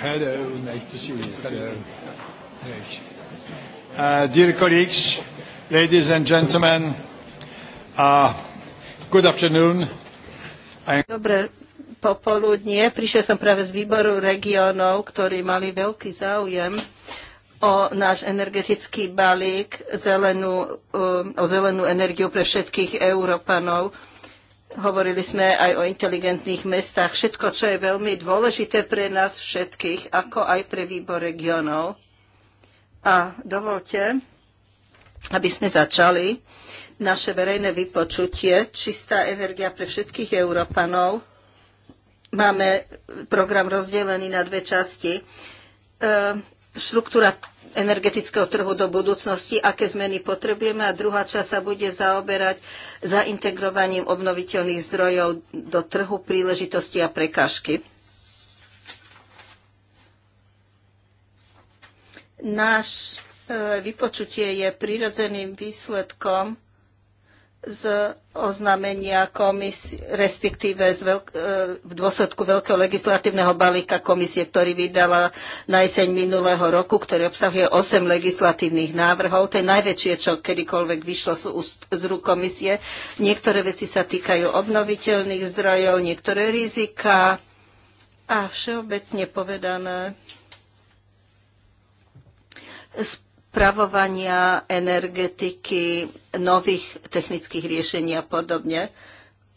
Hello, äh, nice to see you. Hello. Uh, äh, dear colleagues, ladies and gentlemen, uh, good afternoon. I... Dobre popoludnie. Prišiel som práve z výboru regionov, ktorí mali veľký záujem o náš energetický balík, zelenú, um, o zelenú energiu pre všetkých Európanov. Hovorili sme aj o inteligentných mestách. Všetko, čo je veľmi dôležité pre nás všetkých, ako aj pre výbor regionov. A dovolte, aby sme začali naše verejné vypočutie Čistá energia pre všetkých Európanov. Máme program rozdelený na dve časti. E, štruktúra energetického trhu do budúcnosti, aké zmeny potrebujeme a druhá časť sa bude zaoberať zaintegrovaním obnoviteľných zdrojov do trhu príležitosti a prekážky. Náš e, vypočutie je prirodzeným výsledkom z oznámenia komisie, respektíve z veľk- e, v dôsledku veľkého legislatívneho balíka komisie, ktorý vydala na jeseň minulého roku, ktorý obsahuje 8 legislatívnych návrhov. To je najväčšie, čo kedykoľvek vyšlo z, z rúk komisie. Niektoré veci sa týkajú obnoviteľných zdrojov, niektoré rizika a všeobecne povedané spravovania energetiky, nových technických riešení a podobne.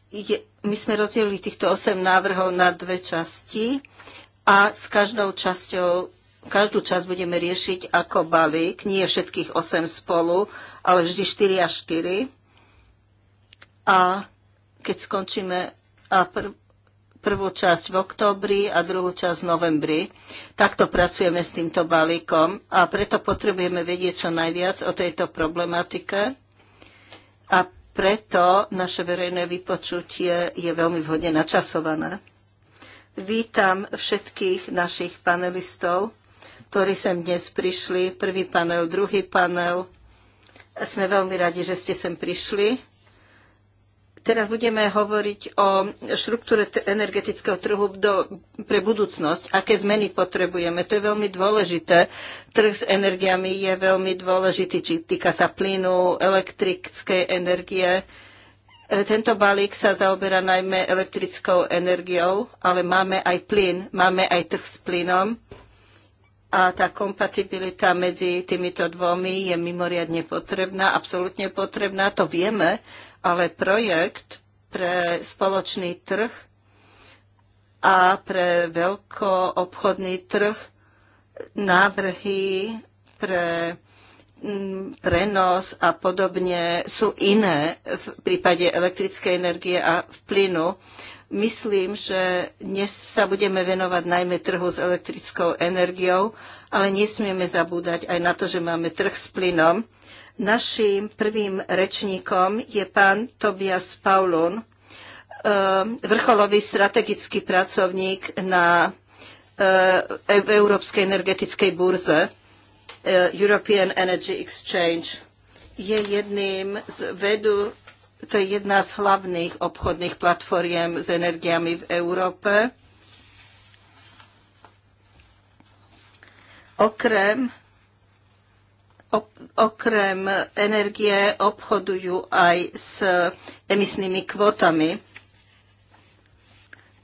Je, my sme rozdielili týchto 8 návrhov na dve časti a s každou časťou každú časť budeme riešiť ako balík, nie všetkých 8 spolu, ale vždy 4 a 4. A keď skončíme a prv, prvú časť v októbri a druhú časť v novembri. Takto pracujeme s týmto balíkom a preto potrebujeme vedieť čo najviac o tejto problematike a preto naše verejné vypočutie je veľmi vhodne načasované. Vítam všetkých našich panelistov, ktorí sem dnes prišli. Prvý panel, druhý panel. Sme veľmi radi, že ste sem prišli Teraz budeme hovoriť o štruktúre energetického trhu do, pre budúcnosť, aké zmeny potrebujeme. To je veľmi dôležité. Trh s energiami je veľmi dôležitý, či týka sa plynu, elektrickej energie. E, tento balík sa zaoberá najmä elektrickou energiou, ale máme aj plyn, máme aj trh s plynom a tá kompatibilita medzi týmito dvomi je mimoriadne potrebná, absolútne potrebná, to vieme, ale projekt pre spoločný trh a pre veľkoobchodný trh návrhy pre mm, prenos a podobne sú iné v prípade elektrickej energie a v plynu. Myslím, že dnes sa budeme venovať najmä trhu s elektrickou energiou, ale nesmieme zabúdať aj na to, že máme trh s plynom Naším prvým rečníkom je pán Tobias Paulun, ehm, vrcholový strategický pracovník na ehm, e, v Európskej energetickej burze ehm, European Energy Exchange. Je jedným z vedu, to je jedna z hlavných obchodných platformiem s energiami v Európe. Okrem okrem energie obchodujú aj s emisnými kvotami,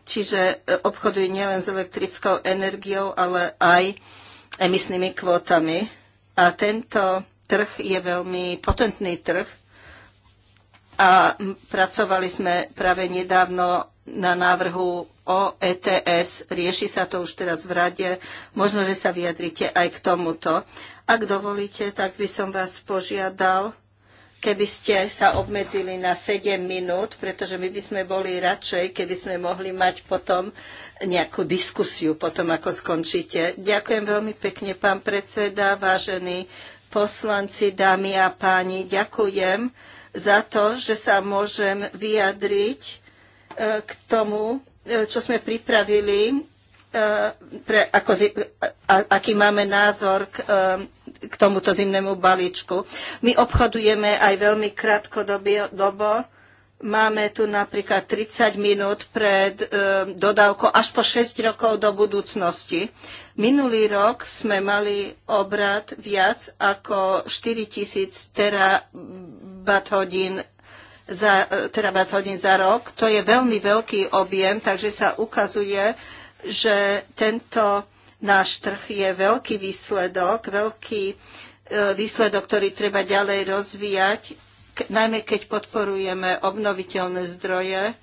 Čiže e, obchodujú nielen s elektrickou energiou, ale aj emisnými kvótami. A tento trh je veľmi potentný trh. A pracovali sme práve nedávno na návrhu o ETS. Rieši sa to už teraz v rade. Možno, že sa vyjadrite aj k tomuto. Ak dovolíte, tak by som vás požiadal, keby ste sa obmedzili na 7 minút, pretože my by sme boli radšej, keby sme mohli mať potom nejakú diskusiu, potom ako skončíte. Ďakujem veľmi pekne, pán predseda, vážení poslanci, dámy a páni. Ďakujem za to, že sa môžem vyjadriť e, k tomu, čo sme pripravili, e, pre, ako, aký máme názor k, e, k tomuto zimnému balíčku. My obchodujeme aj veľmi krátkodobie dobo. Máme tu napríklad 30 minút pred e, dodávkou až po 6 rokov do budúcnosti. Minulý rok sme mali obrad viac ako 4000 terabat hodín za e, terawatt hodín za rok. To je veľmi veľký objem, takže sa ukazuje, že tento náš trh je veľký výsledok, veľký e, výsledok, ktorý treba ďalej rozvíjať, najmä keď podporujeme obnoviteľné zdroje,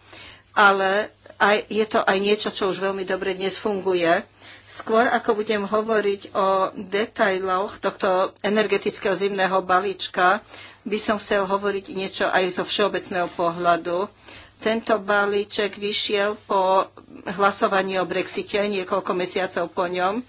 ale aj, je to aj niečo, čo už veľmi dobre dnes funguje. Skôr ako budem hovoriť o detailoch tohto energetického zimného balíčka, by som chcel hovoriť niečo aj zo všeobecného pohľadu. Tento balíček vyšiel po hlasovaní o Brexite niekoľko mesiacov po ňom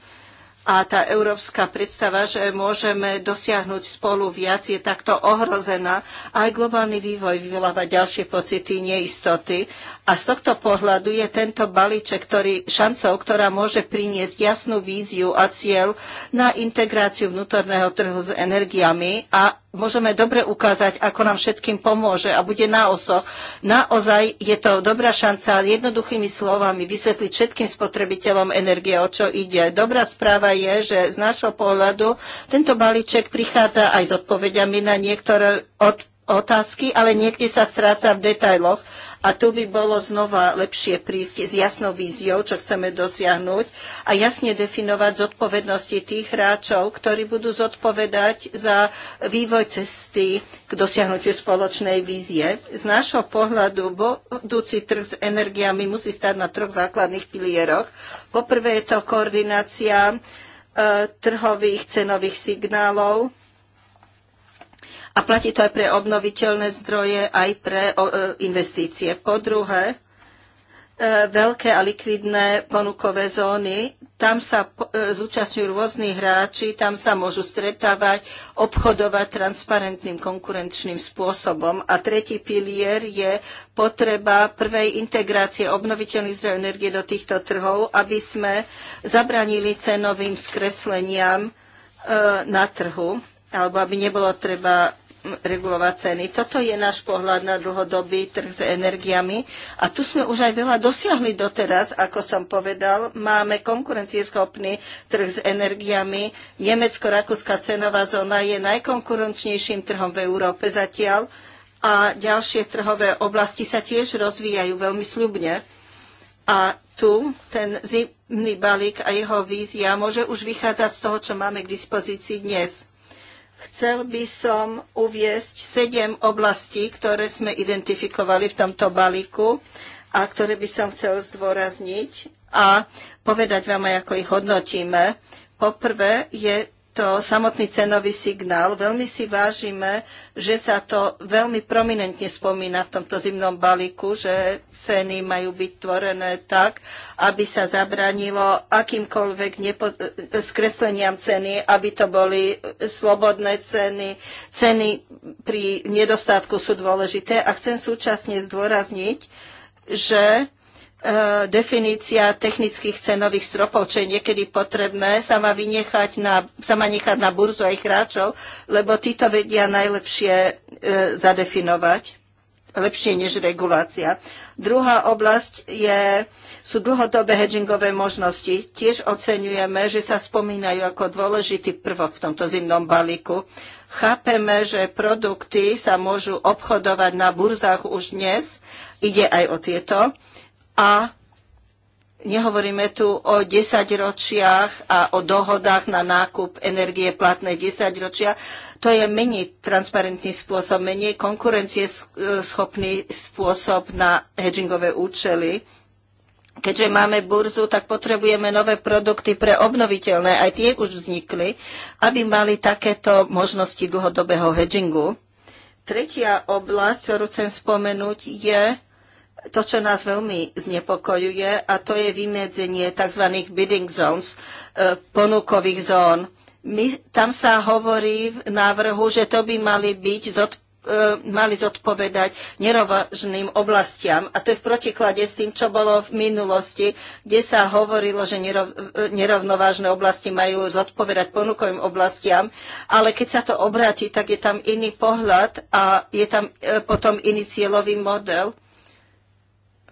a tá európska predstava, že môžeme dosiahnuť spolu viac, je takto ohrozená. Aj globálny vývoj vyvoláva ďalšie pocity neistoty. A z tohto pohľadu je tento balíček ktorý, šancou, ktorá môže priniesť jasnú víziu a cieľ na integráciu vnútorného trhu s energiami a môžeme dobre ukázať, ako nám všetkým pomôže a bude na osoch. Naozaj je to dobrá šanca jednoduchými slovami vysvetliť všetkým spotrebiteľom energie, o čo ide. Dobrá správa je, že z našho pohľadu tento balíček prichádza aj s odpovediami na niektoré od otázky, ale niekde sa stráca v detailoch. A tu by bolo znova lepšie prísť s jasnou víziou, čo chceme dosiahnuť a jasne definovať zodpovednosti tých hráčov, ktorí budú zodpovedať za vývoj cesty k dosiahnutiu spoločnej vízie. Z nášho pohľadu budúci trh s energiami musí stať na troch základných pilieroch. Poprvé je to koordinácia e, trhových cenových signálov, a platí to aj pre obnoviteľné zdroje, aj pre e, investície. Po druhé, e, veľké a likvidné ponukové zóny. Tam sa e, zúčastňujú rôzni hráči, tam sa môžu stretávať, obchodovať transparentným konkurenčným spôsobom. A tretí pilier je potreba prvej integrácie obnoviteľných zdrojov energie do týchto trhov, aby sme zabranili cenovým skresleniam na trhu alebo aby nebolo treba regulovať ceny. Toto je náš pohľad na dlhodobý trh s energiami a tu sme už aj veľa dosiahli doteraz, ako som povedal. Máme konkurencieschopný trh s energiami. Nemecko-rakúska cenová zóna je najkonkurenčnejším trhom v Európe zatiaľ a ďalšie trhové oblasti sa tiež rozvíjajú veľmi sľubne. A tu ten zimný balík a jeho vízia môže už vychádzať z toho, čo máme k dispozícii dnes. Chcel by som uviesť sedem oblastí, ktoré sme identifikovali v tomto balíku a ktoré by som chcel zdôrazniť a povedať vám aj, ako ich hodnotíme. Poprvé je to samotný cenový signál. Veľmi si vážime, že sa to veľmi prominentne spomína v tomto zimnom balíku, že ceny majú byť tvorené tak, aby sa zabranilo akýmkoľvek nepo- skresleniam ceny, aby to boli slobodné ceny. Ceny pri nedostatku sú dôležité a chcem súčasne zdôrazniť, že E, definícia technických cenových stropov, čo je niekedy potrebné, sa má, vynechať na, sa má nechať na burzu aj hráčov, lebo títo vedia najlepšie e, zadefinovať, lepšie než regulácia. Druhá oblasť je, sú dlhodobé hedgingové možnosti. Tiež oceňujeme, že sa spomínajú ako dôležitý prvok v tomto zimnom balíku. Chápeme, že produkty sa môžu obchodovať na burzách už dnes, ide aj o tieto a Nehovoríme tu o desaťročiach a o dohodách na nákup energie platné desaťročia. To je menej transparentný spôsob, menej konkurencieschopný spôsob na hedgingové účely. Keďže máme burzu, tak potrebujeme nové produkty pre obnoviteľné, aj tie už vznikli, aby mali takéto možnosti dlhodobého hedgingu. Tretia oblasť, ktorú chcem spomenúť, je to, čo nás veľmi znepokojuje, a to je vymedzenie tzv. bidding zones, e, ponukových zón. My, tam sa hovorí v návrhu, že to by mali byť zod, e, mali zodpovedať nerovážnym oblastiam. A to je v protiklade s tým, čo bolo v minulosti, kde sa hovorilo, že nerov, e, nerovnovážne oblasti majú zodpovedať ponukovým oblastiam, ale keď sa to obráti, tak je tam iný pohľad a je tam potom iný cieľový model.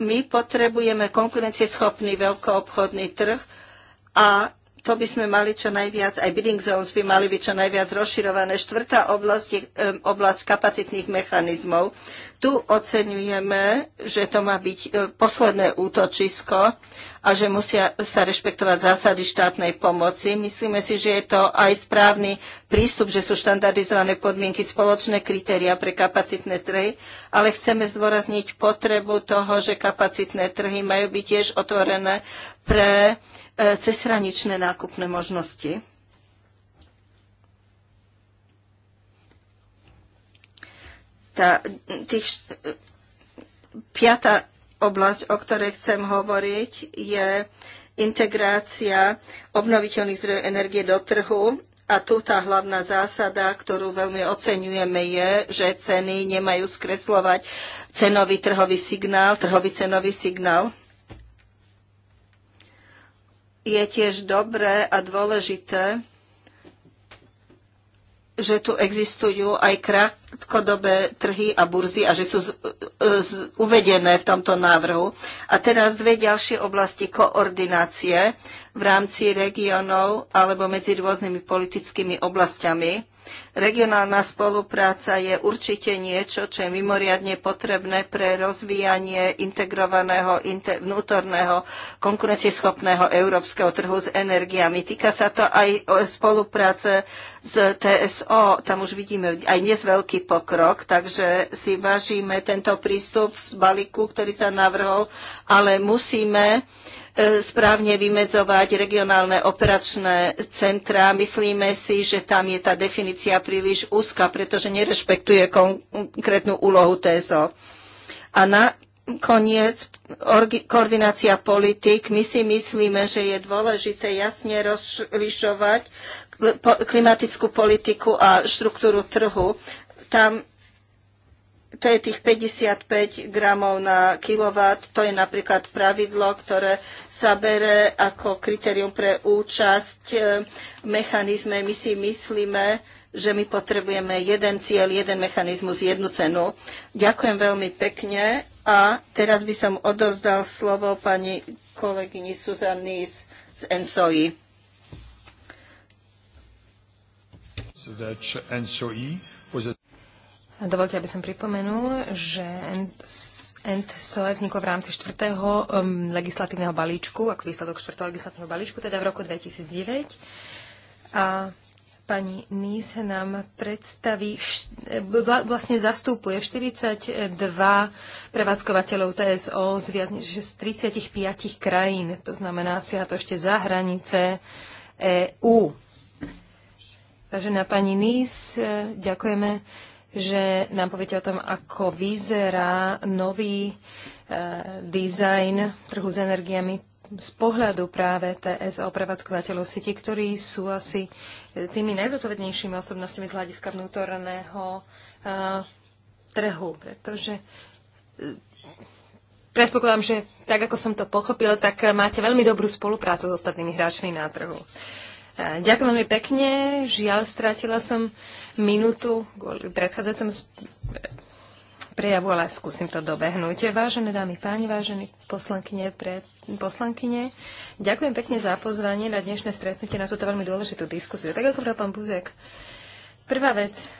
My potrebujeme konkurencieschopný veľkoobchodný trh a to by sme mali čo najviac, aj bidding zones by mali byť čo najviac rozširované. Štvrtá oblasť je e, oblasť kapacitných mechanizmov. Tu oceňujeme, že to má byť e, posledné útočisko a že musia sa rešpektovať zásady štátnej pomoci. Myslíme si, že je to aj správny prístup, že sú štandardizované podmienky, spoločné kritéria pre kapacitné trhy, ale chceme zdôrazniť potrebu toho, že kapacitné trhy majú byť tiež otvorené pre E, cezhraničné nákupné možnosti. Tá, tých, piata oblasť, o ktorej chcem hovoriť, je integrácia obnoviteľných zdrojov energie do trhu a tu tá hlavná zásada, ktorú veľmi oceňujeme, je, že ceny nemajú skreslovať cenový trhový signál, trhový cenový signál je tiež dobré a dôležité, že tu existujú aj krátkodobé trhy a burzy a že sú z, z, uvedené v tomto návrhu. A teraz dve ďalšie oblasti koordinácie v rámci regiónov alebo medzi rôznymi politickými oblastiami. Regionálna spolupráca je určite niečo, čo je mimoriadne potrebné pre rozvíjanie integrovaného inter, vnútorného konkurencieschopného európskeho trhu s energiami. Týka sa to aj spolupráce s TSO. Tam už vidíme aj dnes veľký pokrok, takže si vážime tento prístup v balíku, ktorý sa navrhol, ale musíme E, správne vymedzovať regionálne operačné centra. Myslíme si, že tam je tá definícia príliš úzka, pretože nerešpektuje konkrétnu úlohu TSO. A nakoniec koordinácia politik. My si myslíme, že je dôležité jasne rozlišovať klimatickú politiku a štruktúru trhu. Tam to je tých 55 gramov na kilowatt, to je napríklad pravidlo, ktoré sa bere ako kritérium pre účasť e, v mechanizme. My si myslíme, že my potrebujeme jeden cieľ, jeden mechanizmus, jednu cenu. Ďakujem veľmi pekne a teraz by som odovzdal slovo pani kolegyni Suzanne Nys z NSOI. So that's Dovolte, aby som pripomenul, že ENTSOE vzniklo v rámci 4. Um, legislatívneho balíčku, ako výsledok 4. legislatívneho balíčku, teda v roku 2009. A pani Nís nám predstaví, vlastne zastupuje 42 prevádzkovateľov TSO z viac než 35 krajín. To znamená, siaha to ešte za hranice EÚ. Vážená pani Nís, ďakujeme že nám poviete o tom, ako vyzerá nový e, dizajn trhu s energiami z pohľadu práve TSO prevádzkovateľov sieti, ktorí sú asi e, tými najzodpovednejšími osobnostiami z hľadiska vnútorného e, trhu, pretože e, predpokladám, že tak ako som to pochopil, tak máte veľmi dobrú spoluprácu s ostatnými hráčmi na trhu. Ďakujem veľmi pekne. Žiaľ, strátila som minútu kvôli predchádzajúcom prejavu, ale skúsim to dobehnúť. Vážené dámy, páni, vážení poslankyne, pre, poslankyne, ďakujem pekne za pozvanie na dnešné stretnutie, na túto veľmi dôležitú diskusiu. Tak ako povedal pán Buzek, prvá vec,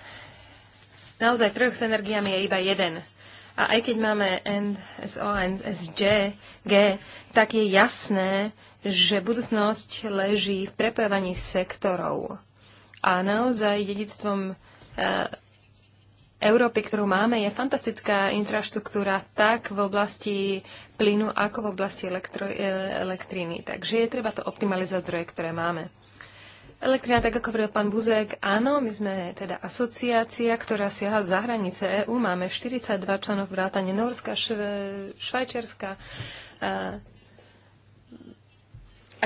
naozaj trh s energiami je iba jeden. A aj keď máme NSO a NSG, G, tak je jasné, že budúcnosť leží v prepojovaní sektorov. A naozaj dedictvom e, Európy, ktorú máme, je fantastická infraštruktúra tak v oblasti plynu, ako v oblasti elektro, e, elektriny. Takže je treba to optimalizovať zdroje, ktoré máme. Elektrina, tak ako hovoril pán Buzek, áno, my sme teda asociácia, ktorá siaha za hranice EÚ. Máme 42 členov vrátane Norska, Švajčiarska,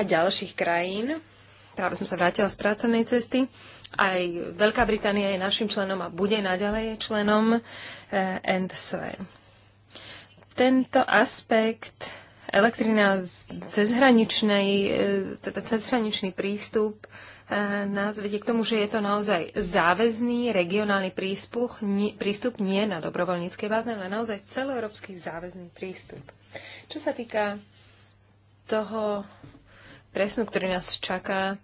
a ďalších krajín. Práve som sa vrátila z pracovnej cesty. Aj Veľká Británia je našim členom a bude naďalej členom je. Eh, Tento aspekt elektrina eh, teda cezhraničný prístup eh, nás vedie k tomu, že je to naozaj záväzný regionálny príspuch, nie, prístup nie na dobrovoľníckej báze, ale naozaj celoeurópsky záväzný prístup. Čo sa týka toho presun, ktorý nás čaká, e,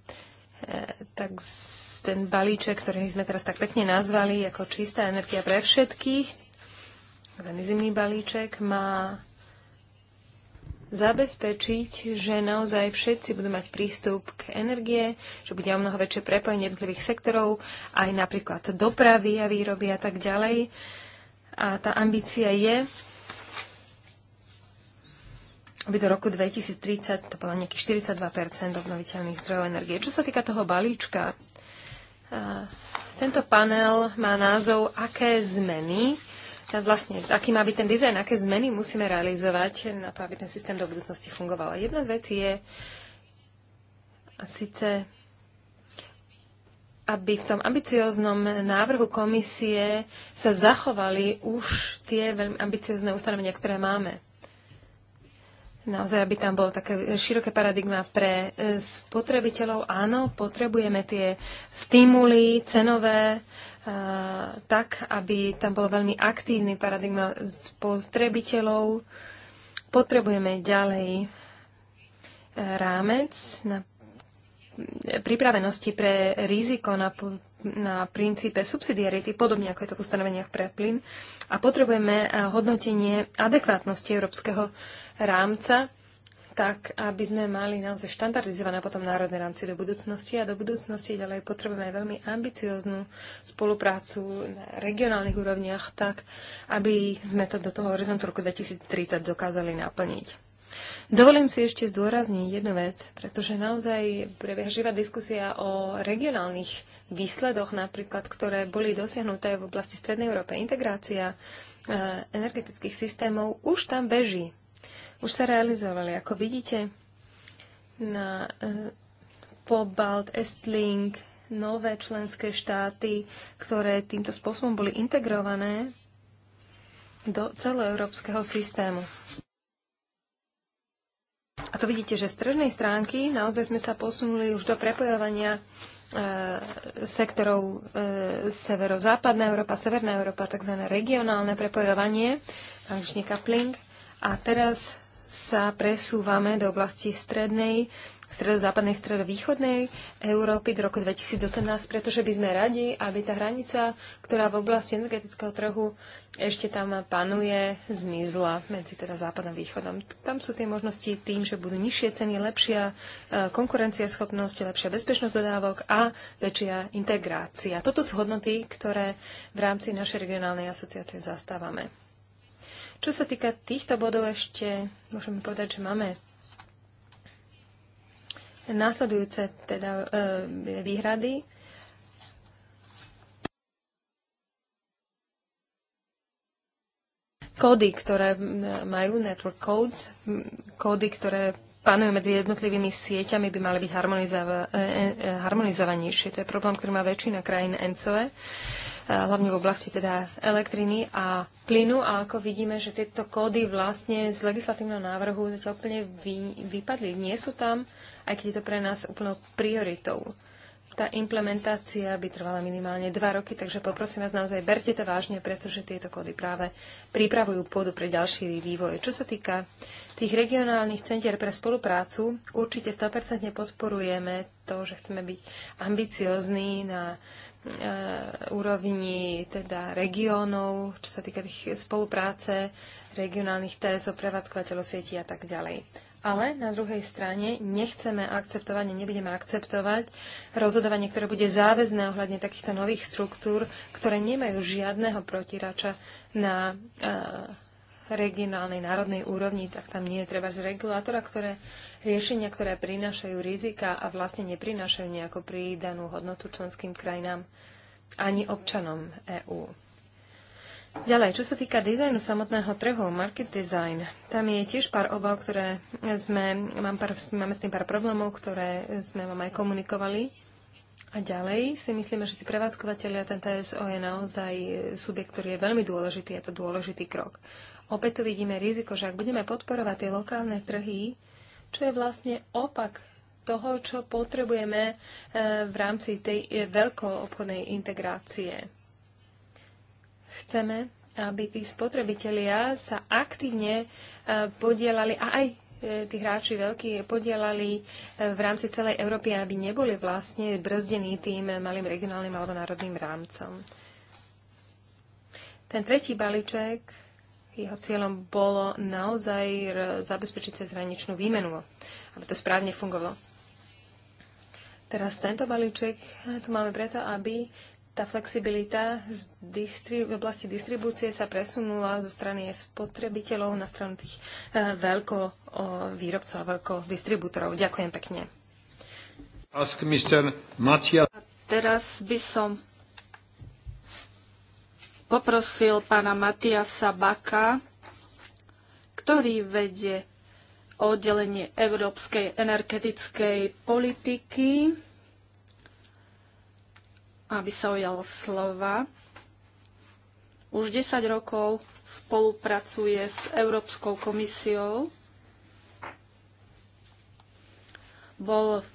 tak ten balíček, ktorý sme teraz tak pekne nazvali ako čistá energia pre všetkých, ten zimný balíček má zabezpečiť, že naozaj všetci budú mať prístup k energie, že bude o mnoho väčšie prepojenie jednotlivých sektorov, aj napríklad dopravy a výroby a tak ďalej. A tá ambícia je, aby do roku 2030 to bolo nejakých 42 obnoviteľných zdrojov energie. Čo sa týka toho balíčka, tento panel má názov Aké zmeny, vlastne aký má byť ten dizajn, aké zmeny musíme realizovať na to, aby ten systém do budúcnosti fungoval. Jedna z vecí je a síce aby v tom ambicióznom návrhu komisie sa zachovali už tie veľmi ambiciozne ustanovenia, ktoré máme. Naozaj, aby tam bolo také široké paradigma pre e, spotrebiteľov. Áno, potrebujeme tie stimuly cenové e, tak, aby tam bol veľmi aktívny paradigma spotrebiteľov. Potrebujeme ďalej e, rámec na pripravenosti pre riziko na na princípe subsidiarity, podobne ako je to v ustanoveniach pre plyn. A potrebujeme eh, hodnotenie adekvátnosti európskeho rámca, tak aby sme mali naozaj štandardizované potom národné rámci do budúcnosti a do budúcnosti ďalej potrebujeme veľmi ambicióznu spoluprácu na regionálnych úrovniach, tak aby sme to do toho horizontu roku 2030 dokázali naplniť. Dovolím si ešte zdôrazniť jednu vec, pretože naozaj prebieha živá diskusia o regionálnych výsledoch napríklad, ktoré boli dosiahnuté v oblasti Strednej Európe. Integrácia eh, energetických systémov už tam beží. Už sa realizovali. Ako vidíte, na eh, Pobalt, Estlink, nové členské štáty, ktoré týmto spôsobom boli integrované do celoeurópskeho systému. A to vidíte, že z tržnej stránky naozaj sme sa posunuli už do prepojovania E, sektorov e, severozápadná Európa, Severná Európa, tzv. regionálne prepojovanie, anglične coupling. A teraz sa presúvame do oblasti strednej stredozápadnej, stredovýchodnej Európy do roku 2018, pretože by sme radi, aby tá hranica, ktorá v oblasti energetického trhu ešte tam panuje, zmizla medzi teda západom a východom. Tam sú tie možnosti tým, že budú nižšie ceny, lepšia e, konkurencieschopnosť, lepšia bezpečnosť dodávok a väčšia integrácia. Toto sú hodnoty, ktoré v rámci našej regionálnej asociácie zastávame. Čo sa týka týchto bodov ešte, môžeme povedať, že máme Následujúce teda e, výhrady. Kódy, ktoré majú network codes, kódy, ktoré panujú medzi jednotlivými sieťami, by mali byť e, e, e, harmonizovanejšie. To je problém, ktorý má väčšina krajín ENCOE hlavne v oblasti teda elektriny a plynu. A ako vidíme, že tieto kódy vlastne z legislatívneho návrhu zatiaľ úplne vypadli. Nie sú tam aj keď je to pre nás úplnou prioritou. Tá implementácia by trvala minimálne dva roky, takže poprosím vás naozaj, berte to vážne, pretože tieto kódy práve pripravujú pôdu pre ďalší vývoj. Čo sa týka tých regionálnych centier pre spoluprácu, určite 100% podporujeme to, že chceme byť ambiciozní na e, úrovni teda regiónov, čo sa týka tých spolupráce regionálnych TSO, prevádzkovateľov sieti a tak ďalej ale na druhej strane nechceme akceptovať, nebudeme akceptovať rozhodovanie, ktoré bude záväzné ohľadne takýchto nových štruktúr, ktoré nemajú žiadneho protirača na e, regionálnej, národnej úrovni, tak tam nie je treba z regulátora, ktoré riešenia, ktoré prinášajú rizika a vlastne neprinášajú nejakú pridanú hodnotu členským krajinám ani občanom EÚ. Ďalej, čo sa týka dizajnu samotného trhu, market design, tam je tiež pár obav, ktoré sme, mám pár, máme s tým pár problémov, ktoré sme vám aj komunikovali. A ďalej si myslíme, že tí prevádzkovateľia, ten TSO je naozaj subjekt, ktorý je veľmi dôležitý, je to dôležitý krok. Opäť tu vidíme riziko, že ak budeme podporovať tie lokálne trhy, čo je vlastne opak toho, čo potrebujeme eh, v rámci tej eh, veľkoobchodnej integrácie. Chceme, aby tí spotrebitelia sa aktívne e, podielali a aj e, tí hráči veľkí podielali e, v rámci celej Európy, aby neboli vlastne brzdení tým malým regionálnym alebo národným rámcom. Ten tretí balíček, jeho cieľom bolo naozaj zabezpečiť cezhraničnú výmenu, aby to správne fungovalo. Teraz tento balíček tu máme preto, aby tá flexibilita z v oblasti distribúcie sa presunula zo strany spotrebiteľov na stranu tých e, veľko výrobcov a veľko distribútorov. Ďakujem pekne. Ask Mr. Matia. A teraz by som poprosil pána Matiasa Baka, ktorý vedie oddelenie európskej energetickej politiky aby sa ujal slova. Už 10 rokov spolupracuje s Európskou komisiou. Bol v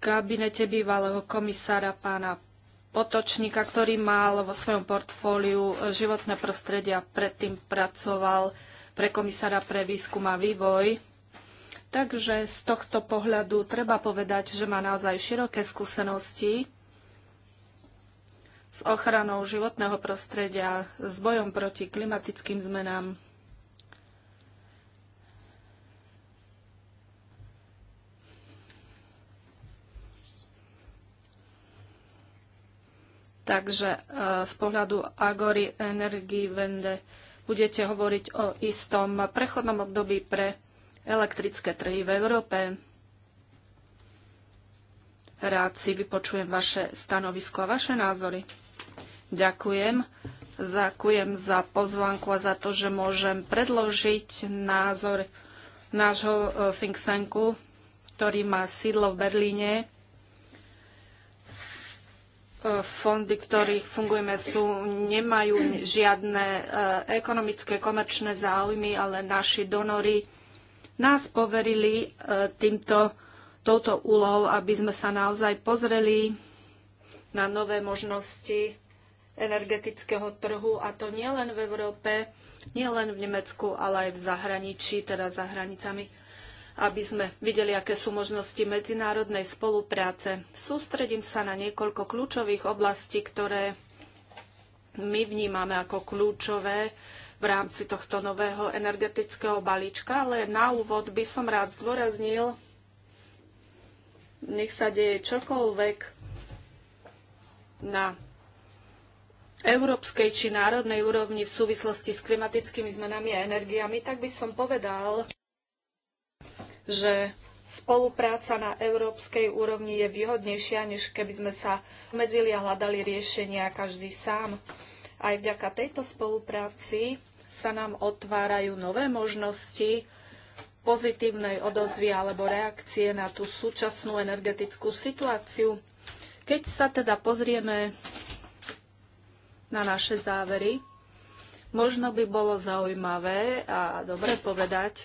kabinete bývalého komisára pána Potočníka, ktorý mal vo svojom portfóliu životné prostredie a predtým pracoval pre komisára pre výskum a vývoj. Takže z tohto pohľadu treba povedať, že má naozaj široké skúsenosti s ochranou životného prostredia, s bojom proti klimatickým zmenám. Takže e, z pohľadu Agory Energy Vende budete hovoriť o istom prechodnom období pre elektrické trhy v Európe. Rád si vypočujem vaše stanovisko a vaše názory. Ďakujem. Ďakujem za pozvánku a za to, že môžem predložiť názor nášho e, think tanku, ktorý má sídlo v Berlíne. E, fondy, ktorých fungujeme, sú, nemajú žiadne e, ekonomické, komerčné záujmy, ale naši donory nás poverili týmto, touto úlohou, aby sme sa naozaj pozreli na nové možnosti energetického trhu a to nie len v Európe, nie len v Nemecku, ale aj v zahraničí, teda za hranicami, aby sme videli, aké sú možnosti medzinárodnej spolupráce. Sústredím sa na niekoľko kľúčových oblastí, ktoré my vnímame ako kľúčové v rámci tohto nového energetického balíčka, ale na úvod by som rád zdôraznil, nech sa deje čokoľvek na európskej či národnej úrovni v súvislosti s klimatickými zmenami a energiami, tak by som povedal, že spolupráca na európskej úrovni je výhodnejšia, než keby sme sa medzili a hľadali riešenia každý sám. Aj vďaka tejto spolupráci sa nám otvárajú nové možnosti pozitívnej odozvy alebo reakcie na tú súčasnú energetickú situáciu. Keď sa teda pozrieme na naše závery. Možno by bolo zaujímavé a dobre povedať,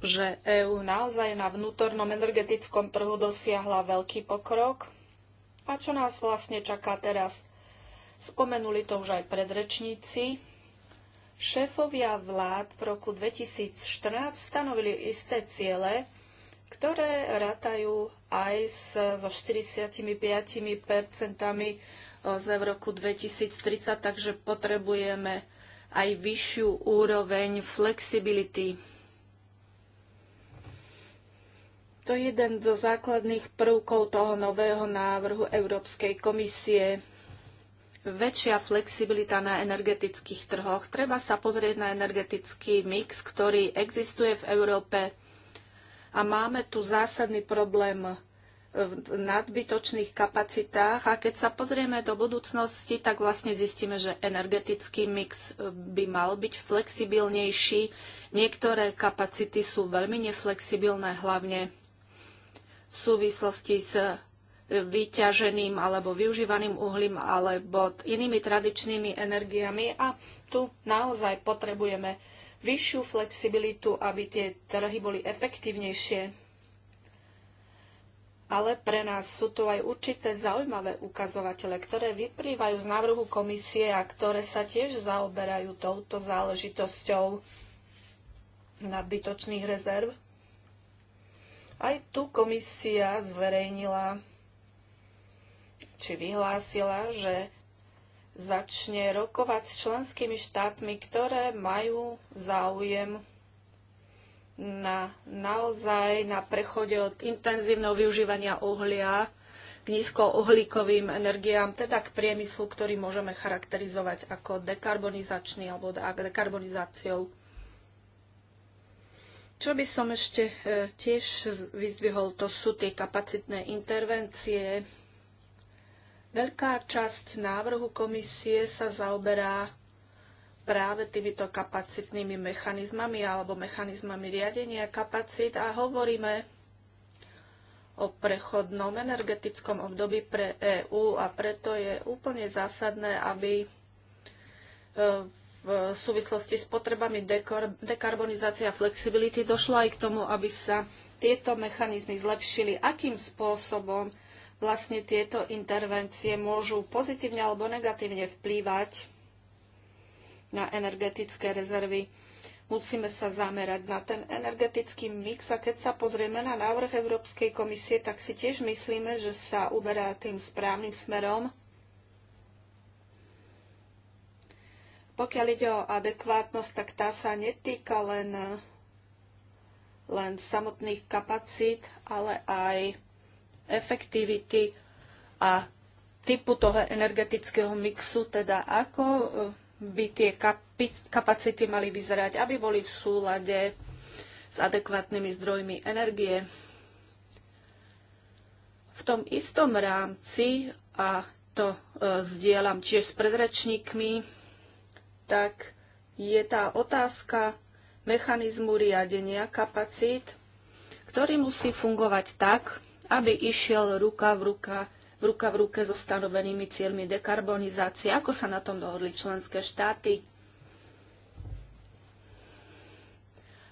že EÚ naozaj na vnútornom energetickom trhu dosiahla veľký pokrok. A čo nás vlastne čaká teraz? Spomenuli to už aj predrečníci. Šéfovia vlád v roku 2014 stanovili isté ciele, ktoré ratajú aj so 45 percentami z roku 2030, takže potrebujeme aj vyššiu úroveň flexibility. To je jeden zo základných prvkov toho nového návrhu Európskej komisie. Väčšia flexibilita na energetických trhoch. Treba sa pozrieť na energetický mix, ktorý existuje v Európe. A máme tu zásadný problém v nadbytočných kapacitách a keď sa pozrieme do budúcnosti, tak vlastne zistíme, že energetický mix e, by mal byť flexibilnejší. Niektoré kapacity sú veľmi neflexibilné, hlavne v súvislosti s e, vyťaženým alebo využívaným uhlím alebo inými tradičnými energiami a tu naozaj potrebujeme vyššiu flexibilitu, aby tie trhy boli efektívnejšie ale pre nás sú tu aj určité zaujímavé ukazovatele, ktoré vyprývajú z návrhu komisie a ktoré sa tiež zaoberajú touto záležitosťou nadbytočných rezerv. Aj tu komisia zverejnila či vyhlásila, že začne rokovať s členskými štátmi, ktoré majú záujem na, naozaj na prechode od intenzívneho využívania uhlia k nízkouhlíkovým energiám, teda k priemyslu, ktorý môžeme charakterizovať ako dekarbonizačný alebo dekarbonizáciou. Čo by som ešte e, tiež vyzdvihol, to sú tie kapacitné intervencie. Veľká časť návrhu komisie sa zaoberá práve týmito kapacitnými mechanizmami alebo mechanizmami riadenia kapacít a hovoríme o prechodnom energetickom období pre EÚ a preto je úplne zásadné, aby e, v súvislosti s potrebami dekarbonizácie a flexibility došlo aj k tomu, aby sa tieto mechanizmy zlepšili. Akým spôsobom vlastne tieto intervencie môžu pozitívne alebo negatívne vplývať na energetické rezervy. Musíme sa zamerať na ten energetický mix a keď sa pozrieme na návrh Európskej komisie, tak si tiež myslíme, že sa uberá tým správnym smerom. Pokiaľ ide o adekvátnosť, tak tá sa netýka len, len samotných kapacít, ale aj efektivity a typu toho energetického mixu, teda ako by tie kapacity mali vyzerať, aby boli v súlade s adekvátnymi zdrojmi energie. V tom istom rámci, a to e, zdieľam tiež s predrečníkmi, tak je tá otázka mechanizmu riadenia kapacít, ktorý musí fungovať tak, aby išiel ruka v ruka ruka v ruke so stanovenými cieľmi dekarbonizácie. Ako sa na tom dohodli členské štáty?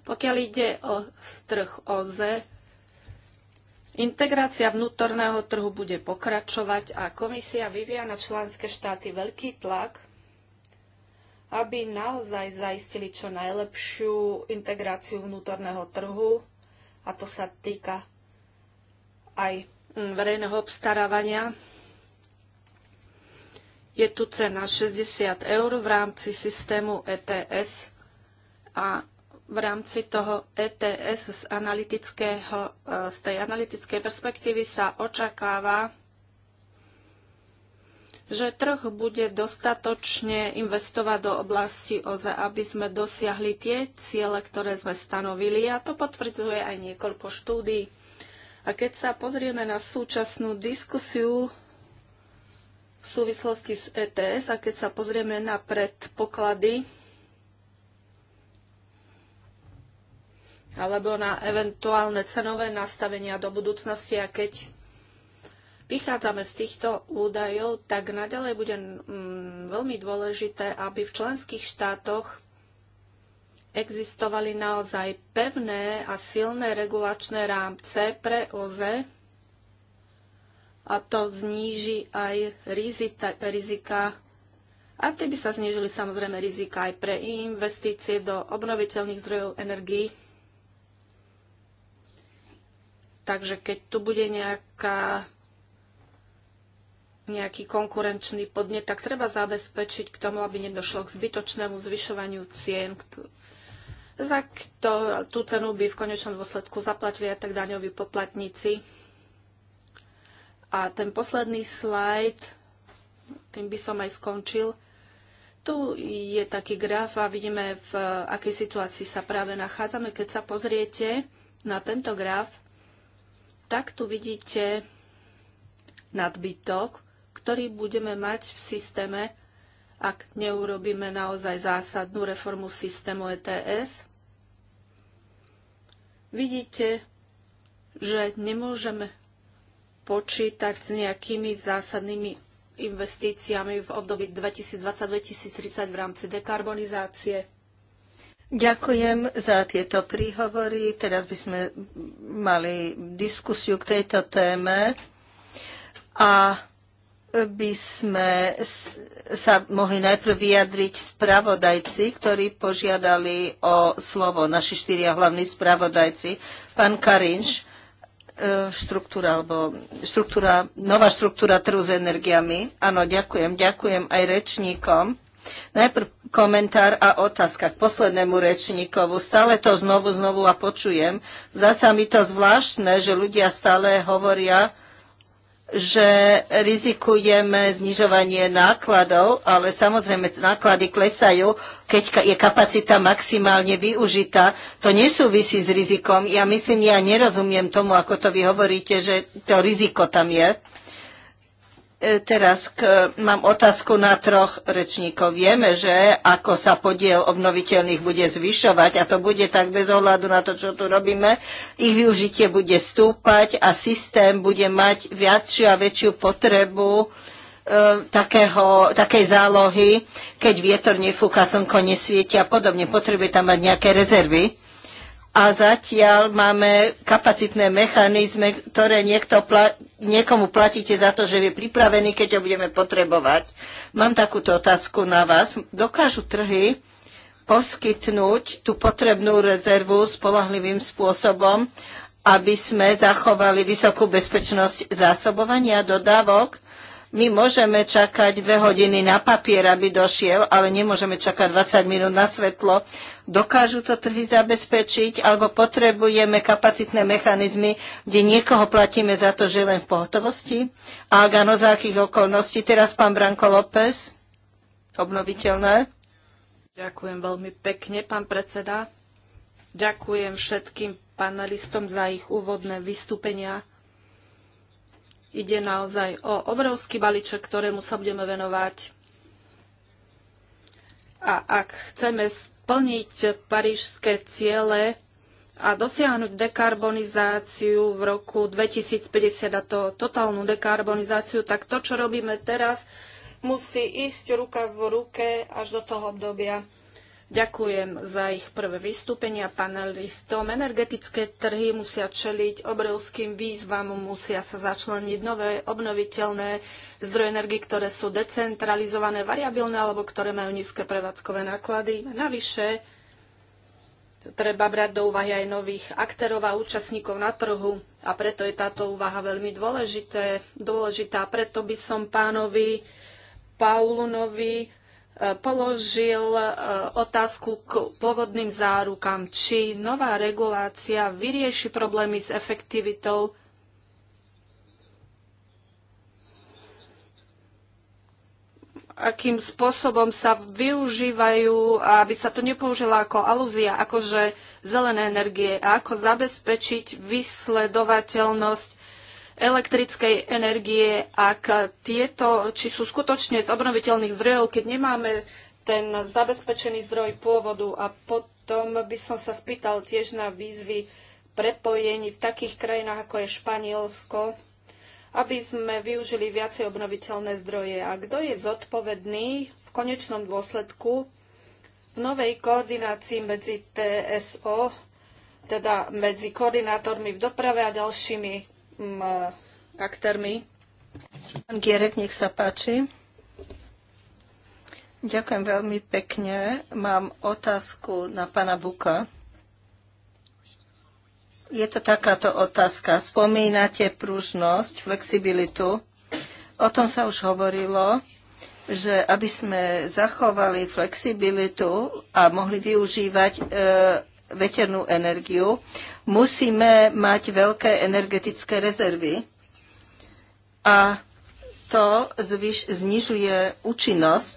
Pokiaľ ide o trh OZE, integrácia vnútorného trhu bude pokračovať a komisia vyvíja na členské štáty veľký tlak, aby naozaj zaistili čo najlepšiu integráciu vnútorného trhu a to sa týka aj Mm, verejného obstarávania. Je tu cena 60 eur v rámci systému ETS a v rámci toho ETS z, analytického, e, z tej analytickej perspektívy sa očakáva, že trh bude dostatočne investovať do oblasti OZE, aby sme dosiahli tie ciele, ktoré sme stanovili. A to potvrdzuje aj niekoľko štúdí. A keď sa pozrieme na súčasnú diskusiu v súvislosti s ETS a keď sa pozrieme na predpoklady alebo na eventuálne cenové nastavenia do budúcnosti a keď vychádzame z týchto údajov, tak naďalej bude mm, veľmi dôležité, aby v členských štátoch existovali naozaj pevné a silné regulačné rámce pre OZE a to zníži aj rizita, rizika a tie by sa znížili samozrejme rizika aj pre investície do obnoviteľných zdrojov energií. Takže keď tu bude nejaká, nejaký konkurenčný podnet, tak treba zabezpečiť k tomu, aby nedošlo k zbytočnému zvyšovaniu cien, za kto, tú cenu by v konečnom dôsledku zaplatili aj tak daňoví poplatníci. A ten posledný slajd, tým by som aj skončil. Tu je taký graf a vidíme, v akej situácii sa práve nachádzame. Keď sa pozriete na tento graf, tak tu vidíte nadbytok, ktorý budeme mať v systéme, ak neurobíme naozaj zásadnú reformu systému ETS Vidíte, že nemôžeme počítať s nejakými zásadnými investíciami v období 2020-2030 v rámci dekarbonizácie. Ďakujem za tieto príhovory. Teraz by sme mali diskusiu k tejto téme. A by sme sa mohli najprv vyjadriť spravodajci, ktorí požiadali o slovo, naši štyria hlavní spravodajci. Pán Karinš, e, štruktúra, alebo štruktúra, nová štruktúra trhu s energiami. Áno, ďakujem, ďakujem aj rečníkom. Najprv komentár a otázka k poslednému rečníkovu. Stále to znovu, znovu a počujem. Zasa mi to zvláštne, že ľudia stále hovoria, že rizikujeme znižovanie nákladov, ale samozrejme náklady klesajú, keď je kapacita maximálne využitá. To nesúvisí s rizikom. Ja myslím, ja nerozumiem tomu, ako to vy hovoríte, že to riziko tam je. E, teraz k, mám otázku na troch rečníkov. Vieme, že ako sa podiel obnoviteľných bude zvyšovať, a to bude tak bez ohľadu na to, čo tu robíme, ich využitie bude stúpať a systém bude mať viacšiu a väčšiu potrebu e, takého, takej zálohy, keď vietor nefúka, slnko nesvieti a podobne. Potrebuje tam mať nejaké rezervy a zatiaľ máme kapacitné mechanizmy, ktoré niekto pla- niekomu platíte za to, že je pripravený, keď ho budeme potrebovať. Mám takúto otázku na vás. Dokážu trhy poskytnúť tú potrebnú rezervu spolahlivým spôsobom, aby sme zachovali vysokú bezpečnosť zásobovania dodávok? My môžeme čakať dve hodiny na papier, aby došiel, ale nemôžeme čakať 20 minút na svetlo. Dokážu to trhy zabezpečiť, alebo potrebujeme kapacitné mechanizmy, kde niekoho platíme za to, že len v pohotovosti? A ak áno, za akých okolností? Teraz pán Branko López, obnoviteľné. Ďakujem veľmi pekne, pán predseda. Ďakujem všetkým panelistom za ich úvodné vystúpenia. Ide naozaj o obrovský balíček, ktorému sa budeme venovať. A ak chceme splniť parížské ciele a dosiahnuť dekarbonizáciu v roku 2050 a to totálnu dekarbonizáciu, tak to, čo robíme teraz, musí ísť ruka v ruke až do toho obdobia Ďakujem za ich prvé vystúpenia panelistom. Energetické trhy musia čeliť obrovským výzvam, musia sa začleniť nové obnoviteľné zdroje energii, ktoré sú decentralizované, variabilné alebo ktoré majú nízke prevádzkové náklady. Navyše treba brať do úvahy aj nových aktérov a účastníkov na trhu a preto je táto úvaha veľmi dôležité, dôležitá. Preto by som pánovi Paulunovi položil e, otázku k pôvodným zárukám, či nová regulácia vyrieši problémy s efektivitou akým spôsobom sa využívajú, aby sa to nepoužila ako alúzia, akože zelené energie a ako zabezpečiť vysledovateľnosť elektrickej energie, ak tieto, či sú skutočne z obnoviteľných zdrojov, keď nemáme ten zabezpečený zdroj pôvodu. A potom by som sa spýtal tiež na výzvy prepojení v takých krajinách, ako je Španielsko, aby sme využili viacej obnoviteľné zdroje. A kto je zodpovedný v konečnom dôsledku v novej koordinácii medzi TSO, teda medzi koordinátormi v doprave a ďalšími aktérmi. Pán Gierek, nech sa páči. Ďakujem veľmi pekne. Mám otázku na pána Buka. Je to takáto otázka. Spomínate pružnosť, flexibilitu. O tom sa už hovorilo, že aby sme zachovali flexibilitu a mohli využívať e, veternú energiu, musíme mať veľké energetické rezervy. A to zvyš, znižuje účinnosť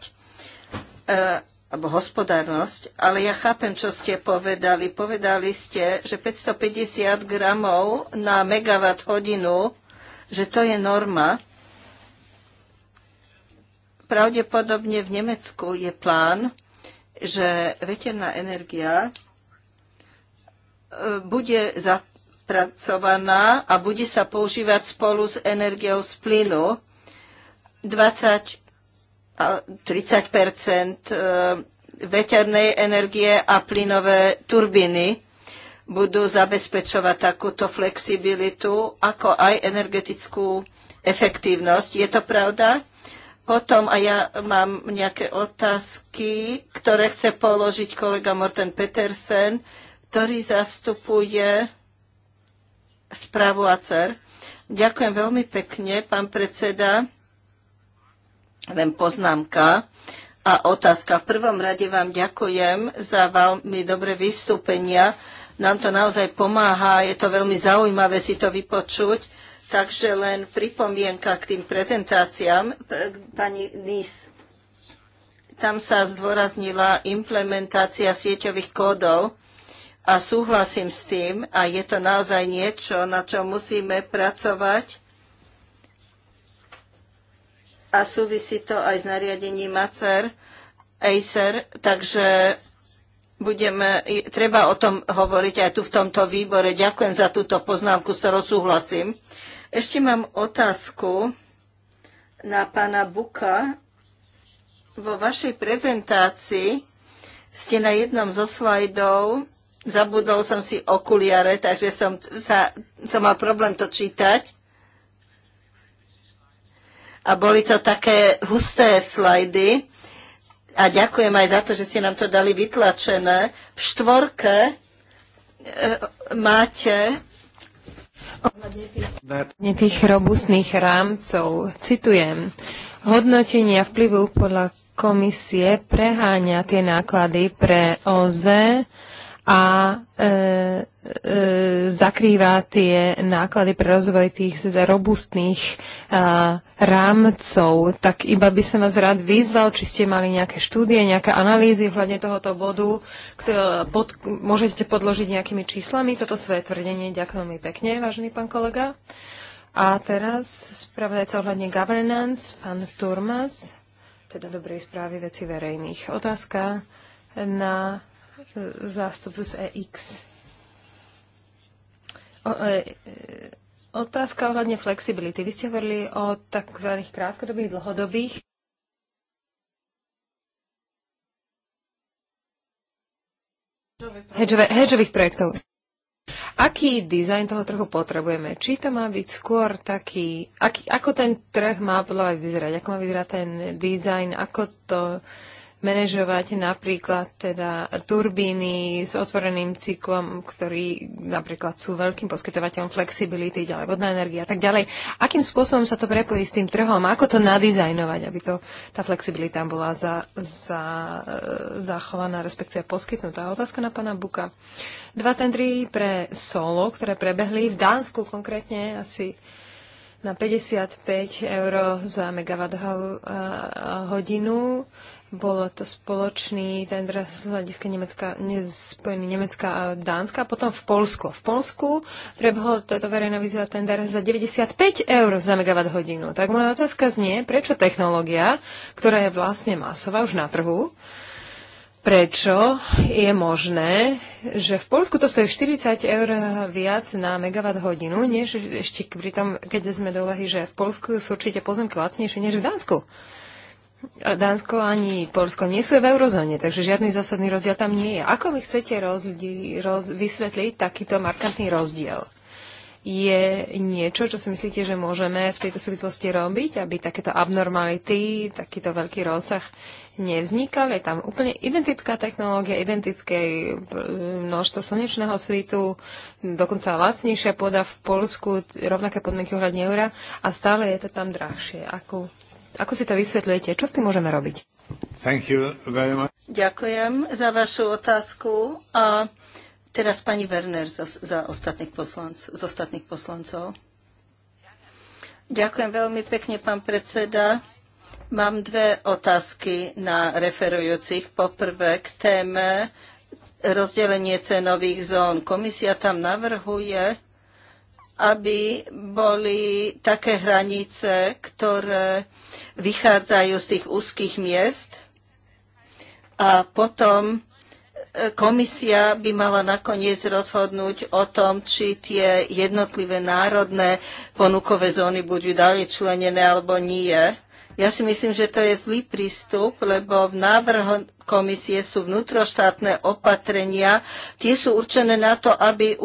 e, alebo hospodárnosť, ale ja chápem, čo ste povedali. Povedali ste, že 550 gramov na megawatt hodinu, že to je norma. Pravdepodobne v Nemecku je plán, že veterná energia bude zapracovaná a bude sa používať spolu s energiou z plynu. 20 a 30 e, veternej energie a plynové turbíny budú zabezpečovať takúto flexibilitu, ako aj energetickú efektívnosť. Je to pravda? Potom a ja mám nejaké otázky, ktoré chce položiť kolega Morten Petersen ktorý zastupuje správu ACER. Ďakujem veľmi pekne, pán predseda. Len poznámka a otázka. V prvom rade vám ďakujem za veľmi dobré vystúpenia. Nám to naozaj pomáha, je to veľmi zaujímavé si to vypočuť. Takže len pripomienka k tým prezentáciám. Pani Nys, tam sa zdôraznila implementácia sieťových kódov a súhlasím s tým a je to naozaj niečo, na čo musíme pracovať a súvisí to aj s nariadením ACER, ACER takže budeme, treba o tom hovoriť aj tu v tomto výbore. Ďakujem za túto poznámku, s ktorou súhlasím. Ešte mám otázku na pána Buka. Vo vašej prezentácii ste na jednom zo slajdov Zabudol som si okuliare, takže som, sa, som mal problém to čítať. A boli to také husté slajdy. A ďakujem aj za to, že ste nám to dali vytlačené. V štvorke e, máte ohľadne tých robustných rámcov. Citujem. Hodnotenia vplyvu podľa komisie preháňa tie náklady pre OZ a e, e, zakrýva tie náklady pre rozvoj tých robustných e, rámcov. Tak iba by som vás rád vyzval, či ste mali nejaké štúdie, nejaké analýzy ohľadne tohoto bodu, ktoré pod, môžete podložiť nejakými číslami toto svoje tvrdenie. Ďakujem veľmi pekne, vážený pán kolega. A teraz spravodajca ohľadne governance, pán Turmac, teda dobrej správy veci verejných. Otázka na zástupcu z EX. O, e, e, otázka ohľadne flexibility. Vy ste hovorili o tzv. krátkodobých, dlhodobých. hedžových projektov. Aký dizajn toho trhu potrebujeme? Či to má byť skôr taký, aký, ako ten trh má podľa vás vyzerať? Ako má vyzerať ten dizajn? Ako to manažovať napríklad teda turbíny s otvoreným cyklom, ktorí napríklad sú veľkým poskytovateľom flexibility, ďalej vodná energia a tak ďalej. Akým spôsobom sa to prepojí s tým trhom? Ako to nadizajnovať, aby to, tá flexibilita bola za, za, e, zachovaná, respektíve poskytnutá? Otázka na pána Buka. Dva tendry pre solo, ktoré prebehli v Dánsku konkrétne asi na 55 eur za megawatt e, hodinu. Bolo to spoločný tender z hľadiska Nemecka, spojený Nemecka a Dánska a potom v Polsku. V Polsku prebehol toto verejná výzva tender za 95 eur za megawatt hodinu. Tak moja otázka znie, prečo technológia, ktorá je vlastne masová už na trhu, prečo je možné, že v Polsku to stojí 40 eur viac na megawatt hodinu, než ešte pri tom, keď sme do úvahy, že v Polsku sú určite pozemky lacnejšie než v Dánsku. Dánsko ani Polsko nie sú v eurozóne, takže žiadny zásadný rozdiel tam nie je. Ako vy chcete rozdi- roz- vysvetliť takýto markantný rozdiel? Je niečo, čo si myslíte, že môžeme v tejto súvislosti robiť, aby takéto abnormality, takýto veľký rozsah nevznikal? Je tam úplne identická technológia, identické mm, množstvo slnečného svitu, dokonca lacnejšia pôda v Polsku, rovnaké podmienky ohľadne eura a stále je to tam drahšie. Akú ako si to vysvetľujete? Čo s tým môžeme robiť? Thank you very much. Ďakujem za vašu otázku. A teraz pani Werner za, za ostatných poslanc, z ostatných poslancov. Ďakujem veľmi pekne, pán predseda. Mám dve otázky na referujúcich. Poprvé k téme rozdelenie cenových zón. Komisia tam navrhuje aby boli také hranice, ktoré vychádzajú z tých úzkých miest a potom e, komisia by mala nakoniec rozhodnúť o tom, či tie jednotlivé národné ponukové zóny budú ďalej členené alebo nie. Ja si myslím, že to je zlý prístup, lebo v návrhu komisie sú vnútroštátne opatrenia. Tie sú určené na to, aby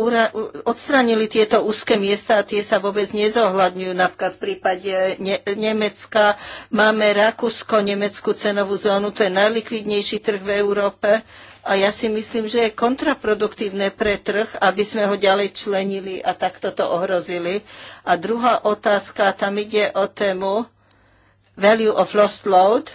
odstranili tieto úzke miesta a tie sa vôbec nezohľadňujú. Napríklad v prípade ne- Nemecka máme Rakúsko-Nemeckú cenovú zónu, to je najlikvidnejší trh v Európe. A ja si myslím, že je kontraproduktívne pre trh, aby sme ho ďalej členili a takto to ohrozili. A druhá otázka, tam ide o tému, value of lost load,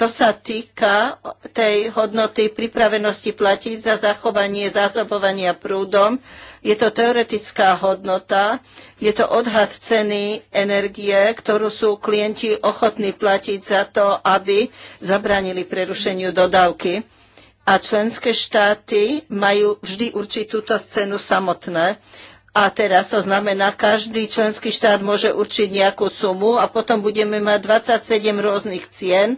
to sa týka tej hodnoty pripravenosti platiť za zachovanie zásobovania prúdom. Je to teoretická hodnota, je to odhad ceny energie, ktorú sú klienti ochotní platiť za to, aby zabránili prerušeniu dodávky. A členské štáty majú vždy určitú túto cenu samotné. A teraz to znamená, každý členský štát môže určiť nejakú sumu a potom budeme mať 27 rôznych cien,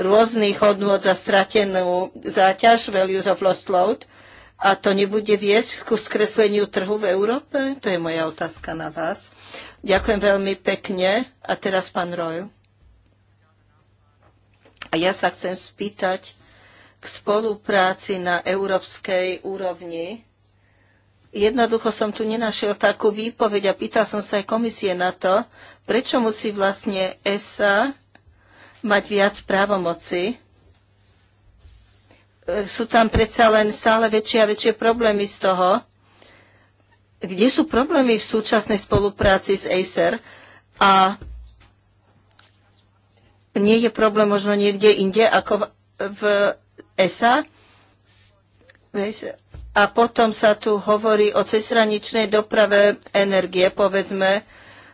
rôznych hodnôt za stratenú záťaž, values of lost load. A to nebude viesť ku skresleniu trhu v Európe? To je moja otázka na vás. Ďakujem veľmi pekne. A teraz pán Roj. A ja sa chcem spýtať k spolupráci na európskej úrovni Jednoducho som tu nenašiel takú výpoveď a pýtal som sa aj komisie na to, prečo musí vlastne ESA mať viac právomoci. E, sú tam predsa len stále väčšie a väčšie problémy z toho. Kde sú problémy v súčasnej spolupráci s Acer? A nie je problém možno niekde inde ako v, v ESA? V ESA a potom sa tu hovorí o cezhraničnej doprave energie, povedzme,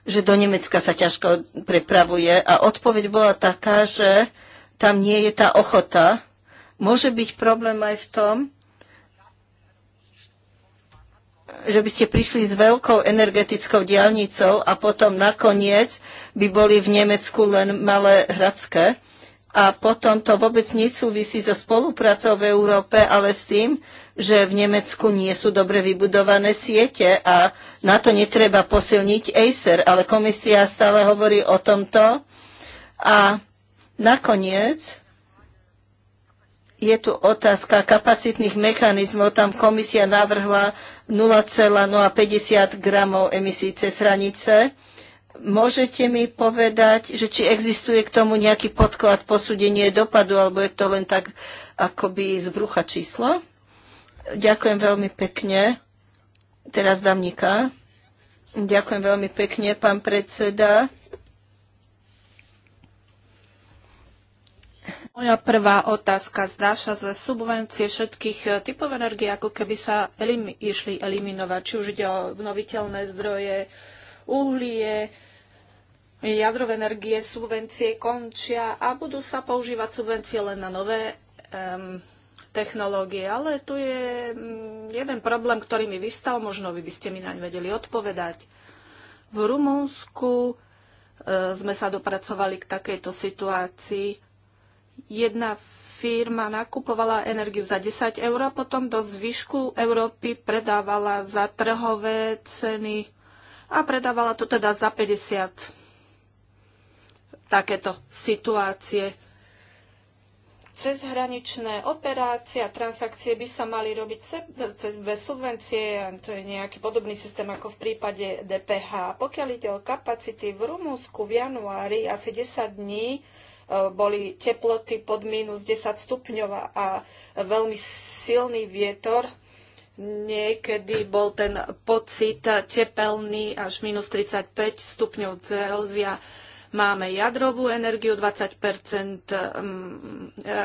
že do Nemecka sa ťažko prepravuje. A odpoveď bola taká, že tam nie je tá ochota. Môže byť problém aj v tom, že by ste prišli s veľkou energetickou diálnicou a potom nakoniec by boli v Nemecku len malé hradské. A potom to vôbec nesúvisí so spoluprácou v Európe, ale s tým, že v Nemecku nie sú dobre vybudované siete a na to netreba posilniť Acer, ale komisia stále hovorí o tomto. A nakoniec je tu otázka kapacitných mechanizmov. Tam komisia navrhla 0,050 gramov emisí cez hranice. Môžete mi povedať, že či existuje k tomu nejaký podklad posúdenie dopadu, alebo je to len tak akoby zbrucha číslo? Ďakujem veľmi pekne. Teraz dám Nika. Ďakujem veľmi pekne, pán predseda. Moja prvá otázka. Zdá sa, že subvencie všetkých eh, typov energie ako keby sa elim- išli eliminovať, či už ide o obnoviteľné zdroje, uhlie, jadrové energie, subvencie končia a budú sa používať subvencie len na nové um, technológie. Ale tu je mm, jeden problém, ktorý mi vystal, možno vy by ste mi naň vedeli odpovedať. V Rumunsku e, sme sa dopracovali k takejto situácii. Jedna firma nakupovala energiu za 10 eur a potom do zvyšku Európy predávala za trhové ceny a predávala to teda za 50. Takéto situácie cezhraničné operácie a transakcie by sa mali robiť cez bez subvencie, to je nejaký podobný systém ako v prípade DPH. Pokiaľ ide o kapacity v Rumúnsku v januári asi 10 dní e, boli teploty pod minus 10 stupňov a veľmi silný vietor. Niekedy bol ten pocit tepelný až minus 35 stupňov Celzia Máme jadrovú energiu, 20 mm, e,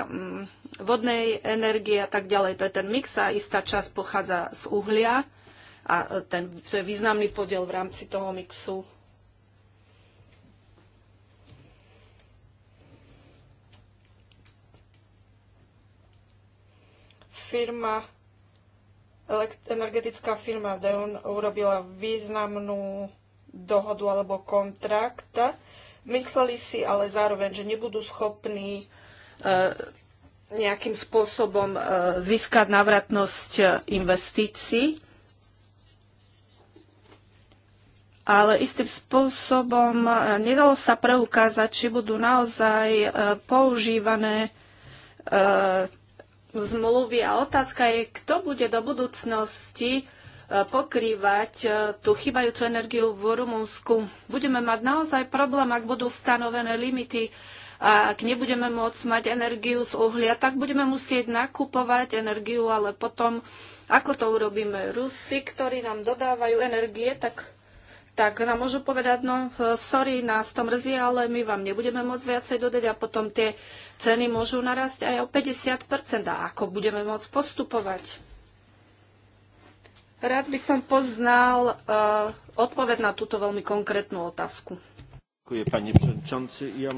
mm, vodnej energie a tak ďalej. To je ten mix a istá časť pochádza z uhlia a e, ten, to je významný podiel v rámci toho mixu. firma, energetická firma Deon urobila významnú dohodu alebo kontrakt Mysleli si ale zároveň, že nebudú schopní e, nejakým spôsobom e, získať navratnosť e, investícií, ale istým spôsobom nedalo sa preukázať, či budú naozaj používané zmluvy. A otázka je, kto bude do budúcnosti E, pokrývať e, tú chybajúcu energiu v Rumunsku. Budeme mať naozaj problém, ak budú stanovené limity a ak nebudeme môcť mať energiu z uhlia, tak budeme musieť nakupovať energiu, ale potom, ako to urobíme? Rusi, ktorí nám dodávajú energie, tak tak nám môžu povedať, no e, sorry, nás to mrzí, ale my vám nebudeme môcť viacej dodať a potom tie ceny môžu narásť aj o 50%. A ako budeme môcť postupovať? Rád by som poznal e, odpoveď na túto veľmi konkrétnu otázku. Ďakujem, pani Ja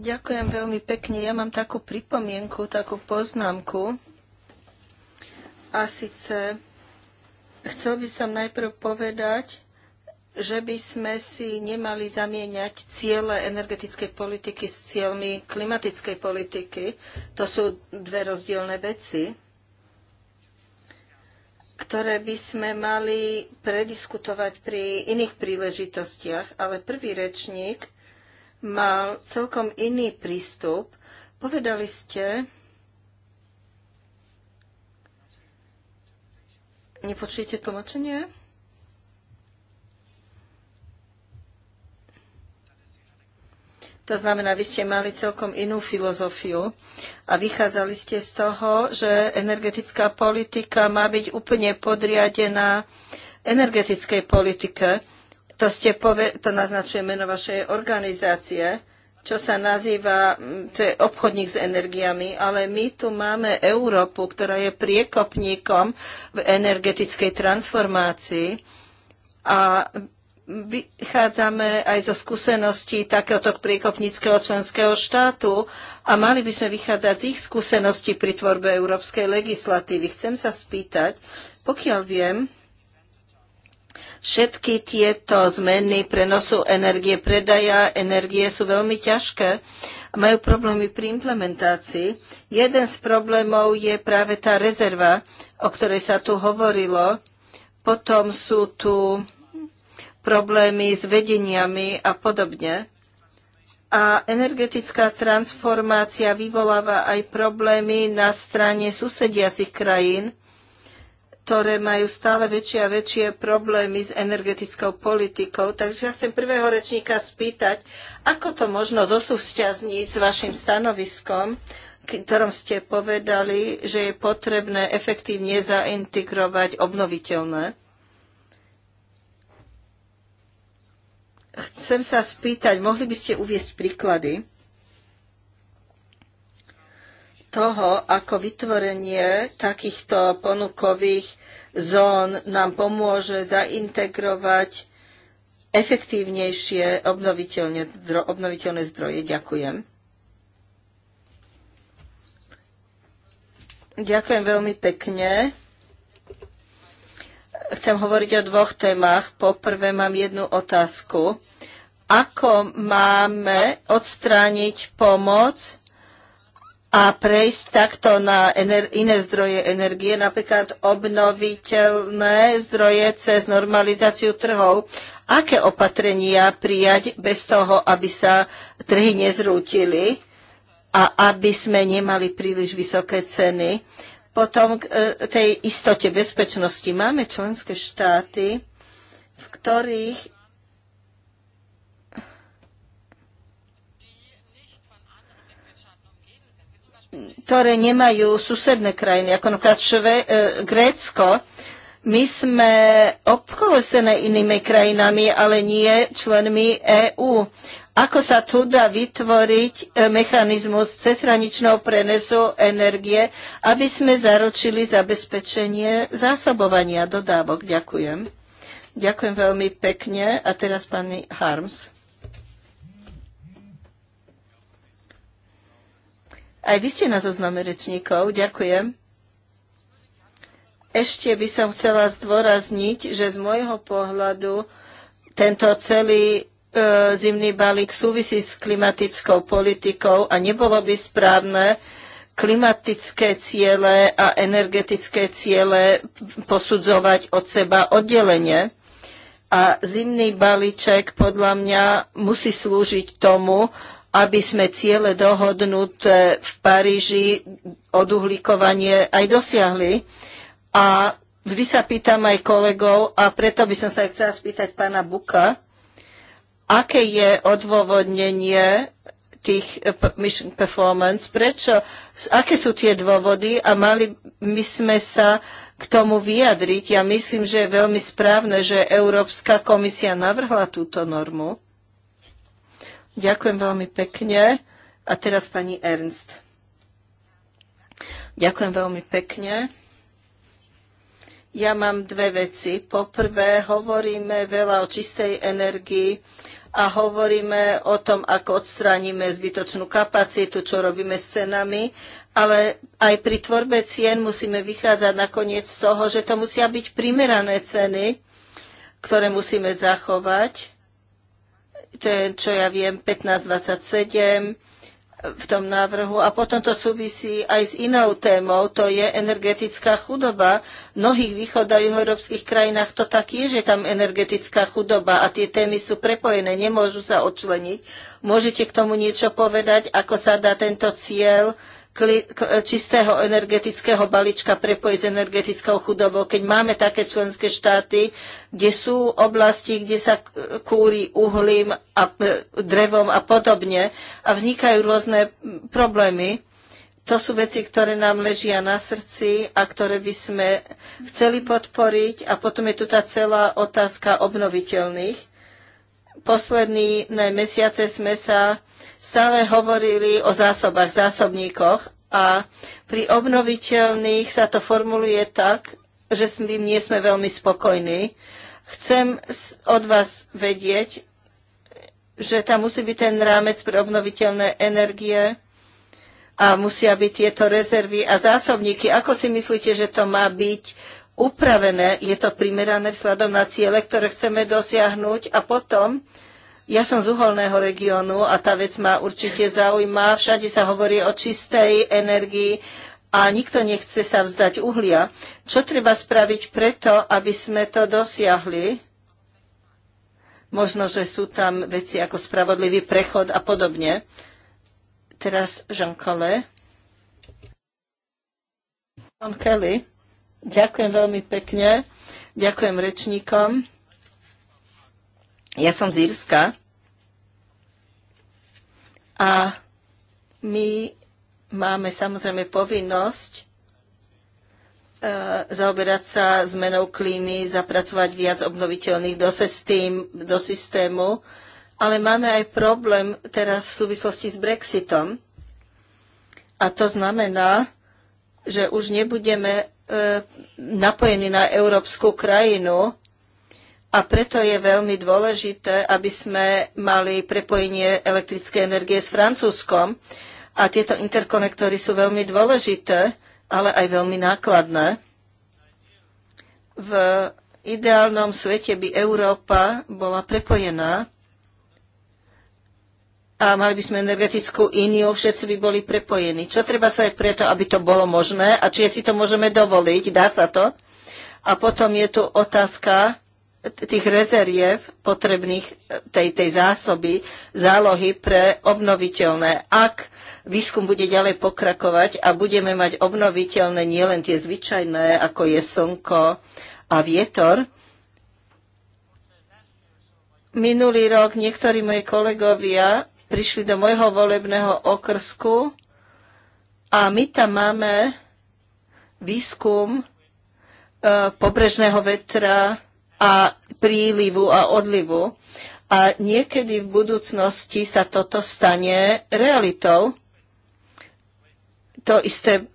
Ďakujem veľmi pekne. Ja mám takú pripomienku, takú poznámku. A síce chcel by som najprv povedať, že by sme si nemali zamieňať ciele energetickej politiky s cieľmi klimatickej politiky. To sú dve rozdielne veci ktoré by sme mali prediskutovať pri iných príležitostiach, ale prvý rečník mal celkom iný prístup. Povedali ste, nepočujete tlmočenie? To znamená, vy ste mali celkom inú filozofiu a vychádzali ste z toho, že energetická politika má byť úplne podriadená energetickej politike. To, ste pove- to naznačuje meno vašej organizácie, čo sa nazýva, to je obchodník s energiami, ale my tu máme Európu, ktorá je priekopníkom v energetickej transformácii a vychádzame aj zo skúseností takéhoto priekopníckého členského štátu a mali by sme vychádzať z ich skúseností pri tvorbe európskej legislatívy. Chcem sa spýtať, pokiaľ viem, všetky tieto zmeny prenosu energie, predaja energie sú veľmi ťažké a majú problémy pri implementácii. Jeden z problémov je práve tá rezerva, o ktorej sa tu hovorilo. Potom sú tu problémy s vedeniami a podobne. A energetická transformácia vyvoláva aj problémy na strane susediacich krajín, ktoré majú stále väčšie a väčšie problémy s energetickou politikou. Takže ja chcem prvého rečníka spýtať, ako to možno zosúvzťazniť s vašim stanoviskom, ktorom ste povedali, že je potrebné efektívne zaintegrovať obnoviteľné Chcem sa spýtať, mohli by ste uviesť príklady toho, ako vytvorenie takýchto ponukových zón nám pomôže zaintegrovať efektívnejšie obnoviteľné, obnoviteľné zdroje. Ďakujem. Ďakujem veľmi pekne. Chcem hovoriť o dvoch témach. Poprvé mám jednu otázku. Ako máme odstrániť pomoc a prejsť takto na iné zdroje energie, napríklad obnoviteľné zdroje cez normalizáciu trhov. Aké opatrenia prijať bez toho, aby sa trhy nezrútili a aby sme nemali príliš vysoké ceny? Potom k e, tej istote bezpečnosti. Máme členské štáty, v ktorých ktoré nemajú susedné krajiny, ako napríklad Šve, e, Grécko. My sme obkolesené inými krajinami, ale nie členmi EÚ. Ako sa tu dá vytvoriť e, mechanizmus cezhraničného prenesu energie, aby sme zaručili zabezpečenie zásobovania dodávok? Ďakujem. Ďakujem veľmi pekne. A teraz pani Harms. Aj vy ste na zozname rečníkov. Ďakujem. Ešte by som chcela zdôrazniť, že z môjho pohľadu tento celý E, zimný balík súvisí s klimatickou politikou a nebolo by správne klimatické ciele a energetické ciele posudzovať od seba oddelenie. A zimný balíček podľa mňa musí slúžiť tomu, aby sme ciele dohodnuté v Paríži oduhlikovanie aj dosiahli. A vždy sa pýtam aj kolegov a preto by som sa chcela spýtať pána Buka, aké je odôvodnenie tých eh, mission performance, prečo, aké sú tie dôvody a mali my sme sa k tomu vyjadriť. Ja myslím, že je veľmi správne, že Európska komisia navrhla túto normu. Ďakujem veľmi pekne. A teraz pani Ernst. Ďakujem veľmi pekne. Ja mám dve veci. Poprvé, hovoríme veľa o čistej energii a hovoríme o tom, ako odstránime zbytočnú kapacitu, čo robíme s cenami, ale aj pri tvorbe cien musíme vychádzať nakoniec z toho, že to musia byť primerané ceny, ktoré musíme zachovať. To je, čo ja viem, 1527, v tom návrhu a potom to súvisí aj s inou témou, to je energetická chudoba. V mnohých východ a európskych krajinách to tak je, že tam energetická chudoba a tie témy sú prepojené, nemôžu sa odčleniť. Môžete k tomu niečo povedať, ako sa dá tento cieľ uh, E, čistého energetického balíčka prepojiť s energetickou chudobou, keď máme také členské štáty, kde sú oblasti, kde sa kúri uhlím a e, drevom a podobne a vznikajú rôzne problémy. To sú veci, ktoré nám ležia na srdci a ktoré by sme chceli podporiť. A potom je tu tá celá otázka obnoviteľných. Posledné mesiace sme sa stále hovorili o zásobách, zásobníkoch a pri obnoviteľných sa to formuluje tak, že s tým nie sme veľmi spokojní. Chcem od vás vedieť, že tam musí byť ten rámec pre obnoviteľné energie a musia byť tieto rezervy a zásobníky. Ako si myslíte, že to má byť upravené? Je to primerané vzhľadom na ciele, ktoré chceme dosiahnuť? A potom, ja som z uholného regiónu a tá vec ma určite zaujíma. Všade sa hovorí o čistej energii a nikto nechce sa vzdať uhlia. Čo treba spraviť preto, aby sme to dosiahli? Možno, že sú tam veci ako spravodlivý prechod a podobne. Teraz Jean Collet. Jean Kelly, ďakujem veľmi pekne. Ďakujem rečníkom. Ja som z Irska a my máme samozrejme povinnosť e, zaoberať sa zmenou klímy, zapracovať viac obnoviteľných do, systém, do systému, ale máme aj problém teraz v súvislosti s Brexitom. A to znamená, že už nebudeme e, napojení na európsku krajinu, a preto je veľmi dôležité, aby sme mali prepojenie elektrickej energie s Francúzskom. A tieto interkonektory sú veľmi dôležité, ale aj veľmi nákladné. V ideálnom svete by Európa bola prepojená a mali by sme energetickú íniu, všetci by boli prepojení. Čo treba sa aj preto, aby to bolo možné a či si to môžeme dovoliť, dá sa to. A potom je tu otázka tých rezeriev potrebných tej, tej zásoby, zálohy pre obnoviteľné. Ak výskum bude ďalej pokrakovať a budeme mať obnoviteľné nielen tie zvyčajné, ako je slnko a vietor, Minulý rok niektorí moji kolegovia prišli do môjho volebného okrsku a my tam máme výskum e, pobrežného vetra, a prílivu a odlivu. A niekedy v budúcnosti sa toto stane realitou. To isté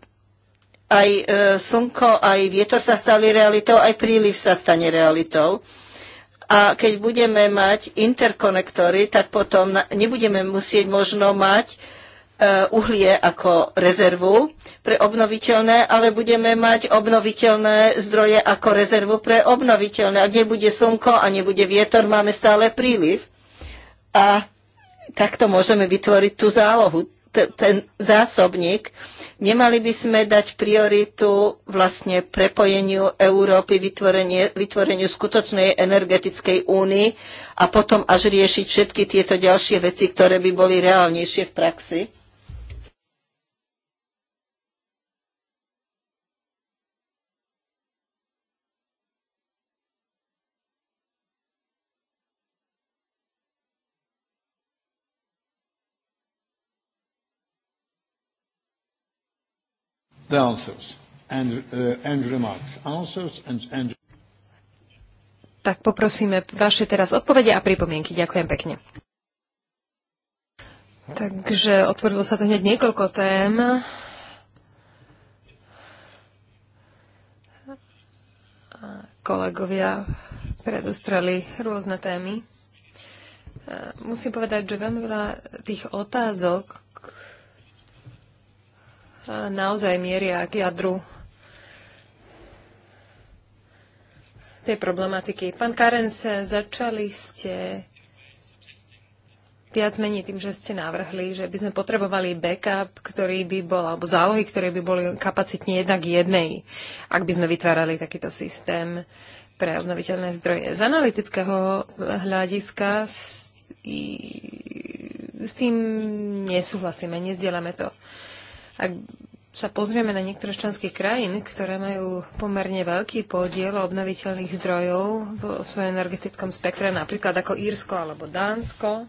aj e, slnko, aj vietor sa stali realitou, aj príliv sa stane realitou. A keď budeme mať interkonektory, tak potom nebudeme musieť možno mať uh, Eh, uhlie ako rezervu pre obnoviteľné, ale budeme mať obnoviteľné zdroje ako rezervu pre obnoviteľné. Ak nebude slnko a nebude vietor, máme stále príliv. A takto môžeme vytvoriť tú zálohu, ten zásobník. Nemali by sme dať prioritu vlastne prepojeniu Európy, vytvoreniu skutočnej energetickej únii a potom až riešiť všetky tieto ďalšie veci, ktoré by boli reálnejšie v praxi. the answers and, uh, and remarks. Answers and, and... Tak poprosíme vaše teraz odpovede a pripomienky. Ďakujem pekne. Takže otvorilo sa to hneď niekoľko tém. Kolegovia predostreli rôzne témy. Musím povedať, že veľmi veľa tých otázok, naozaj mieria k jadru tej problematiky. Pán Karens, začali ste viac menej tým, že ste navrhli, že by sme potrebovali backup, ktorý by bol, alebo zálohy, ktoré by boli kapacitne jednak jednej, ak by sme vytvárali takýto systém pre obnoviteľné zdroje. Z analytického hľadiska s, i, s tým nesúhlasíme, nezdielame to. Uh, ak sa pozrieme na niektoré členské krajín, ktoré majú pomerne veľký podiel obnoviteľných zdrojov vo svojom energetickom spektre, napríklad ako Írsko alebo Dánsko,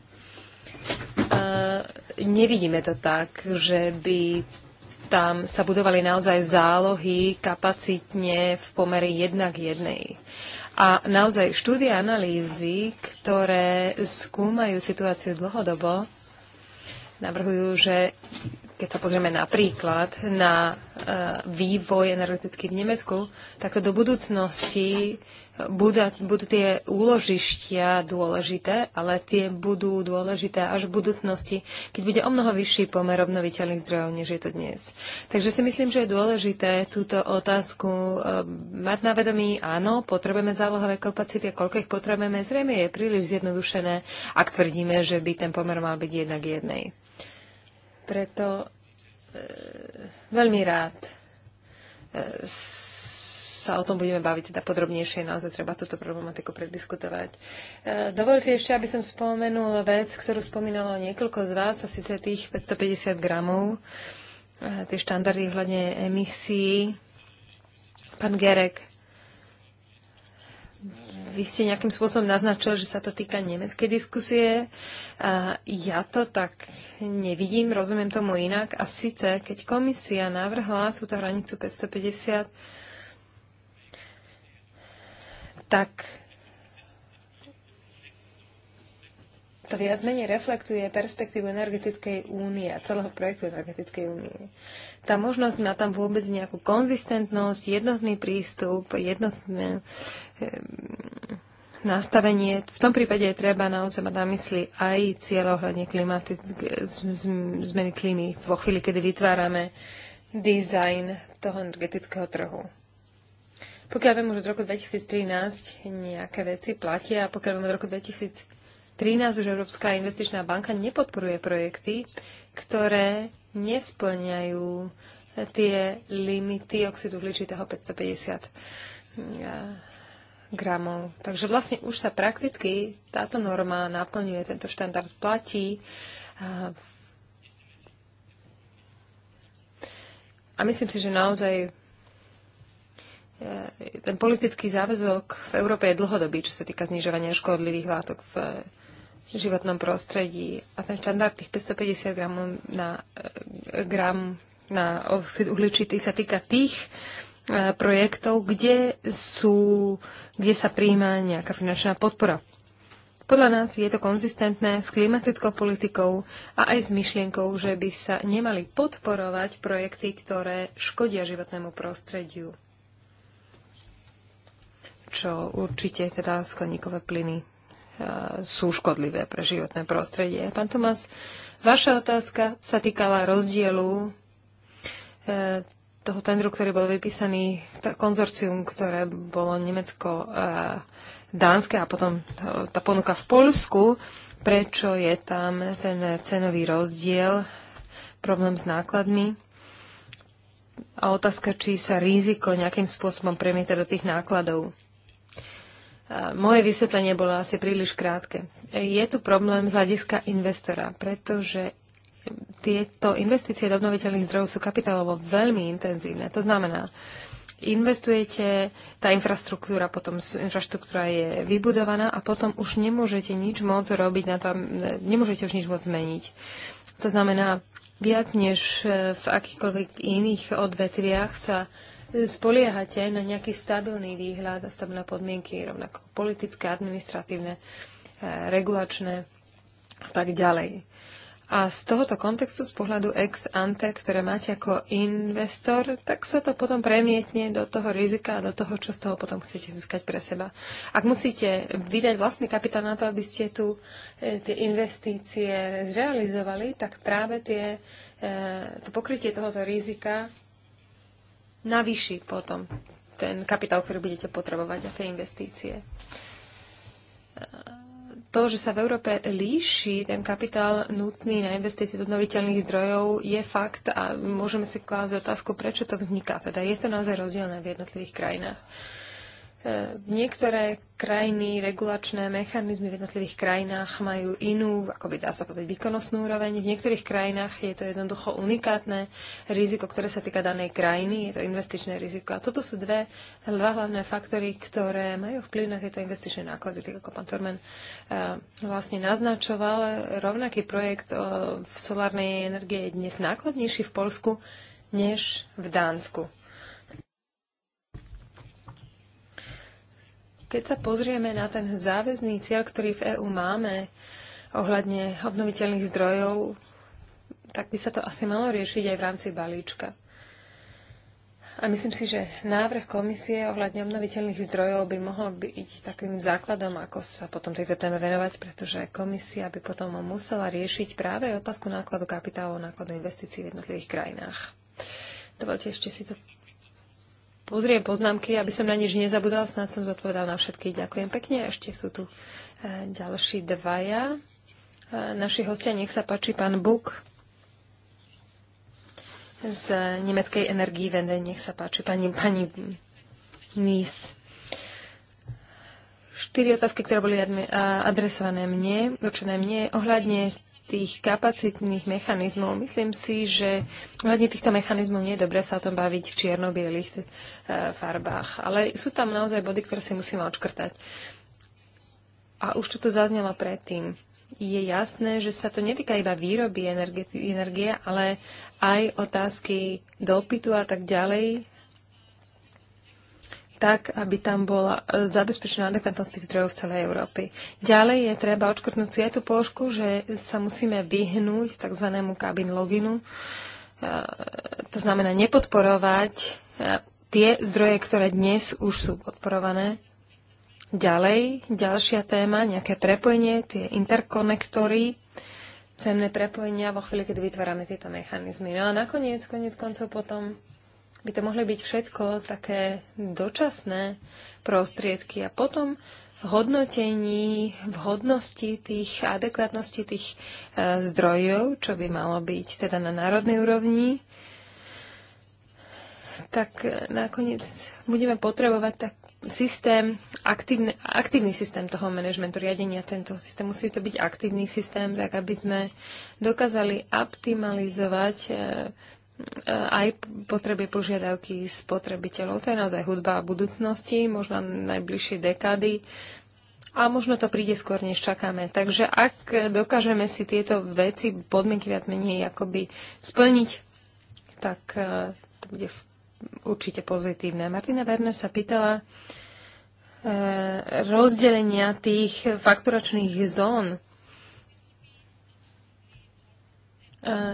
nevidíme to tak, že by tam sa budovali naozaj zálohy kapacitne v pomere jedna k jednej. A naozaj štúdie analýzy, ktoré skúmajú situáciu dlhodobo, navrhujú, že keď sa pozrieme napríklad na eh, vývoj energetický v Nemecku, tak to do budúcnosti eh, budú, budú tie úložištia dôležité, ale tie budú dôležité až v budúcnosti, keď bude o mnoho vyšší pomer obnoviteľných zdrojov, než je to dnes. Takže si myslím, že je dôležité túto otázku eh, mať na vedomí. Áno, potrebujeme zálohové kapacity a koľko ich potrebujeme, zrejme je príliš zjednodušené, ak tvrdíme, že by ten pomer mal byť jednak jednej. Preto e, veľmi rád e, sa o tom budeme baviť teda podrobnejšie, naozaj treba túto problematiku prediskutovať. E, dovolte ešte, aby som spomenul vec, ktorú spomínalo niekoľko z vás, a síce tých 550 gramov, e, tie štandardy hľadne emisí. Pán Gerek vy ste nejakým spôsobom naznačil, že sa to týka nemeckej diskusie. A ja to tak nevidím, rozumiem tomu inak. A síce, keď komisia navrhla túto hranicu 550, tak to viac menej reflektuje perspektívu energetickej únie a celého projektu energetickej únie. Tá možnosť má tam vôbec nejakú konzistentnosť, jednotný prístup, jednotné nastavenie. V tom prípade je treba naozaj mať na mysli aj cieľ ohľadne klimaty, zmeny klímy vo chvíli, kedy vytvárame dizajn toho energetického trhu. Pokiaľ viem, že od roku 2013 nejaké veci platia a pokiaľ viem, od roku 2000 už Európska investičná banka nepodporuje projekty, ktoré nesplňajú tie limity oxidu uhličitého 550 eh, gramov. Takže vlastne už sa prakticky táto norma naplňuje, tento štandard platí. Eh, a myslím si, že naozaj eh, ten politický záväzok v Európe je dlhodobý, čo sa týka znižovania škodlivých látok v životnom prostredí. A ten štandard tých 550 gramov na eh, gram na oxid uhličitý sa týka tých e, projektov, kde, sú, kde sa príjma nejaká finančná podpora. Podľa nás je to konzistentné s klimatickou politikou a aj s myšlienkou, že by sa nemali podporovať projekty, ktoré škodia životnému prostrediu, čo určite teda skleníkové plyny sú škodlivé pre životné prostredie. Pán Tomás, vaša otázka sa týkala rozdielu e, toho tendru, ktorý bol vypísaný, konzorcium, ktoré bolo Nemecko, e, Dánske a potom tá ponuka v Polsku, prečo je tam ten cenový rozdiel, problém s nákladmi a otázka, či sa riziko nejakým spôsobom premieta do tých nákladov. Moje vysvetlenie bolo asi príliš krátke. Je tu problém z hľadiska investora, pretože tieto investície do obnoviteľných zdrojov sú kapitálovo veľmi intenzívne. To znamená, investujete, tá infraštruktúra potom infraštruktúra je vybudovaná a potom už nemôžete nič moc robiť na to, nemôžete už nič moc zmeniť. To znamená, viac než eh, v akýchkoľvek iných odvetviach sa spoliehate na nejaký stabilný výhľad a stabilné podmienky, rovnako politické, administratívne, eh, regulačné a tak ďalej. A z tohoto kontextu, z pohľadu ex ante, ktoré máte ako investor, tak sa to potom premietne do toho rizika a do toho, čo z toho potom chcete získať pre seba. Ak musíte vydať vlastný kapitál na to, aby ste tu e, tie investície zrealizovali, tak práve tie, e, to pokrytie tohoto rizika navýši potom ten kapitál, ktorý budete potrebovať a tie investície. To, že sa v Európe líši ten kapitál nutný na investície do obnoviteľných zdrojov, je fakt a môžeme si klásť otázku, prečo to vzniká. Teda je to naozaj rozdielne v jednotlivých krajinách. Uh, E, niektoré krajiny, regulačné mechanizmy v jednotlivých krajinách majú inú, ako by dá sa povedať, výkonnostnú úroveň. V niektorých krajinách je to jednoducho unikátne riziko, ktoré sa týka danej krajiny, je to investičné riziko. A toto sú dve, dva hlavné faktory, ktoré majú vplyv na tieto investičné náklady, tak ako pán Tormen e, vlastne naznačoval. Rovnaký projekt e, v solárnej energie je dnes nákladnejší v Polsku než v Dánsku. Keď sa pozrieme na ten záväzný cieľ, ktorý v EÚ máme ohľadne obnoviteľných zdrojov, tak by sa to asi malo riešiť aj v rámci balíčka. A myslím si, že návrh komisie ohľadne obnoviteľných zdrojov by mohol byť takým základom, ako sa potom tejto téme venovať, pretože komisia by potom musela riešiť práve otázku nákladu kapitálu, nákladu investícií v jednotlivých krajinách. Dovolte ešte si to pozriem poznámky, aby som na nič nezabudala, snad som zodpovedala na všetky. Ďakujem pekne. Ešte sú tu e, ďalší dvaja. E, naši hostia, nech sa páči, pán Buk z nemeckej energii Vende, nech sa páči, pani, pani Mies. Štyri otázky, ktoré boli adresované mne, určené mne, ohľadne tých kapacitných mechanizmov. Myslím si, že hľadne týchto mechanizmov nie je dobré sa o tom baviť v čierno-bielých eh, farbách, ale sú tam naozaj body, ktoré si musíme odškrtať. A už to tu zaznelo predtým. Je jasné, že sa to netýka iba výroby energie, energie ale aj otázky dopytu a tak ďalej tak, aby tam bola e, zabezpečená adekvátnosť tých zdrojov v celej Európy. Ďalej je treba odškrtnúť si aj tú položku, že sa musíme vyhnúť tzv. kabin loginu, e, to znamená nepodporovať e, tie zdroje, ktoré dnes už sú podporované. Ďalej, ďalšia téma, nejaké prepojenie, tie interkonektory, cemné prepojenia vo chvíli, keď vytvárame tieto mechanizmy. No a nakoniec, koniec koncov potom by to mohli byť všetko také dočasné prostriedky a potom hodnotení vhodnosti tých, adekvátnosti tých e, zdrojov, čo by malo byť teda na národnej úrovni, tak e, nakoniec budeme potrebovať tak systém, aktívne, aktívny systém toho manažmentu riadenia. Tento systém musí to byť aktívny systém, tak aby sme dokázali optimalizovať e, Eh, aj potreby požiadavky spotrebiteľov. To je naozaj hudba budúcnosti, možno najbližšie dekády a možno to príde skôr, než čakáme. Takže ak dokážeme si tieto veci, podmienky viac menej akoby splniť, tak eh, to bude určite pozitívne. Martina Werner sa pýtala eh, rozdelenia tých fakturačných zón.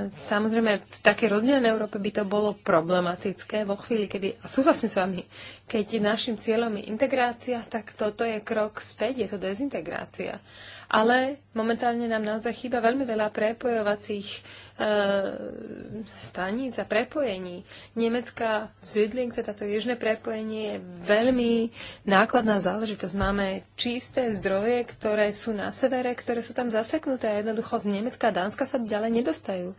Samozrejme, v takej rozdielnej Európe by to bolo problematické vo chvíli, kedy, a súhlasím s vami, keď našim cieľom je integrácia, tak toto je krok späť, je to dezintegrácia. Ale momentálne nám naozaj chýba veľmi veľa prepojovacích E, staníc a prepojení. Nemecká Südling, teda to južné prepojenie, je veľmi nákladná záležitosť. Máme čisté zdroje, ktoré sú na severe, ktoré sú tam zaseknuté a jednoducho z Nemecka a Dánska sa ďalej nedostajú. Uh,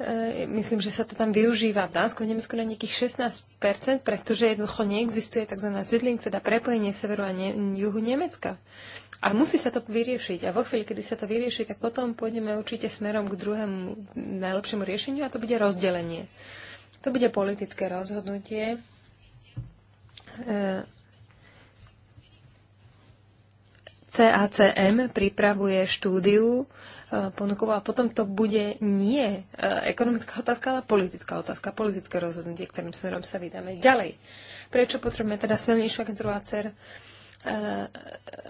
E, myslím, že sa to tam využíva v Dánsku, Nemecku na nejakých 16%, pretože jednoducho neexistuje tzv. zidling, teda prepojenie severu a ne- juhu Nemecka. A musí sa to vyriešiť. A vo chvíli, kedy sa to vyrieši, tak potom pôjdeme určite smerom k druhému najlepšiemu riešeniu a to bude rozdelenie. To bude politické rozhodnutie. E, CACM pripravuje štúdiu, Eh, ponukou a potom to bude nie eh, ekonomická otázka, ale politická otázka, politické rozhodnutie, ktorým smerom sa vydáme ďalej. Prečo potrebujeme teda silnejšiu agentúru ACER? Eh,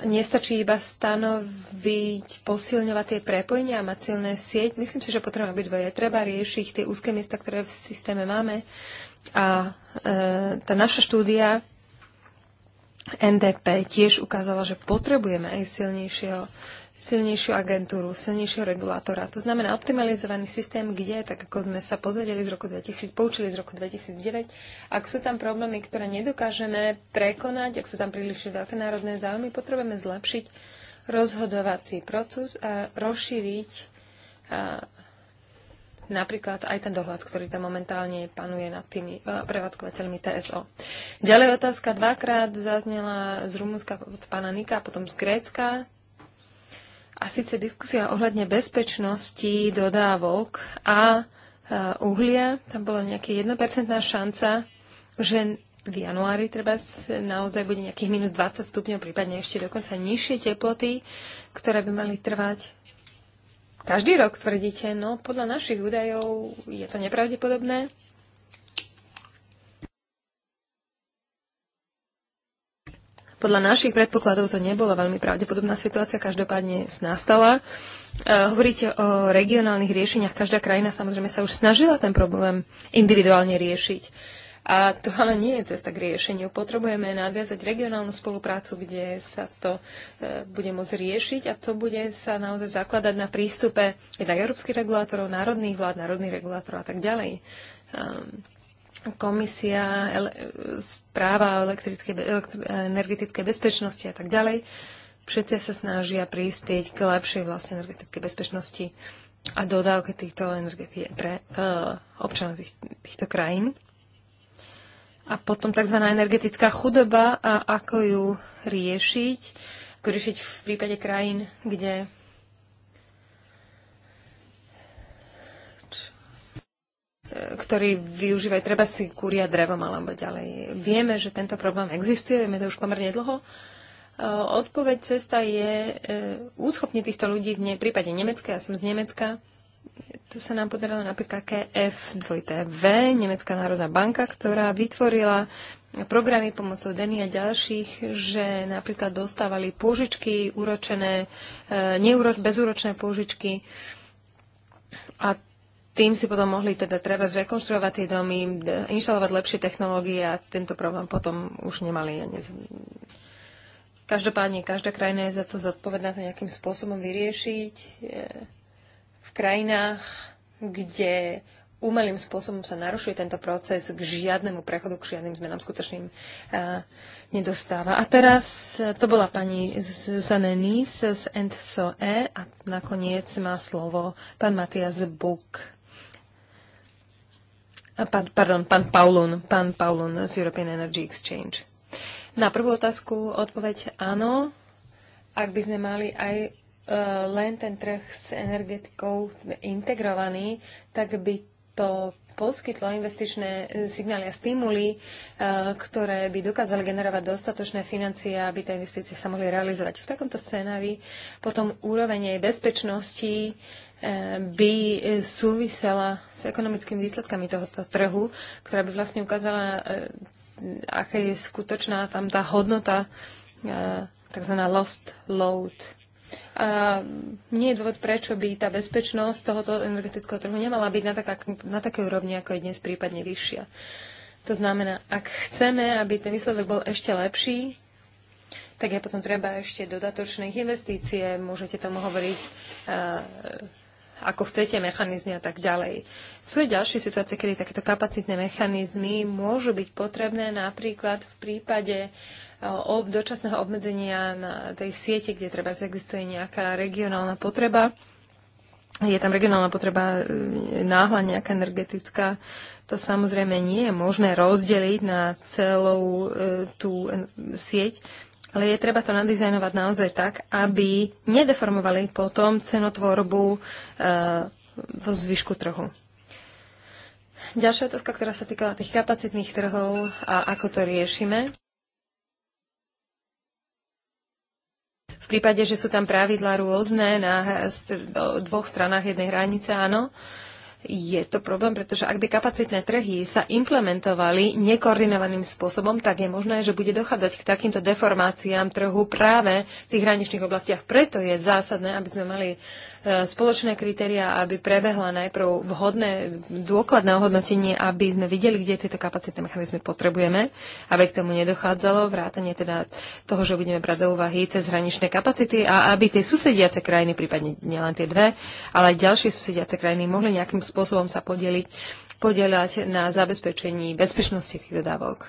nestačí iba stanoviť, posilňovať tie prepojenia a mať silné sieť. Myslím si, že potrebujeme dvoje. Treba riešiť tie úzke miesta, ktoré v systéme máme. A tá naša štúdia NDP tiež ukázala, že potrebujeme aj silnejšieho silnejšiu agentúru, silnejšieho regulátora. To znamená optimalizovaný systém, kde, tak ako sme sa pozvedeli z roku 2000, poučili z roku 2009, ak sú tam problémy, ktoré nedokážeme prekonať, ak sú tam príliš veľké národné záujmy, potrebujeme zlepšiť rozhodovací proces a rozšíriť a, napríklad aj ten dohľad, ktorý tam momentálne panuje nad tými a, prevádzkovateľmi TSO. Ďalej otázka dvakrát zaznela z Rumúnska od pána Nika, potom z Grécka a síce diskusia ohľadne bezpečnosti dodávok a e, uhlia, tam bola nejaká 1% šanca, že v januári treba naozaj bude nejakých minus 20 stupňov, prípadne ešte dokonca nižšie teploty, ktoré by mali trvať každý rok, tvrdíte. No podľa našich údajov je to nepravdepodobné. Podľa našich predpokladov to nebola veľmi pravdepodobná situácia, každopádne nastala. E, hovoríte o regionálnych riešeniach. Každá krajina samozrejme sa už snažila ten problém individuálne riešiť. A to ale nie je cesta k riešeniu. Potrebujeme nadviazať regionálnu spoluprácu, kde sa to e, bude môcť riešiť a to bude sa naozaj zakladať na prístupe jednak európskych regulátorov, národných vlád, národných regulátorov a tak ďalej. Um, komisia, správa o elektrickej, elektri- energetickej bezpečnosti a tak ďalej. Všetci sa snažia prispieť k lepšej vlastne energetickej bezpečnosti a dodávke týchto energetie pre uh, občanov tých, týchto krajín. A potom tzv. energetická chudoba a ako ju riešiť, ako riešiť v prípade krajín, kde ktorí využívajú treba si kúria drevom alebo ďalej. Vieme, že tento problém existuje, vieme to už pomerne dlho. E, odpoveď cesta je úschopniť e, týchto ľudí v prípade Nemecka, ja som z Nemecka, to sa nám podarilo napríklad kf 2 tv Nemecká národná banka, ktorá vytvorila programy pomocou Deny a ďalších, že napríklad dostávali pôžičky úročené, e, neúroč, bezúročné pôžičky a tým si potom mohli teda treba zrekonštruovať tie domy, inštalovať lepšie technológie a tento problém potom už nemali. Každopádne, každá krajina je za to zodpovedná to nejakým spôsobom vyriešiť. E, v krajinách, kde umelým spôsobom sa narušuje tento proces, k žiadnemu prechodu, k žiadnym zmenám skutočným e, nedostáva. A teraz e, to bola pani Zuzane Nys z ENTSOE a nakoniec má slovo pán Matias Buk. Pán, pardon, pán Paulun, pán Paulun z European Energy Exchange. Na prvú otázku odpoveď áno. Ak by sme mali aj e, len ten trh s energetikou integrovaný, tak by to poskytlo investičné e, signály a stimuly, e, ktoré by dokázali generovať dostatočné financie, aby tie investície sa mohli realizovať. V takomto scénári potom úroveň jej bezpečnosti e, by súvisela s ekonomickými výsledkami tohoto trhu, ktorá by vlastne ukázala, aká je skutočná tam tá hodnota, tzv. lost load a nie je dôvod, prečo by tá bezpečnosť tohoto energetického trhu nemala byť na, taká, na takej úrovni, ako je dnes prípadne vyššia. To znamená, ak chceme, aby ten výsledok bol ešte lepší, tak je potom treba ešte dodatočných investície, môžete tomu hovoriť ako chcete, mechanizmy a tak ďalej. Sú aj ďalšie situácie, kedy takéto kapacitné mechanizmy môžu byť potrebné napríklad v prípade Eh, dočasného obmedzenia na tej siete, kde treba existuje nejaká regionálna potreba. Je tam regionálna potreba eh, náhla nejaká energetická. To samozrejme nie je možné rozdeliť na celú eh, tú sieť, ale je treba to nadizajnovať naozaj tak, aby nedeformovali potom cenotvorbu vo zvyšku trhu. Ďalšia otázka, ktorá sa týkala tých kapacitných trhov a ako to riešime. prípade, že sú tam pravidlá rôzne na dvoch stranách jednej hranice, áno je to problém, pretože ak by kapacitné trhy sa implementovali nekoordinovaným spôsobom, tak je možné, že bude dochádzať k takýmto deformáciám trhu práve v tých hraničných oblastiach. Preto je zásadné, aby sme mali e, spoločné kritéria, aby prebehla najprv vhodné dôkladné ohodnotenie, aby sme videli, kde tieto kapacitné mechanizmy potrebujeme, aby k tomu nedochádzalo, vrátanie teda toho, že budeme brať do úvahy cez hraničné kapacity a aby tie susediace krajiny, prípadne nielen tie dve, ale aj ďalšie susediace krajiny mohli nejakým spôsobom sa podeliť, podeliať na zabezpečení bezpečnosti tých dodávok.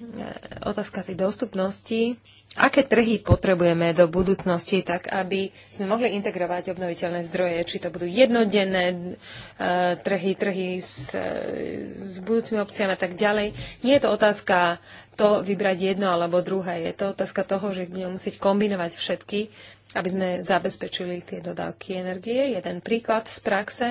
E, otázka tej dostupnosti. Aké trhy potrebujeme do budúcnosti, tak aby sme mohli integrovať obnoviteľné zdroje, či to budú jednodenné e, trhy, trhy s, e, s budúcimi obciami a tak ďalej. Nie je to otázka to vybrať jedno alebo druhé. Je to otázka toho, že budeme musieť kombinovať všetky, aby sme zabezpečili tie dodávky energie. Jeden príklad z praxe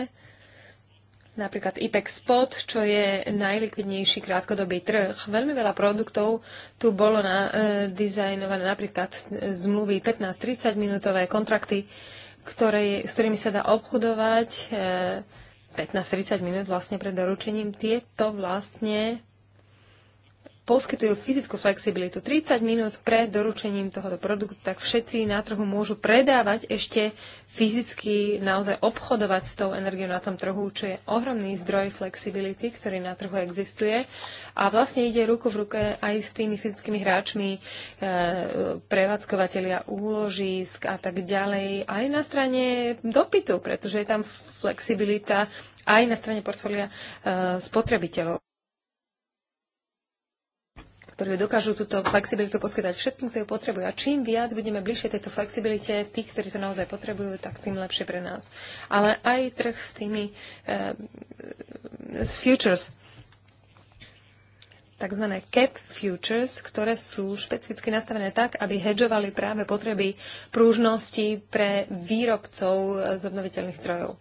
napríklad IPEX Spot, čo je najlikvidnejší krátkodobý trh. Veľmi veľa produktov tu bolo na, e, dizajnované, napríklad e, zmluvy 15-30 minútové kontrakty, ktoré, s ktorými sa dá obchodovať e, 15-30 minút vlastne pred doručením. Tieto vlastne poskytujú fyzickú flexibilitu. 30 minút pred doručením tohoto produktu, tak všetci na trhu môžu predávať ešte fyzicky, naozaj obchodovať s tou energiou na tom trhu, čo je ohromný zdroj flexibility, ktorý na trhu existuje. A vlastne ide ruku v ruke aj s tými fyzickými hráčmi, e, prevádzkovateľia úložisk a tak ďalej, aj na strane dopytu, pretože je tam flexibilita aj na strane portfólia e, spotrebiteľov ktorí dokážu túto flexibilitu poskytať všetkým, ktorí potrebujú. A čím viac budeme bližšie tejto flexibilite, tí, ktorí to naozaj potrebujú, tak tým lepšie pre nás. Ale aj trh s tými uh, s futures, tzv. cap futures, ktoré sú špecificky nastavené tak, aby hedžovali práve potreby prúžnosti pre výrobcov eh, z obnoviteľných zdrojov. Eh,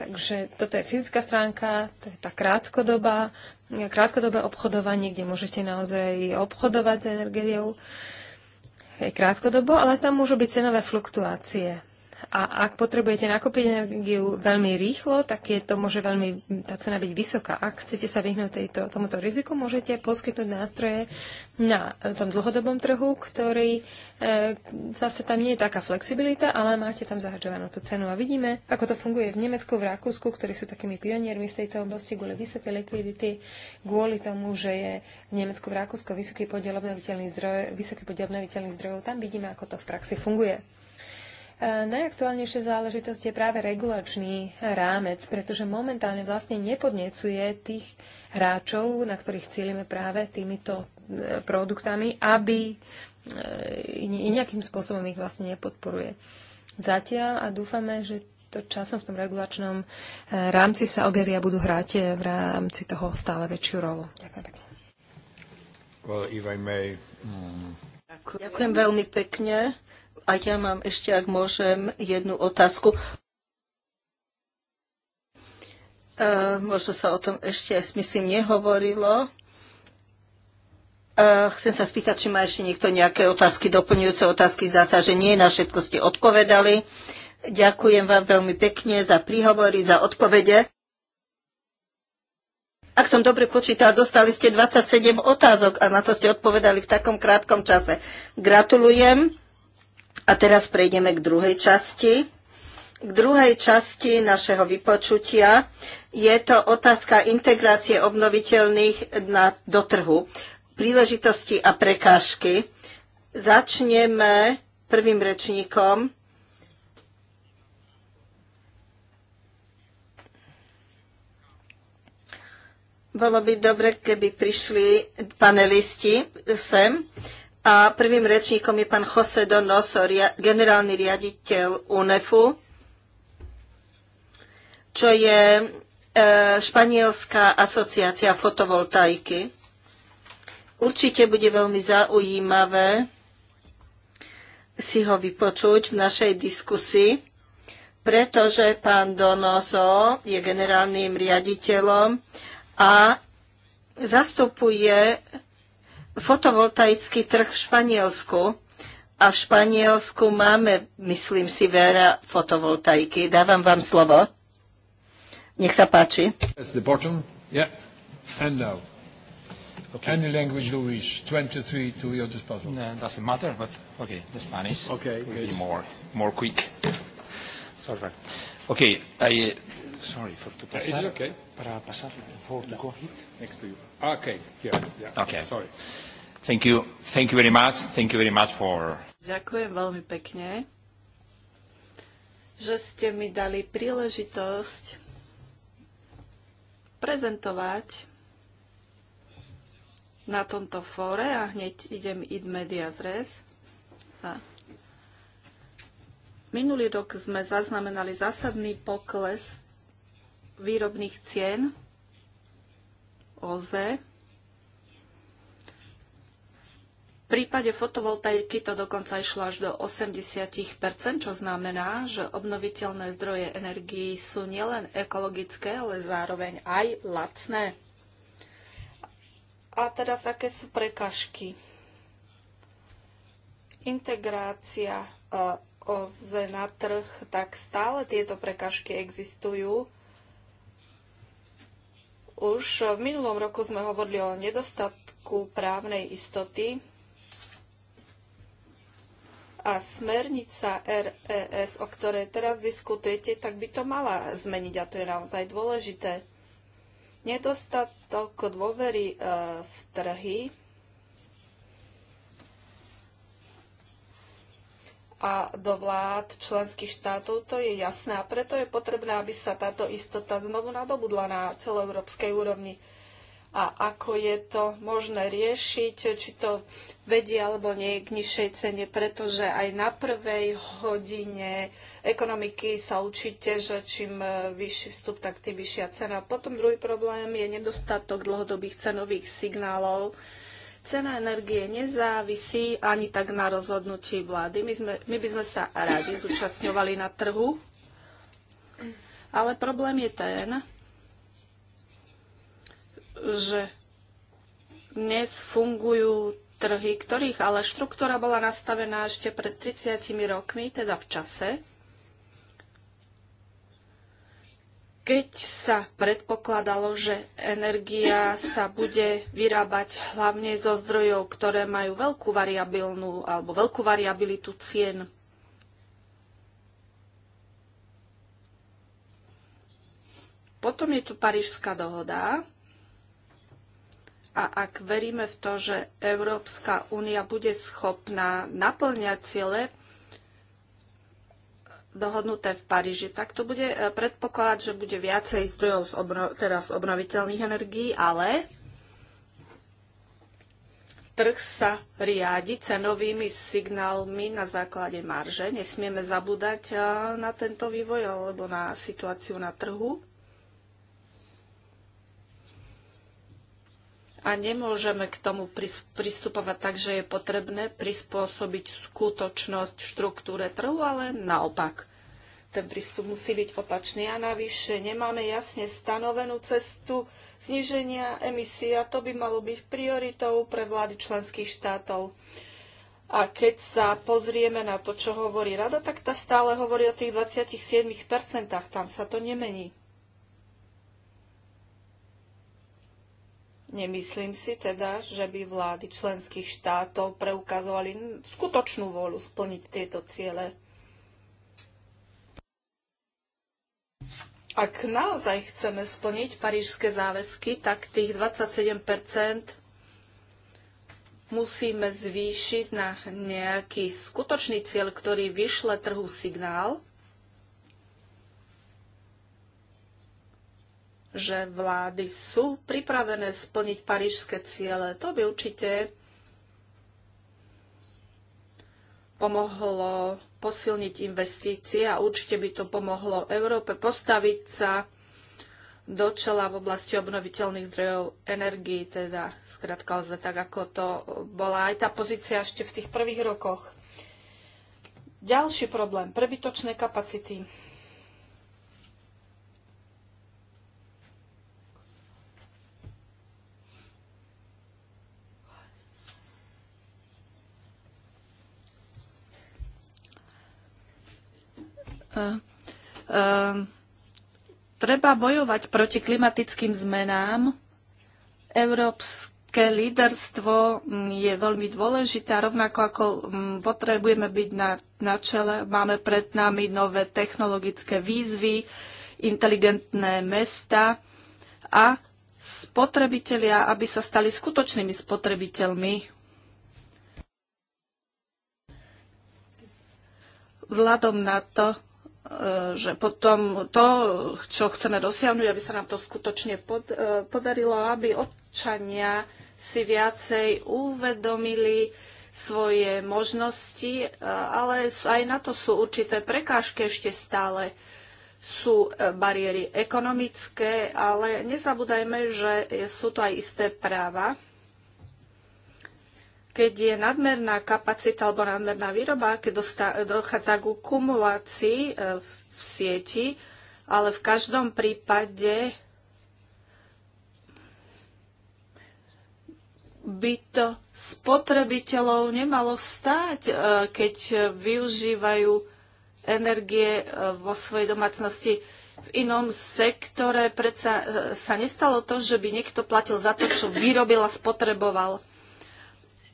takže toto je fyzická stránka, to je tá krátkodoba krátkodobé obchodovanie, kde môžete naozaj obchodovať s energiou krátkodobo, ale tam môžu byť cenové fluktuácie. A ak potrebujete nakúpiť energiu veľmi rýchlo, tak je to môže veľmi, tá cena byť vysoká. Ak chcete sa vyhnúť tejto, tomuto riziku, môžete poskytnúť nástroje na tom dlhodobom trhu, ktorý e, zase tam nie je taká flexibilita, ale máte tam zahadžovanú tú cenu. A vidíme, ako to funguje v Nemecku, v Rakúsku, ktorí sú takými pioniermi v tejto oblasti kvôli vysokej likvidity, kvôli tomu, že je v Nemecku, v Rakúsku vysoký podiel obnoviteľných zdrojov, vysoký podiel obnoviteľných zdrojov. Tam vidíme, ako to v praxi funguje. Najaktuálnejšia záležitosť je práve regulačný rámec, pretože momentálne vlastne nepodnecuje tých hráčov, na ktorých cílime práve týmito e, produktami, aby e, nejakým spôsobom ich vlastne nepodporuje. Zatiaľ a dúfame, že to časom v tom regulačnom e, rámci sa objavia a budú hrať v rámci toho stále väčšiu rolu. Ďakujem pekne. Well, may... mm. Ďakujem veľmi pekne. A ja mám ešte, ak môžem, jednu otázku. E, možno sa o tom ešte, myslím, nehovorilo. E, chcem sa spýtať, či má ešte niekto nejaké otázky, doplňujúce otázky. Zdá sa, že nie, na všetko ste odpovedali. Ďakujem vám veľmi pekne za príhovory, za odpovede. Ak som dobre počítal, dostali ste 27 otázok a na to ste odpovedali v takom krátkom čase. Gratulujem. A teraz prejdeme k druhej časti. K druhej časti našeho vypočutia je to otázka integrácie obnoviteľných na, do trhu, príležitosti a prekážky. Začneme prvým rečníkom. Bolo by dobre, keby prišli panelisti sem. A prvým rečníkom je pán Jose Donoso, generálny riaditeľ UNEFu, čo je e, Španielská asociácia fotovoltaiky. Určite bude veľmi zaujímavé si ho vypočuť v našej diskusii, pretože pán Donoso je generálnym riaditeľom a zastupuje fotovoltaický trh v Španielsku a v Španielsku máme, myslím si, vera fotovoltaiky. Dávam vám slovo. Nech sa páči. That's the bottom. Yeah. And now. Okay. Any language you wish. 23 to your disposal. No, doesn't matter, but okay, the Spanish okay, will good. be more, more quick. Sorry. Okay, I, sorry for to pasar. Is it okay? Para pasar, for to go ahead. Next to you. Ah, okay. Yeah, yeah. Okay. Sorry. Thank you. Thank you very much. Thank you very much for... Ďakujem veľmi pekne, že ste mi dali príležitosť prezentovať na tomto fóre a hneď idem id medias res. A Minulý rok sme zaznamenali zásadný pokles výrobných cien OZ. E. V prípade fotovoltaiky to dokonca išlo až do 80 čo znamená, že obnoviteľné zdroje energií sú nielen ekologické, ale zároveň aj lacné. A teraz, aké sú prekažky? Integrácia eh, OZE na trh, tak stále tieto prekažky existujú už v minulom roku sme hovorili o nedostatku právnej istoty a smernica RES, o ktorej teraz diskutujete, tak by to mala zmeniť a to je naozaj dôležité. Nedostatok dôvery e, v trhy a do vlád členských štátov, to je jasné a preto je potrebné, aby sa táto istota znovu nadobudla na celoeurópskej úrovni. A ako je to možné riešiť, či to vedie alebo nie k nižšej cene, pretože aj na prvej hodine ekonomiky sa určite, že čím vyšší vstup, tak tým vyššia cena. Potom druhý problém je nedostatok dlhodobých cenových signálov, Cena energie nezávisí ani tak na rozhodnutí vlády. My, sme, my by sme sa radi zúčastňovali na trhu, ale problém je ten, že dnes fungujú trhy, ktorých ale štruktúra bola nastavená ešte pred 30 rokmi, teda v čase, keď sa predpokladalo, že energia sa bude vyrábať hlavne zo zdrojov, ktoré majú veľkú variabilnú alebo veľkú variabilitu cien. Potom je tu Parížská dohoda. A ak veríme v to, že Európska únia bude schopná naplňať ciele, dohodnuté v Paríži, tak to bude e, predpokladať, že bude viacej zdrojov z obno- teraz obnoviteľných energií, ale trh sa riadi cenovými signálmi na základe marže. Nesmieme zabúdať e, na tento vývoj alebo na situáciu na trhu. a nemôžeme k tomu pristupovať tak, že je potrebné prispôsobiť skutočnosť štruktúre trhu, ale naopak. Ten prístup musí byť opačný a navyše nemáme jasne stanovenú cestu zniženia emisí a to by malo byť prioritou pre vlády členských štátov. A keď sa pozrieme na to, čo hovorí rada, tak tá stále hovorí o tých 27%, tam sa to nemení. Nemyslím si teda, že by vlády členských štátov preukazovali skutočnú vôľu splniť tieto ciele. Ak naozaj chceme splniť parížske záväzky, tak tých 27 musíme zvýšiť na nejaký skutočný cieľ, ktorý vyšle trhu signál, že vlády sú pripravené splniť parížské ciele. To by určite pomohlo posilniť investície a určite by to pomohlo Európe postaviť sa do čela v oblasti obnoviteľných zdrojov energii, teda skratka lze tak, ako to bola aj tá pozícia ešte v tých prvých rokoch. Ďalší problém, prebytočné kapacity. E, e, treba bojovať proti klimatickým zmenám. Európske líderstvo mm, je veľmi dôležité, rovnako ako mm, potrebujeme byť na, na čele. Máme pred nami nové technologické výzvy, inteligentné mesta a spotrebitelia, aby sa stali skutočnými spotrebiteľmi. Vzhľadom na to, E, že potom to, čo chceme dosiahnuť, aby sa nám to skutočne pod, e, podarilo, aby občania si viacej uvedomili svoje možnosti, e, ale aj na to sú určité prekážky ešte stále. Sú bariéry ekonomické, ale nezabúdajme, že sú to aj isté práva keď je nadmerná kapacita alebo nadmerná výroba, keď dochádza k kumulácii e, v sieti, ale v každom prípade by to spotrebiteľov nemalo stáť, e, keď využívajú energie e, vo svojej domácnosti. V inom sektore predsa sa nestalo to, že by niekto platil za to, čo vyrobil a spotreboval.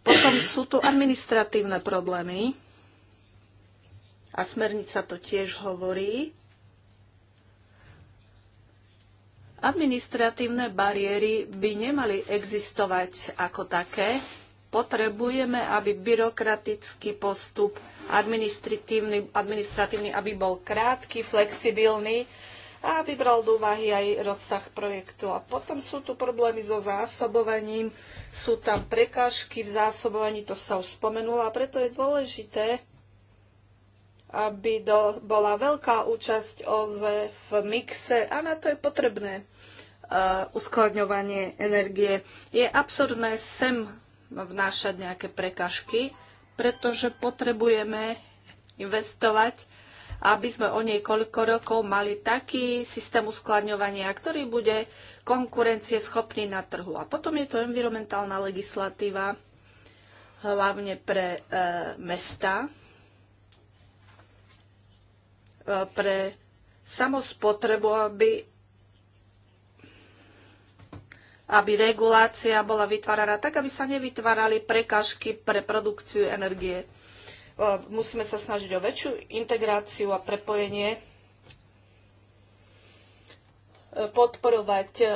Potom sú tu administratívne problémy a smernica to tiež hovorí. Administratívne bariéry by nemali existovať ako také. Potrebujeme, aby byrokratický postup administratívny, administratívny aby bol krátky, flexibilný a vybral do úvahy aj rozsah projektu. A potom sú tu problémy so zásobovaním, sú tam prekážky v zásobovaní, to sa už spomenulo a preto je dôležité, aby do, bola veľká účasť OZE v mixe a na to je potrebné uh, uskladňovanie energie. Je absurdné sem vnášať nejaké prekažky, pretože potrebujeme investovať aby sme o niekoľko rokov mali taký systém uskladňovania, ktorý bude konkurencieschopný na trhu. A potom je to environmentálna legislatíva, hlavne pre e, mesta, e, pre samospotrebu, aby aby regulácia bola vytváraná tak, aby sa nevytvárali prekažky pre produkciu energie. Musíme sa snažiť o väčšiu integráciu a prepojenie, e, podporovať e,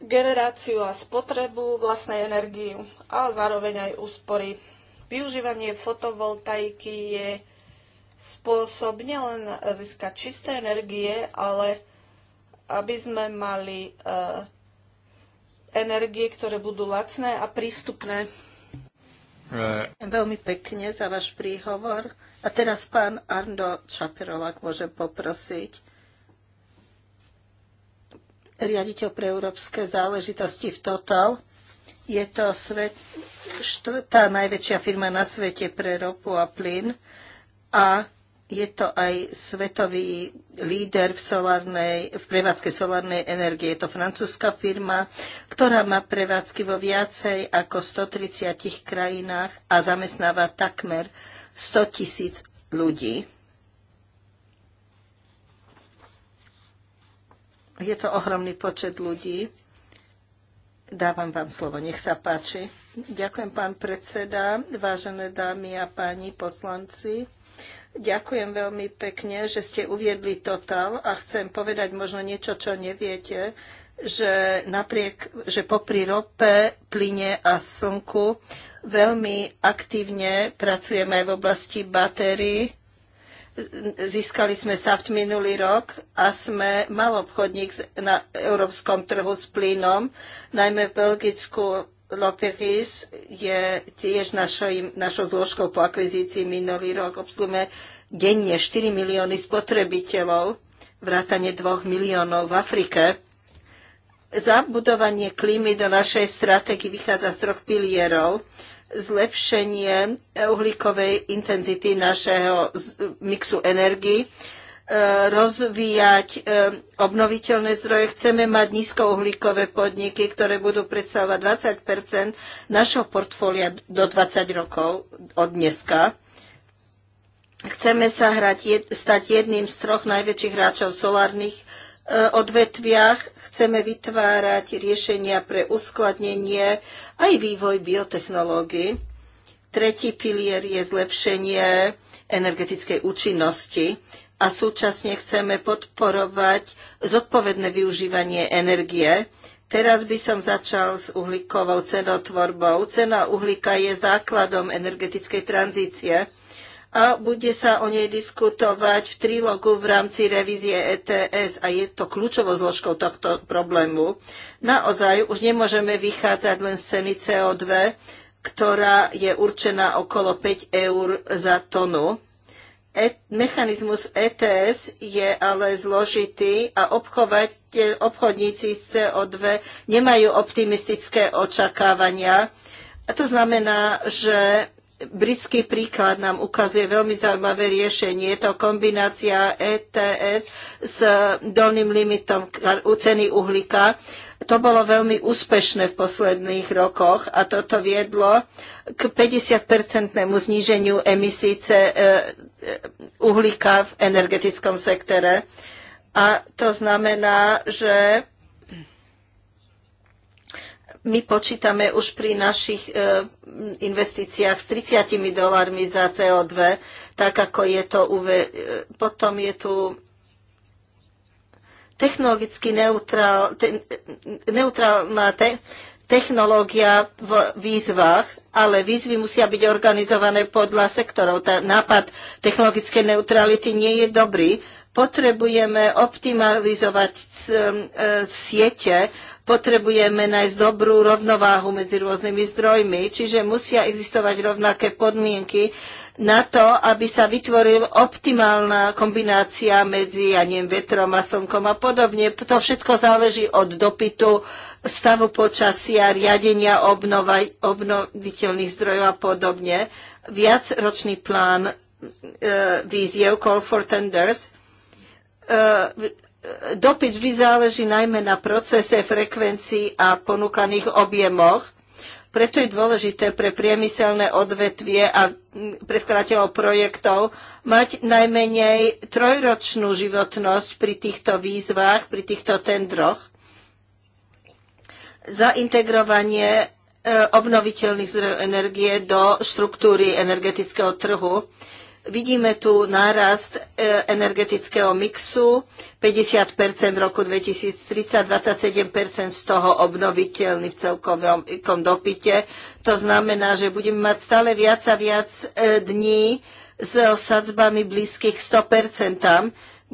generáciu a spotrebu vlastnej energii a zároveň aj úspory. Využívanie fotovoltaiky je spôsob nielen získať čisté energie, ale aby sme mali e, energie, ktoré budú lacné a prístupné. Veľmi pekne za váš príhovor. A teraz pán Arno Čaperol, ak môžem poprosiť riaditeľ pre európske záležitosti v Total. Je to svet, štvrtá najväčšia firma na svete pre ropu a plyn a je to aj svetový líder v, solárnej, v prevádzke solárnej energie. Je to francúzska firma, ktorá má prevádzky vo viacej ako 130 krajinách a zamestnáva takmer 100 tisíc ľudí. Je to ohromný počet ľudí. Dávam vám slovo, nech sa páči. Ďakujem, pán predseda, vážené dámy a páni poslanci. Ďakujem veľmi pekne, že ste uviedli Total a chcem povedať možno niečo, čo neviete, že napriek, že popri rope, plyne a slnku veľmi aktívne pracujeme aj v oblasti batérií. Získali sme SAFT minulý rok a sme malobchodník na európskom trhu s plynom, najmä v Belgicku Loteries je tiež našoj, našou zložkou po akvizícii minulý rok. Obsluhujeme denne 4 milióny spotrebiteľov, vrátane 2 miliónov v Afrike. Zabudovanie klímy do našej stratégie vychádza z troch pilierov. Zlepšenie uhlíkovej intenzity našeho mixu energii, rozvíjať e, obnoviteľné zdroje, chceme mať nízkouhlíkové podniky, ktoré budú predstavovať 20 našho portfólia do 20 rokov od dneska. Chceme sa hrať, stať jedným z troch najväčších hráčov v solárnych e, odvetviach. Chceme vytvárať riešenia pre uskladnenie aj vývoj biotechnológií. Tretí pilier je zlepšenie energetickej účinnosti a súčasne chceme podporovať zodpovedné využívanie energie. Teraz by som začal s uhlíkovou cenotvorbou. Cena uhlíka je základom energetickej tranzície a bude sa o nej diskutovať v trílogu v rámci revízie ETS a je to kľúčovou zložkou tohto problému. Naozaj už nemôžeme vychádzať len z ceny CO2, ktorá je určená okolo 5 eur za tonu mechanizmus ETS je ale zložitý a obchodníci z CO2 nemajú optimistické očakávania. A to znamená, že britský príklad nám ukazuje veľmi zaujímavé riešenie. Je to kombinácia ETS s dolným limitom ceny uhlíka. To bolo veľmi úspešné v posledných rokoch a toto viedlo k 50-percentnému zníženiu emisí e, uhlíka v energetickom sektore. A to znamená, že my počítame už pri našich e, investíciách s 30 dolármi za CO2, tak ako je to uve... E, potom je tu technologicky neutrál, te, neutrálna te, technológia v výzvach, ale výzvy musia byť organizované podľa sektorov. Tá nápad technologickej neutrality nie je dobrý, Potrebujeme optimalizovať um, e, siete, potrebujeme nájsť dobrú rovnováhu medzi rôznymi zdrojmi, čiže musia existovať rovnaké podmienky na to, aby sa vytvoril optimálna kombinácia medzi, ja neviem, vetrom a slnkom a podobne. To všetko záleží od dopytu, stavu počasia, riadenia obnova, obnoviteľných zdrojov a podobne. Viacročný plán e, víziev Call for Tenders E, dopyt vždy záleží najmä na procese, frekvencii a ponúkaných objemoch. Preto je dôležité pre priemyselné odvetvie a predkladateľov projektov mať najmenej trojročnú životnosť pri týchto výzvach, pri týchto tendroch. Zaintegrovanie e, obnoviteľných zdrojov energie do štruktúry energetického trhu Vidíme tu nárast e, energetického mixu, 50 v roku 2030, 27 z toho obnoviteľný v celkovom dopite. To znamená, že budeme mať stále viac a viac e, dní s sadzbami blízkych 100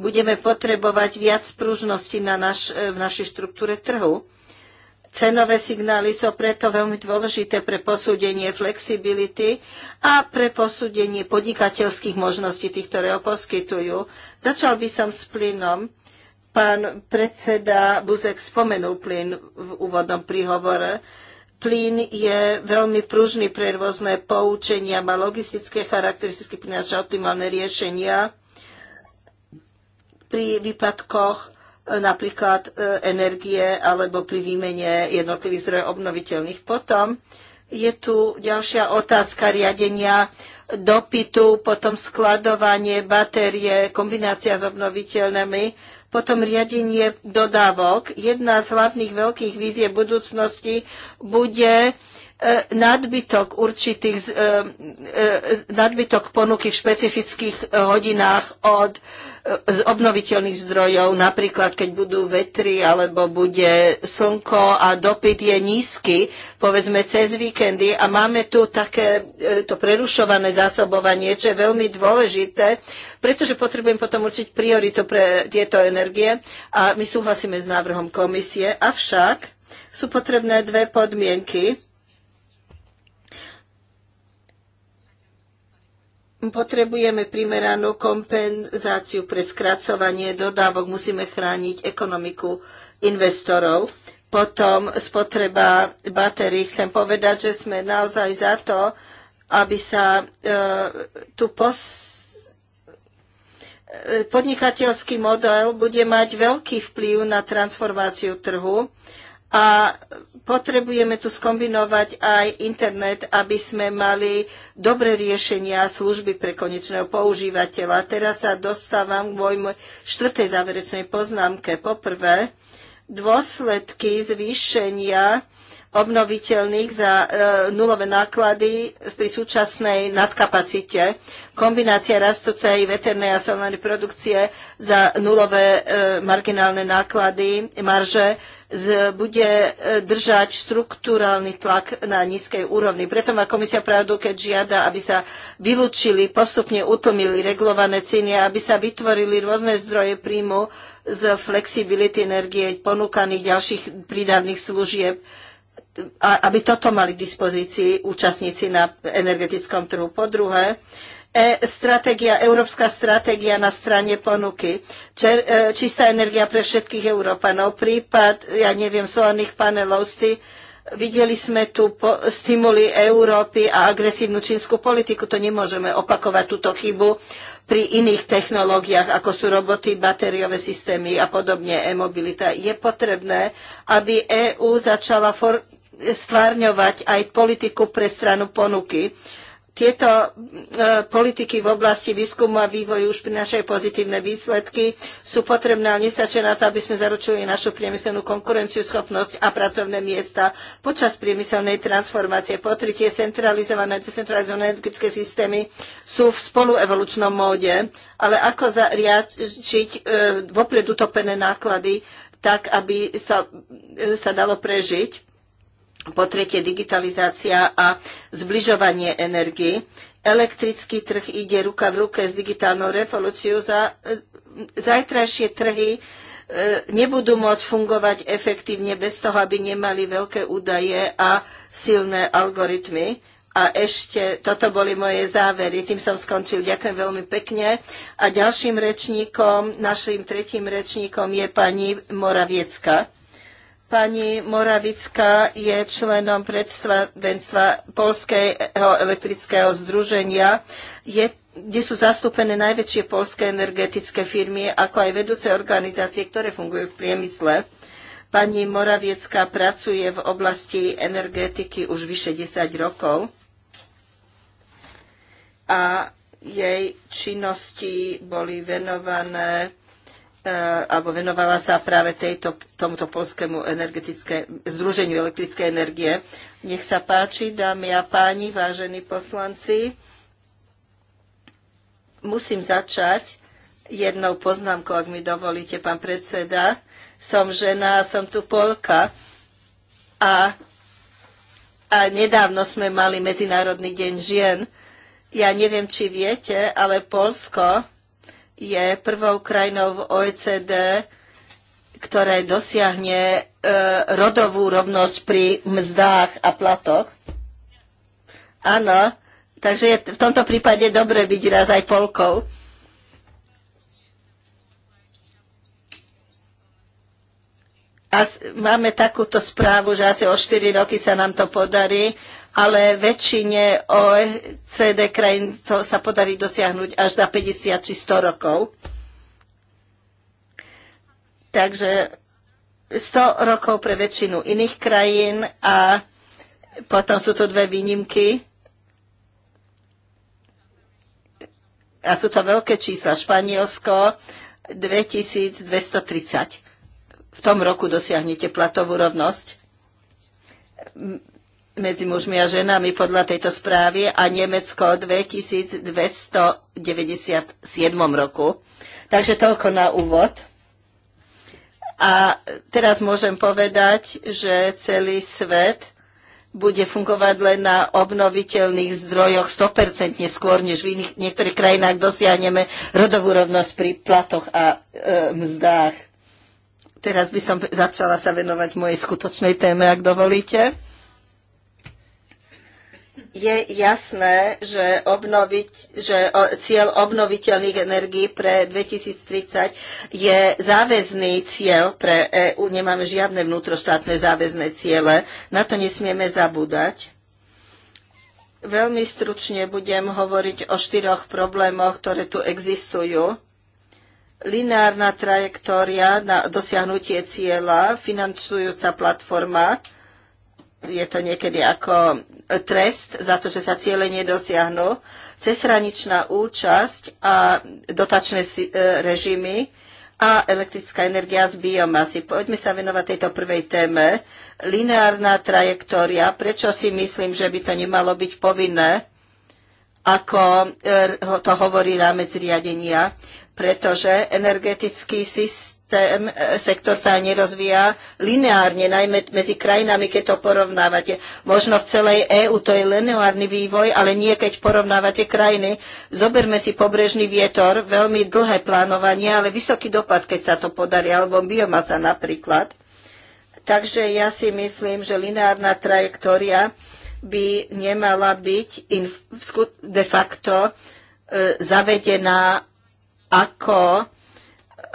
Budeme potrebovať viac pružnosti na naš, e, v našej štruktúre trhu. Cenové signály sú preto veľmi dôležité pre posúdenie flexibility a pre posúdenie podnikateľských možností tých, ktoré ho poskytujú. Začal by som s plynom. Pán predseda Buzek spomenul plyn v úvodnom príhovore. Plyn je veľmi pružný pre rôzne poučenia, má logistické charakteristiky, prináša optimálne riešenia pri výpadkoch napríklad e, energie alebo pri výmene jednotlivých zdrojov obnoviteľných. Potom je tu ďalšia otázka riadenia dopytu, potom skladovanie batérie, kombinácia s obnoviteľnými, potom riadenie dodávok. Jedna z hlavných veľkých vízie budúcnosti bude E, nadbytok určitých, e, e, nadbytok ponuky v špecifických hodinách od z obnoviteľných zdrojov, napríklad keď budú vetry alebo bude slnko a dopyt je nízky, povedzme cez víkendy a máme tu také to prerušované zásobovanie, čo je veľmi dôležité, pretože potrebujem potom určiť prioritu pre tieto energie a my súhlasíme s návrhom komisie, avšak sú potrebné dve podmienky Potrebujeme primeranú kompenzáciu pre skracovanie dodávok, musíme chrániť ekonomiku investorov. Potom spotreba batérií. Chcem povedať, že sme naozaj za to, aby sa e, tu pos e, podnikateľský model bude mať veľký vplyv na transformáciu trhu a Potrebujeme tu skombinovať aj internet, aby sme mali dobré riešenia služby pre konečného používateľa. Teraz sa dostávam k môjmu štvrtej záverečnej poznámke. Poprvé, dôsledky zvýšenia obnoviteľných za e, nulové náklady pri súčasnej nadkapacite. Kombinácia rastúcej veternej a solnej produkcie za nulové e, marginálne náklady, marže z, bude e, držať štruktúrálny tlak na nízkej úrovni. Preto má komisia pravdu, keď žiada, aby sa vylúčili, postupne utlmili regulované ceny, aby sa vytvorili rôzne zdroje príjmu z flexibility energie, ponúkaných ďalších prídavných služieb, aby toto mali k dispozícii účastníci na energetickom trhu. Po druhé, E, stratégia, európska stratégia na strane ponuky. Čer, e, čistá energia pre všetkých Európanov. Prípad, ja neviem, solárnych panelov, Videli sme tu po, stimuli Európy a agresívnu čínsku politiku. To nemôžeme opakovať túto chybu pri iných technológiách, ako sú roboty, batériové systémy a podobne, e-mobilita. Je potrebné, aby EÚ začala for, stvárňovať aj politiku pre stranu ponuky. Tieto e, politiky v oblasti výskumu a vývoju už prinášajú pozitívne výsledky, sú potrebné a nestačia na to, aby sme zaručili našu priemyselnú konkurencieschopnosť a pracovné miesta počas priemyselnej transformácie. Po tretie, centralizované a decentralizované energetické systémy sú v spoluevolučnom móde, ale ako zariačiť e, vopred utopené náklady tak, aby sa, e, sa dalo prežiť po tretie digitalizácia a zbližovanie energii. Elektrický trh ide ruka v ruke s digitálnou revolúciou. Za, e, zajtrajšie trhy e, nebudú môcť fungovať efektívne bez toho, aby nemali veľké údaje a silné algoritmy. A ešte, toto boli moje závery, tým som skončil. Ďakujem veľmi pekne. A ďalším rečníkom, našim tretím rečníkom je pani Moraviecka. Pani Moravická je členom predstavenstva Polského elektrického združenia, je, kde sú zastúpené najväčšie polské energetické firmy, ako aj vedúce organizácie, ktoré fungujú v priemysle. Pani Moraviecká pracuje v oblasti energetiky už vyše 10 rokov a jej činnosti boli venované E, alebo venovala sa práve tejto, tomuto polskému energetické, združeniu elektrickej energie. Nech sa páči, dámy a páni, vážení poslanci. Musím začať jednou poznámkou, ak mi dovolíte, pán predseda. Som žena, som tu Polka a, a nedávno sme mali Medzinárodný deň žien. Ja neviem, či viete, ale Polsko je prvou krajinou v OECD, ktoré dosiahne e, rodovú rovnosť pri mzdách a platoch. Áno, takže je v tomto prípade dobre byť raz aj polkou. A máme takúto správu, že asi o 4 roky sa nám to podarí ale väčšine OECD krajín to sa podarí dosiahnuť až za 50 či 100 rokov. Takže 100 rokov pre väčšinu iných krajín a potom sú tu dve výnimky. A sú to veľké čísla. Španielsko 2230. V tom roku dosiahnete platovú rovnosť medzi mužmi a ženami podľa tejto správy a Nemecko 2297 roku. Takže toľko na úvod. A teraz môžem povedať, že celý svet bude fungovať len na obnoviteľných zdrojoch 100% skôr, než v iných, niektorých krajinách dosiahneme rodovú rovnosť pri platoch a e, mzdách. Teraz by som začala sa venovať mojej skutočnej téme, ak dovolíte je jasné, že, obnoviť, že cieľ obnoviteľných energií pre 2030 je záväzný cieľ pre EÚ. Nemáme žiadne vnútroštátne záväzné ciele. Na to nesmieme zabúdať. Veľmi stručne budem hovoriť o štyroch problémoch, ktoré tu existujú. Lineárna trajektória na dosiahnutie cieľa, financujúca platforma, je to niekedy ako trest za to, že sa cieľe nedosiahnu, cezhraničná účasť a dotačné e, režimy a elektrická energia z biomasy. Poďme sa venovať tejto prvej téme. Lineárna trajektória. Prečo si myslím, že by to nemalo byť povinné, ako e, to hovorí rámec riadenia? Pretože energetický systém ten e, sektor sa nerozvíja lineárne, najmä medzi krajinami, keď to porovnávate. Možno v celej EÚ to je lineárny vývoj, ale nie keď porovnávate krajiny. Zoberme si pobrežný vietor, veľmi dlhé plánovanie, ale vysoký dopad, keď sa to podarí, alebo biomasa napríklad. Takže ja si myslím, že lineárna trajektória by nemala byť de facto e, zavedená ako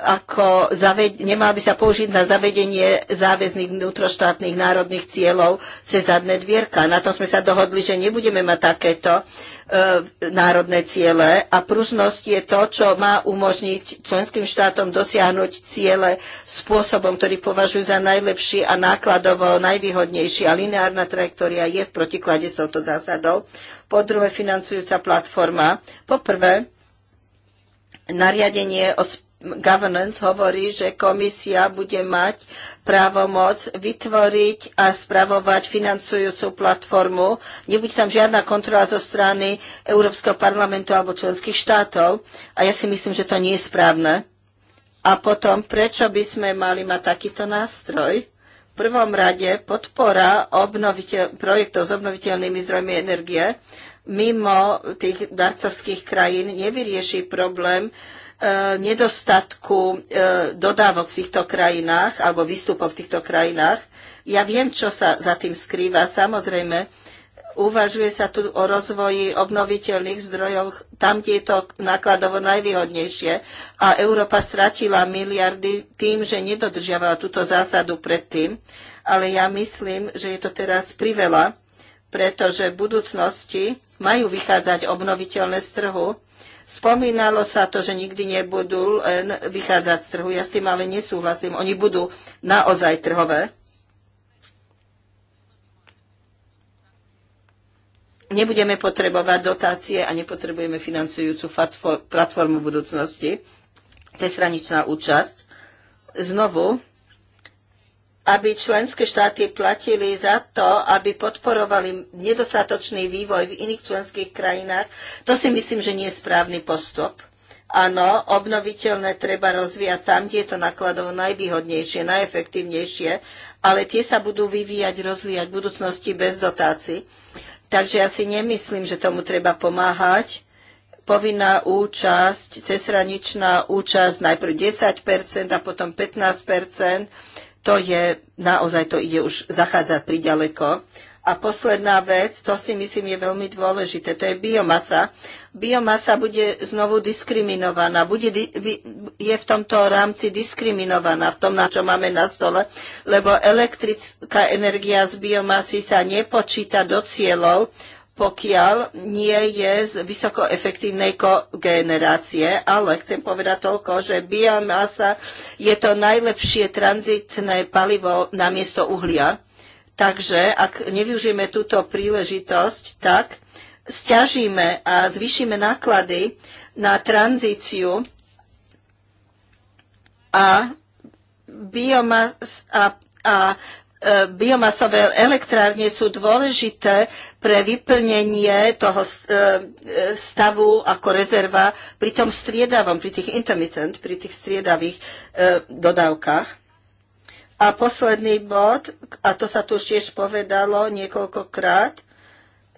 ako zaved- by sa použiť na zavedenie záväzných vnútroštátnych národných cieľov cez zadné dvierka. Na to sme sa dohodli, že nebudeme mať takéto e, národné ciele a pružnosť je to, čo má umožniť členským štátom dosiahnuť ciele spôsobom, ktorý považujú za najlepší a nákladovo najvýhodnejší. A lineárna trajektória je v protiklade s touto zásadou. Po druhé, financujúca platforma. Po prvé, nariadenie o sp- governance hovorí, že komisia bude mať právomoc vytvoriť a spravovať financujúcu platformu. Nebude tam žiadna kontrola zo strany Európskeho parlamentu alebo členských štátov. A ja si myslím, že to nie je správne. A potom, prečo by sme mali mať takýto nástroj? V prvom rade podpora obnoviteľ, projektov s obnoviteľnými zdrojmi energie mimo tých darcovských krajín nevyrieši problém, E, nedostatku e, dodávok v týchto krajinách alebo výstupov v týchto krajinách. Ja viem, čo sa za tým skrýva. Samozrejme, uvažuje sa tu o rozvoji obnoviteľných zdrojov tam, kde je to nákladovo najvýhodnejšie. A Európa stratila miliardy tým, že nedodržiavala túto zásadu predtým. Ale ja myslím, že je to teraz priveľa, pretože v budúcnosti majú vychádzať obnoviteľné z trhu Spomínalo sa to, že nikdy nebudú vychádzať z trhu. Ja s tým ale nesúhlasím. Oni budú naozaj trhové. Nebudeme potrebovať dotácie a nepotrebujeme financujúcu platformu budúcnosti. Cezhraničná účasť. Znovu, aby členské štáty platili za to, aby podporovali nedostatočný vývoj v iných členských krajinách, to si myslím, že nie je správny postup. Áno, obnoviteľné treba rozvíjať tam, kde je to nakladovo najvýhodnejšie, najefektívnejšie, ale tie sa budú vyvíjať, rozvíjať v budúcnosti bez dotácií. Takže ja si nemyslím, že tomu treba pomáhať. Povinná účasť, cezhraničná účasť, najprv 10% a potom 15%, to je, naozaj to ide už zachádzať priďaleko. A posledná vec, to si myslím je veľmi dôležité, to je biomasa. Biomasa bude znovu diskriminovaná, bude, je v tomto rámci diskriminovaná, v tom, na čo máme na stole, lebo elektrická energia z biomasy sa nepočíta do cieľov, pokiaľ nie je z vysokoefektívnej kogenerácie, ale chcem povedať toľko, že biomasa je to najlepšie tranzitné palivo na miesto uhlia. Takže ak nevyužijeme túto príležitosť, tak stiažíme a zvýšime náklady na tranzíciu a biomasa a, a E, biomasové elektrárne sú dôležité pre vyplnenie toho e, e, stavu ako rezerva pri tom striedavom, pri tých intermittent, pri tých striedavých dodávkach. A posledný bod, a to sa tu už tiež povedalo niekoľkokrát,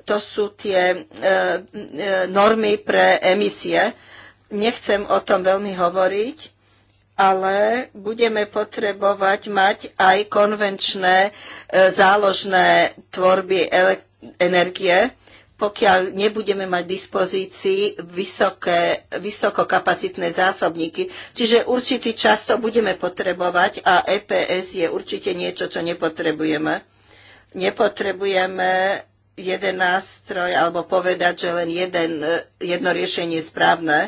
to sú tie normy pre emisie. Nechcem o tom veľmi hovoriť, ale budeme potrebovať mať aj konvenčné e, záložné tvorby energie, pokiaľ nebudeme mať dispozícii vysoké, vysokokapacitné zásobníky. Čiže určitý čas to budeme potrebovať a EPS je určite niečo, čo nepotrebujeme. Nepotrebujeme jeden nástroj alebo povedať, že len jeden, e, jedno riešenie je správne,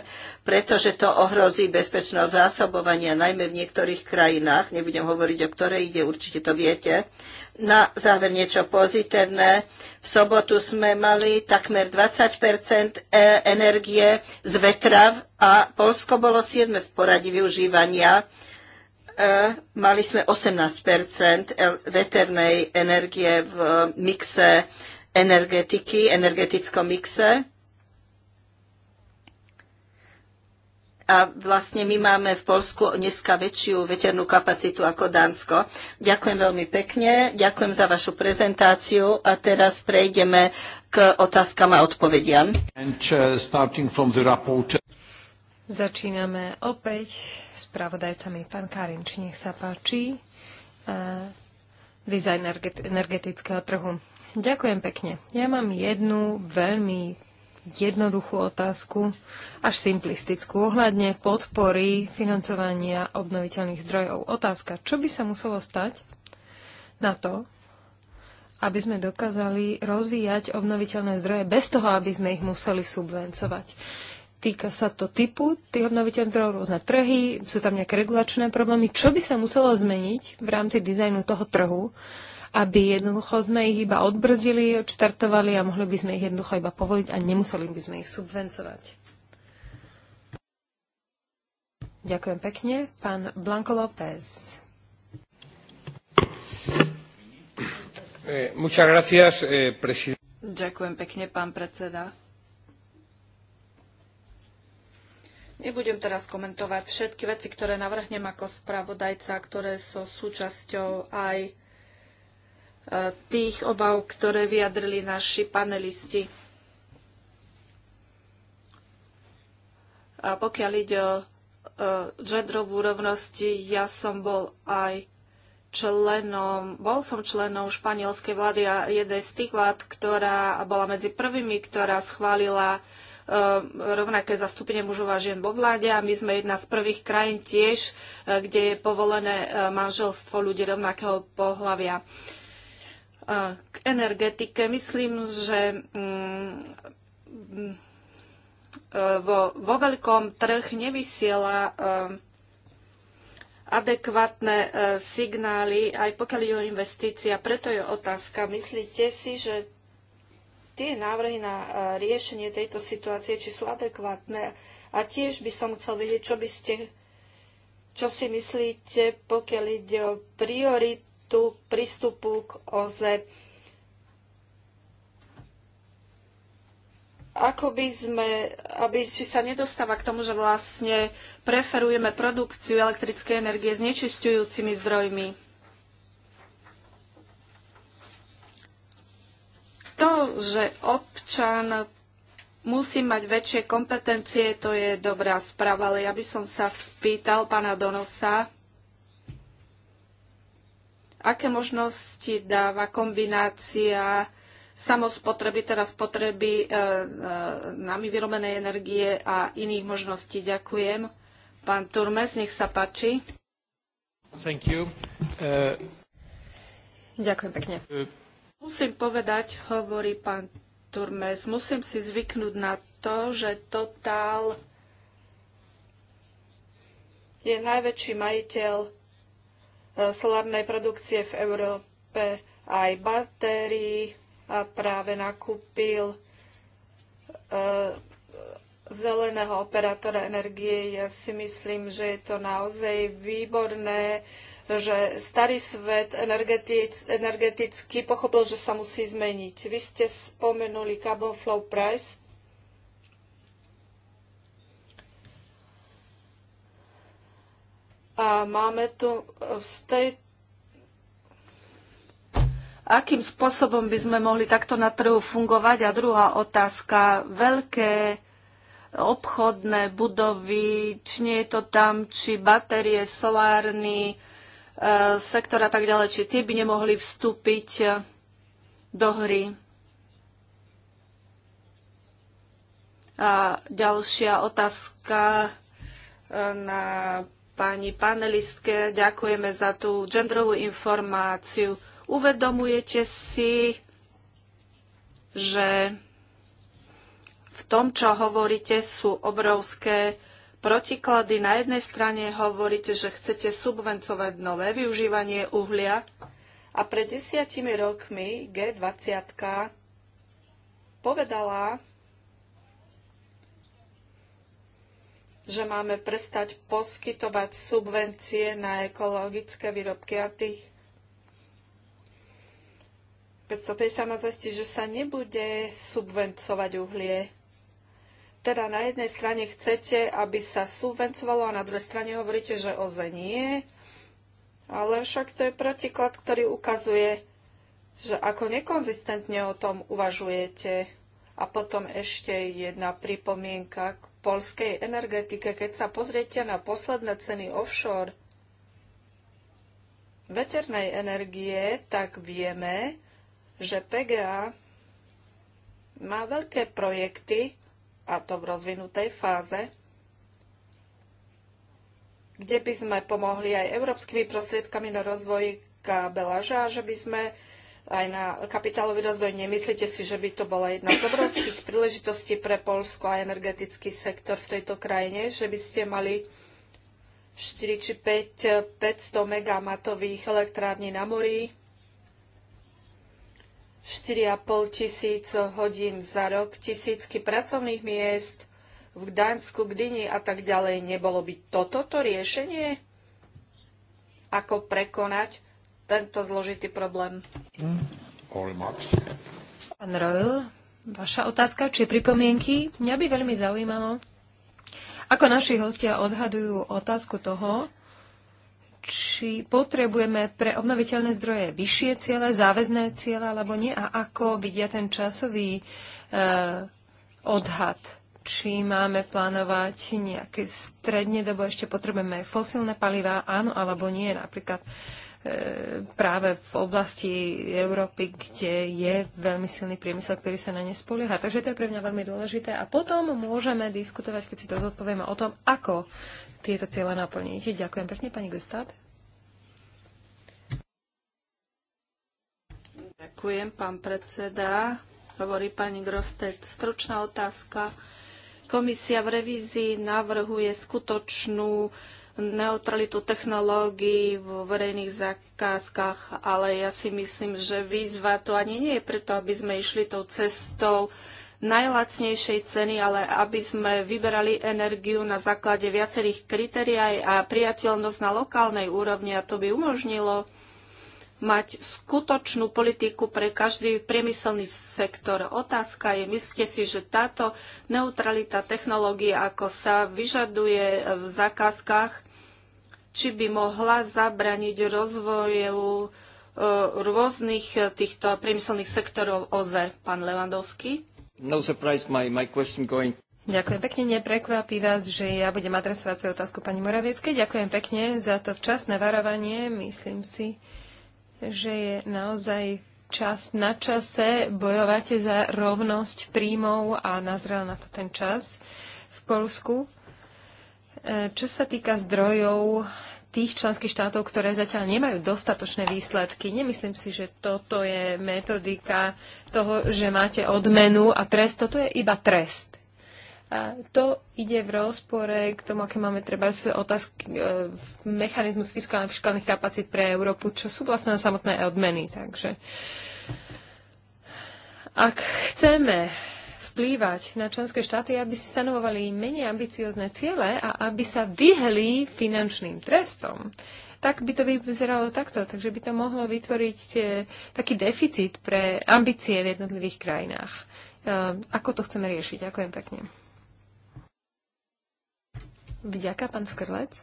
pretože to ohrozí bezpečnosť zásobovania, najmä v niektorých krajinách. Nebudem hovoriť, o ktorej ide, určite to viete. Na záver niečo pozitívne. V sobotu sme mali takmer 20 e, energie z vetra a Polsko bolo 7 v poradí využívania e, mali sme 18 veternej energie v mixe energetiky, energetickom mixe. a vlastne my máme v Polsku dneska väčšiu veternú kapacitu ako Dánsko. Ďakujem veľmi pekne, ďakujem za vašu prezentáciu a teraz prejdeme k otázkam a odpovediam. Uh, Začíname opäť s pravodajcami. Pán Karinč, nech sa páči. Uh, dizajn energetického trhu. Ďakujem pekne. Ja mám jednu veľmi jednoduchú otázku, až simplistickú, ohľadne podpory financovania obnoviteľných zdrojov. Otázka, čo by sa muselo stať na to, aby sme dokázali rozvíjať obnoviteľné zdroje bez toho, aby sme ich museli subvencovať. Týka sa to typu tých obnoviteľných zdrojov, rôzne trhy, sú tam nejaké regulačné problémy. Čo by sa muselo zmeniť v rámci dizajnu toho trhu, aby jednoducho sme ich iba odbrzili, odštartovali a mohli by sme ich jednoducho iba povoliť a nemuseli by sme ich subvencovať. Ďakujem pekne. Pán Blanco López. Eh, eh, Ďakujem pekne, pán predseda. Nebudem teraz komentovať všetky veci, ktoré navrhnem ako spravodajca, ktoré sú súčasťou aj tých obav, ktoré vyjadrili naši panelisti. A pokiaľ ide o žedrovú rovnosti, ja som bol aj členom, bol som členom španielskej vlády a jednej z tých vlád, ktorá bola medzi prvými, ktorá schválila e, rovnaké zastúpenie mužov a žien vo vláde a my sme jedna z prvých krajín tiež, e, kde je povolené e, manželstvo ľudí rovnakého pohľavia. K energetike myslím, že mm, mm, vo, vo veľkom trh nevysiela ehm, adekvátne e, signály, aj pokiaľ je o investícia. Preto je otázka, myslíte si, že tie návrhy na e, riešenie tejto situácie, či sú adekvátne? A tiež by som chcel vedieť, čo by ste, čo si myslíte, pokiaľ ide o priority tu prístupu k OZE. Ako by sme, aby, či sa nedostáva k tomu, že vlastne preferujeme produkciu elektrickej energie s nečistujúcimi zdrojmi. To, že občan musí mať väčšie kompetencie, to je dobrá správa, ale ja by som sa spýtal pána Donosa, aké možnosti dáva kombinácia samospotreby, teda spotreby e, e, nami vyrobenej energie a iných možností. Ďakujem. Pán Turmes, nech sa páči. Thank you. Uh... Ďakujem pekne. E, musím povedať, hovorí pán Turmes, musím si zvyknúť na to, že Total je najväčší majiteľ Eh, solárnej produkcie v Európe aj batérií a práve nakúpil eh, zeleného operátora energie. Ja si myslím, že je to naozaj výborné, že starý svet energetic, energeticky pochopil, že sa musí zmeniť. Vy ste spomenuli carbon flow price A máme tu e, z tej akým spôsobom by sme mohli takto na trhu fungovať. A druhá otázka, veľké obchodné budovy, či nie je to tam, či batérie, solárny e, sektor a tak ďalej, či tie by nemohli vstúpiť e, do hry. A ďalšia otázka e, na pani panelistke, ďakujeme za tú genderovú informáciu. Uvedomujete si, že v tom, čo hovoríte, sú obrovské protiklady. Na jednej strane hovoríte, že chcete subvencovať nové využívanie uhlia a pred desiatimi rokmi G20 povedala, že máme prestať poskytovať subvencie na ekologické výrobky a tých 550 má zastiť, že sa nebude subvencovať uhlie. Teda na jednej strane chcete, aby sa subvencovalo a na druhej strane hovoríte, že oze nie. Ale však to je protiklad, ktorý ukazuje, že ako nekonzistentne o tom uvažujete. A potom ešte jedna pripomienka k polskej energetike. Keď sa pozriete na posledné ceny offshore veternej energie, tak vieme, že PGA má veľké projekty, a to v rozvinutej fáze, kde by sme pomohli aj európskymi prostriedkami na rozvoj kábelaža, že by sme aj na kapitálový rozvoj. Nemyslíte si, že by to bola jedna z obrovských príležitostí pre Polsko a energetický sektor v tejto krajine, že by ste mali 4 či 5 500 megamatových elektrární na mori, 4,5 tisíc hodín za rok, tisícky pracovných miest v Gdaňsku, Gdyni a tak ďalej. Nebolo by toto to riešenie? Ako prekonať tento zložitý problém. Pán Royal, vaša otázka či pripomienky? Mňa by veľmi zaujímalo, ako naši hostia odhadujú otázku toho, či potrebujeme pre obnoviteľné zdroje vyššie ciele, záväzné ciele alebo nie a ako vidia ten časový e, odhad či máme plánovať nejaké stredne dobo, ešte potrebujeme fosilné palivá, áno alebo nie, napríklad E, práve v oblasti Európy, kde je veľmi silný priemysel, ktorý sa na ne spolieha. Takže to je pre mňa veľmi dôležité. A potom môžeme diskutovať, keď si to zodpovieme, o tom, ako tieto cieľa naplniť. Ďakujem pekne, pani Gustát. Ďakujem, pán predseda. Hovorí pani Grostet. Stručná otázka. Komisia v revízii navrhuje skutočnú neutralitu technológií vo verejných zakázkach, ale ja si myslím, že výzva to ani nie je preto, aby sme išli tou cestou najlacnejšej ceny, ale aby sme vyberali energiu na základe viacerých kritérií a priateľnosť na lokálnej úrovni a to by umožnilo mať skutočnú politiku pre každý priemyselný sektor. Otázka je, myslíte si, že táto neutralita technológií, ako sa vyžaduje v zákazkách, či by mohla zabraniť rozvoju e, rôznych e, týchto priemyselných sektorov OZE, pán Levandovský. No surprise, my, my question going. Ďakujem pekne, neprekvapí vás, že ja budem adresovať svoju otázku pani Moravieckej. Ďakujem pekne za to včasné varovanie. Myslím si, že je naozaj čas na čase bojovať za rovnosť príjmov a nazrel na to ten čas v Polsku. E, čo sa týka zdrojov tých členských štátov, ktoré zatiaľ nemajú dostatočné výsledky, nemyslím si, že toto je metodika toho, že máte odmenu a trest. Toto je iba trest. A to ide v rozpore k tomu, aké máme treba z otázky e, mechanizmus fiskálnych fiskálnych kapacít pre Európu, čo sú vlastne na samotné odmeny. Takže ak chceme vplývať na členské štáty, aby si stanovovali menej ambiciozne ciele a aby sa vyhli finančným trestom. Tak by to vyzeralo takto, takže by to mohlo vytvoriť e, taký deficit pre ambície v jednotlivých krajinách. E, ako to chceme riešiť? Ďakujem pekne. Vďaka, pán Skrlec.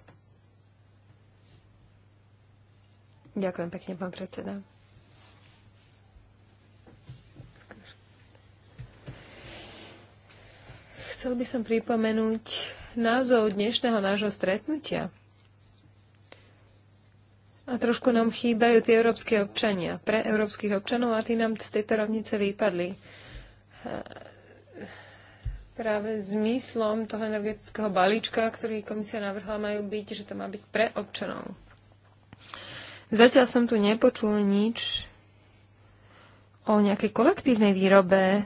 Ďakujem pekne, pán predseda. Chcel by som pripomenúť názov dnešného nášho stretnutia. A trošku nám chýbajú tie európske občania. Pre európskych občanov a tí nám z tejto rovnice vypadli. Práve zmyslom toho energetického balíčka, ktorý komisia navrhla, majú byť, že to má byť pre občanov. Zatiaľ som tu nepočul nič o nejakej kolektívnej výrobe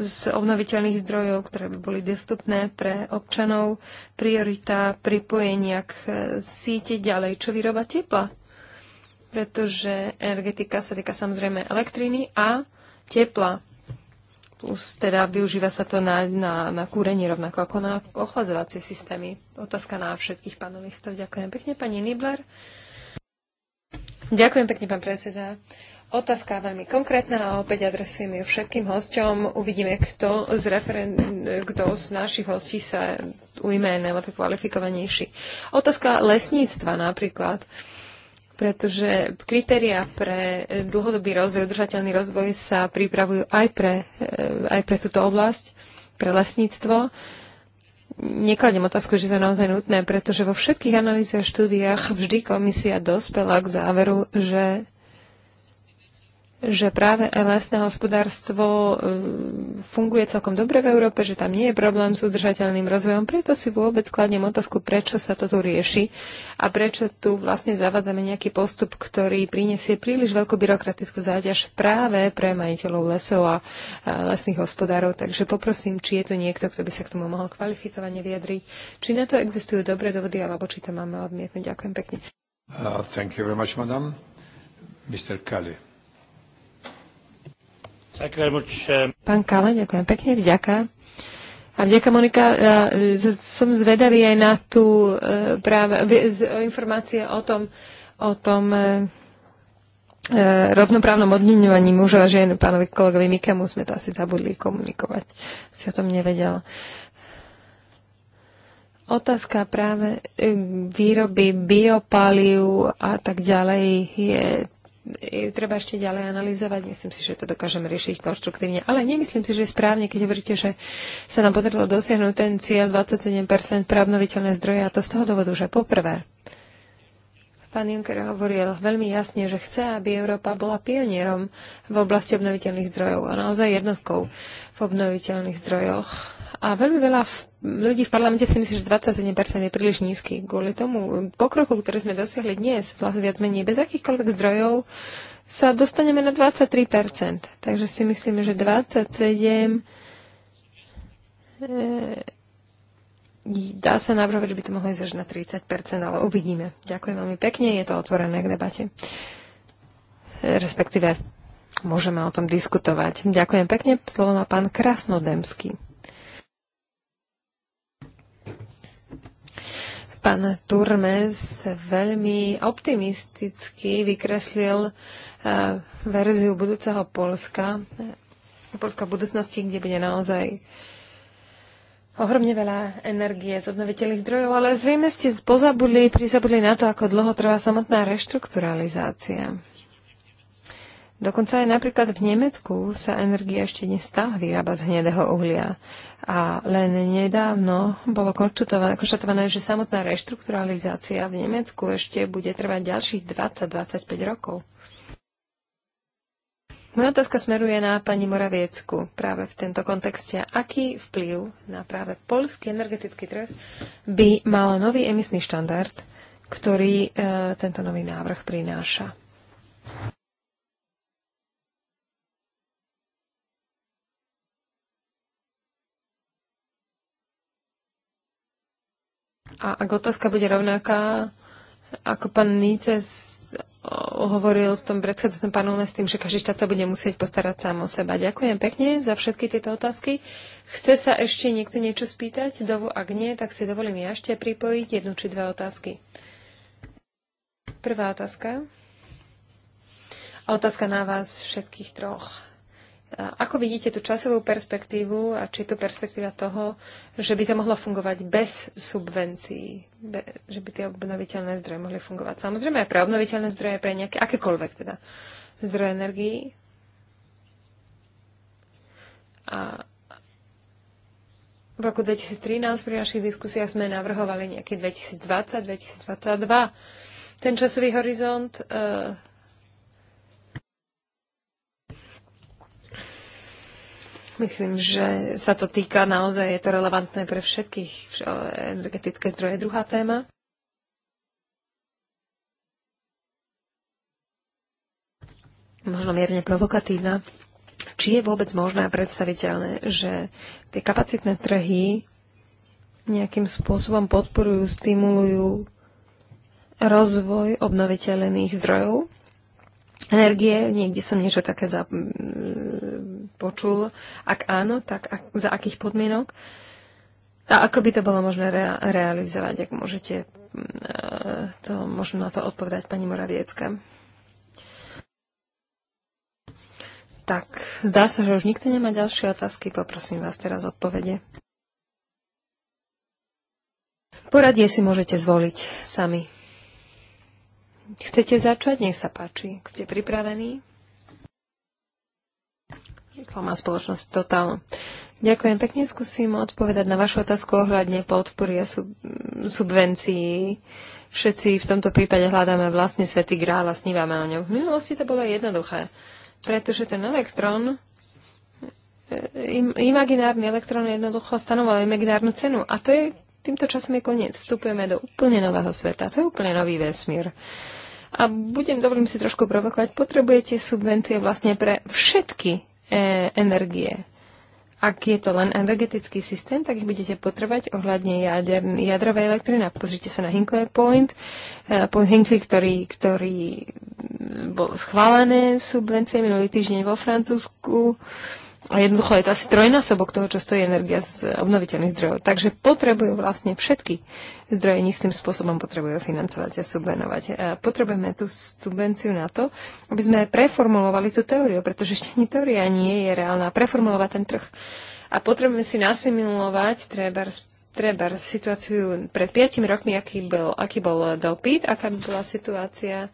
z obnoviteľných zdrojov, ktoré by boli dostupné pre občanov, priorita pripojenia k e, síti ďalej, čo vyroba tepla. Pretože energetika sa týka samozrejme elektriny a tepla. Plus teda využíva sa to na, na, na kúrenie rovnako ako na ochladzovacie systémy. Otázka na všetkých panelistov. Ďakujem pekne, pani Nibler. Ďakujem pekne, pán predseda. Otázka veľmi konkrétna a opäť adresujem ju všetkým hosťom. Uvidíme, kto z, referen- kto z našich hostí sa ujme najlepšie kvalifikovanejší. Otázka lesníctva napríklad pretože kritéria pre dlhodobý rozvoj, udržateľný rozvoj sa pripravujú aj pre, eh, aj pre túto oblasť, pre lesníctvo. Nekladem otázku, že to je naozaj nutné, pretože vo všetkých analýzach a štúdiách vždy komisia dospela k záveru, že že práve lesné hospodárstvo e, funguje celkom dobre v Európe, že tam nie je problém s udržateľným rozvojom. Preto si vôbec kladnem otázku, prečo sa to tu rieši a prečo tu vlastne zavádzame nejaký postup, ktorý prinesie príliš veľkú byrokratickú záťaž práve pre majiteľov lesov a lesných hospodárov. Takže poprosím, či je tu niekto, kto by sa k tomu mohol kvalifikovane vyjadriť, či na to existujú dobré dôvody, alebo či to máme odmietnúť. Ďakujem pekne. Uh, thank you very much, madam. Mr. Kelly. Um, Pán Kale, ďakujem pekne, vďaka. A vďaka, Monika, e, som zvedavý aj na tú e, práve informácie o tom, o tom e, rovnoprávnom odmienovaní mužov a žien pánovi kolegovi Mikemu sme to asi zabudli komunikovať. Si o tom nevedel. Otázka práve výroby biopaliu a tak ďalej je treba ešte ďalej analyzovať. Myslím si, že to dokážeme riešiť konštruktívne. Ale nemyslím si, že je správne, keď hovoríte, že sa nám podarilo dosiahnuť ten cieľ 27% pre obnoviteľné zdroje. A to z toho dôvodu, že poprvé, pán Juncker hovoril veľmi jasne, že chce, aby Európa bola pionierom v oblasti obnoviteľných zdrojov a naozaj jednotkou v obnoviteľných zdrojoch. A veľmi veľa v ľudí v parlamente si myslí, že 27% je príliš nízky. Kvôli tomu pokroku, ktorý sme dosiahli dnes, vlastne viac menej bez akýchkoľvek zdrojov, sa dostaneme na 23%. Takže si myslíme, že 27 e, eh, dá sa navrhovať, že by to mohlo ísť až na 30%, ale uvidíme. Ďakujem veľmi pekne, je to otvorené k debate. Respektíve môžeme o tom diskutovať. Ďakujem pekne, slovo má pán Krasnodemský. Pán Turmes veľmi optimisticky vykreslil eh, verziu budúceho Polska, eh, Polska budúcnosti, kde bude naozaj ohromne veľa energie z obnoviteľných zdrojov, ale zrejme ste pozabudli, prizabudli na to, ako dlho trvá samotná reštrukturalizácia. Dokonca aj napríklad v Nemecku sa energia ešte nestá vyrába z hnedého uhlia. A len nedávno bolo konštatované, že samotná reštrukturalizácia v Nemecku ešte bude trvať ďalších 20-25 rokov. Moja otázka smeruje na pani Moraviecku práve v tento kontexte. Aký vplyv na práve polský energetický trh by mal nový emisný štandard, ktorý e, tento nový návrh prináša? A ak otázka bude rovnaká, ako pán nice hovoril v tom predchádzajúcom panele s tým, že každý štát sa bude musieť postarať sám o seba. Ďakujem pekne za všetky tieto otázky. Chce sa ešte niekto niečo spýtať? Dovu, ak nie, tak si dovolím ja ešte pripojiť jednu či dve otázky. Prvá otázka. A otázka na vás všetkých troch. Ako vidíte tú časovú perspektívu a či je to perspektíva toho, že by to mohlo fungovať bez subvencií, be, že by tie obnoviteľné zdroje mohli fungovať? Samozrejme aj pre obnoviteľné zdroje, pre nejaké akékoľvek teda zdroje energii. A v roku 2013 pri našich diskusiách sme navrhovali nejaký 2020-2022. Ten časový horizont e, Myslím, že sa to týka naozaj, je to relevantné pre všetkých energetické zdroje. Druhá téma. možno mierne provokatívna. Či je vôbec možné a predstaviteľné, že tie kapacitné trhy nejakým spôsobom podporujú, stimulujú rozvoj obnoviteľných zdrojov energie. Niekde som niečo také za, počul? Ak áno, tak ak, za akých podmienok? A ako by to bolo možné rea- realizovať, ak môžete mm, e, to, možno na to odpovedať pani Moraviecka. Tak, zdá sa, že už nikto nemá ďalšie otázky. Poprosím vás teraz odpovede. Poradie si môžete zvoliť sami. Chcete začať? Nech sa páči. Ste pripravení? Islam spoločnosť Total. Ďakujem pekne, skúsim odpovedať na vašu otázku ohľadne podpory a sub- subvencií. Všetci v tomto prípade hľadáme vlastne svetý grál a snívame o ňom. V minulosti to bolo jednoduché, pretože ten elektrón, e, im, imaginárny elektrón jednoducho stanoval imaginárnu cenu. A to je, týmto časom je koniec. Vstupujeme do úplne nového sveta. To je úplne nový vesmír. A budem, dovolím si trošku provokovať, potrebujete subvencie vlastne pre všetky E, energie. Ak je to len energetický systém, tak ich budete potrebať ohľadne jader, jadrovej elektriny. Pozrite sa na Hinkley Point, e, Point Hinkley, ktorý, ktorý bol schválené subvencie minulý týždeň vo Francúzsku. Uh, a jednoducho je to asi trojnásobok toho, čo stojí energia z obnoviteľných zdrojov. Takže potrebujú vlastne všetky zdroje, tým spôsobom potrebujú financovať a subvenovať. A potrebujeme tú subvenciu na to, aby sme preformulovali tú teóriu, pretože ešte ani teória nie je reálna. Preformulovať ten trh. A potrebujeme si nasimilovať treba, treba situáciu pred piatimi rokmi, aký bol, aký bol dopyt, aká by bola situácia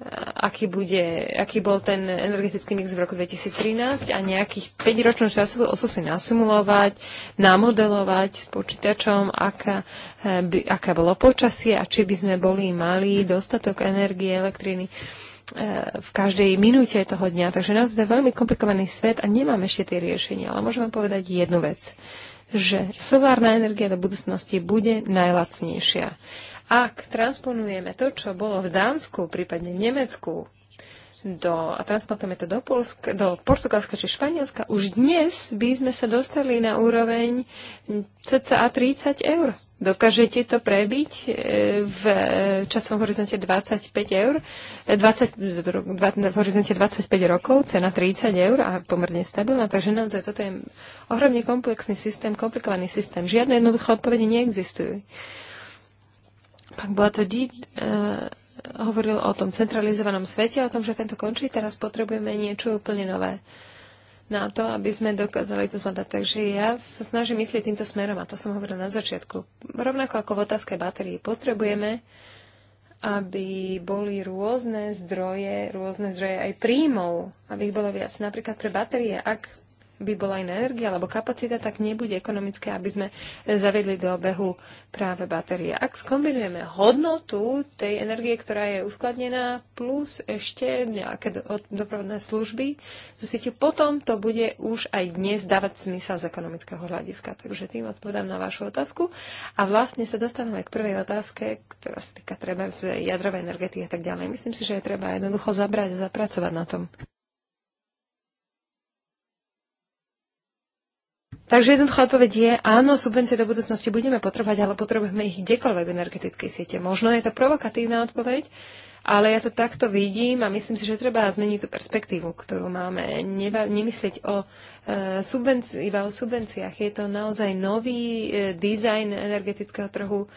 Eh, aký, bude, aký bol ten energetický mix v roku 2013 a nejakých 5 ročnú časovú osu si nasimulovať, namodelovať s počítačom, aká, eh, by, aká bolo počasie a či by sme boli mali dostatok energie, elektriny eh, v každej minúte toho dňa. Takže naozaj to je veľmi komplikovaný svet a nemáme ešte tie riešenia. Ale môžem vám povedať jednu vec že solárna energia do budúcnosti bude najlacnejšia. Ak transponujeme to, čo bolo v Dánsku, prípadne v Nemecku, do, a transplantujeme to do, Polsk, do Portugalska či Španielska, už dnes by sme sa dostali na úroveň cca 30 eur. Dokážete to prebiť e, v časovom horizonte 25 eur, 20, e, v horizonte 25 rokov, cena 30 eur a pomerne stabilná, takže naozaj toto je ohromne komplexný systém, komplikovaný systém. Žiadne jednoduché odpovede neexistujú. Pán Boatodi uh, e, hovoril o tom centralizovanom svete, o tom, že tento končí, teraz potrebujeme niečo úplne nové na to, aby sme dokázali to zvládať. Takže ja sa snažím myslieť týmto smerom a to som hovorila na začiatku. Rovnako ako v otázke batérií potrebujeme, aby boli rôzne zdroje, rôzne zdroje aj príjmov, aby ich bolo viac. Napríklad pre batérie, ak by bola iná energia alebo kapacita, tak nebude ekonomické, aby sme e, zaviedli do obehu práve batérie. Ak skombinujeme hodnotu tej energie, ktorá je uskladnená, plus ešte nejaké dopravné služby so potom to bude už aj dnes dávať smysel z ekonomického hľadiska. Takže tým odpovedám na vašu otázku. A vlastne sa dostávame k prvej otázke, ktorá sa týka treba z jadrovej energetiky a tak ďalej. Myslím si, že je treba jednoducho zabrať a zapracovať na tom. Takže jednoduchá odpoveď je, áno, subvencie do budúcnosti budeme potrebovať, ale potrebujeme ich kdekoľvek v energetickej siete. Možno je to provokatívna odpoveď, ale ja to takto vidím a myslím si, že treba zmeniť tú perspektívu, ktorú máme. Neba, nemyslieť o, e, subvenci- iba o subvenciách. Je to naozaj nový e, dizajn energetického trhu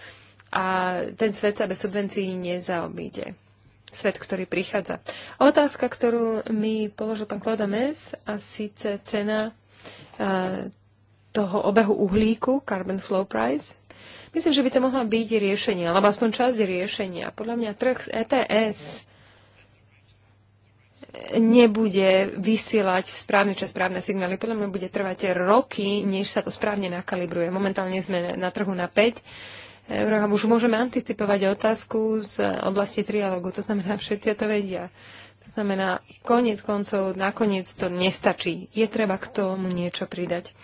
a ten svet sa bez subvencií nezaobíde. Svet, ktorý prichádza. Otázka, ktorú mi položil pán Kloda Mes, a síce cena e, toho obehu uhlíku, carbon flow price. Myslím, že by to mohla byť riešenie, alebo aspoň časť riešenia. Podľa mňa trh z ETS nebude vysielať v správny čas správne signály. Podľa mňa bude trvať roky, než sa to správne nakalibruje. Momentálne sme na trhu na 5 eur a už môžeme anticipovať otázku z oblasti trialogu. To znamená, všetci to vedia To znamená, koniec koncov, nakoniec to nestačí. Je treba k tomu niečo pridať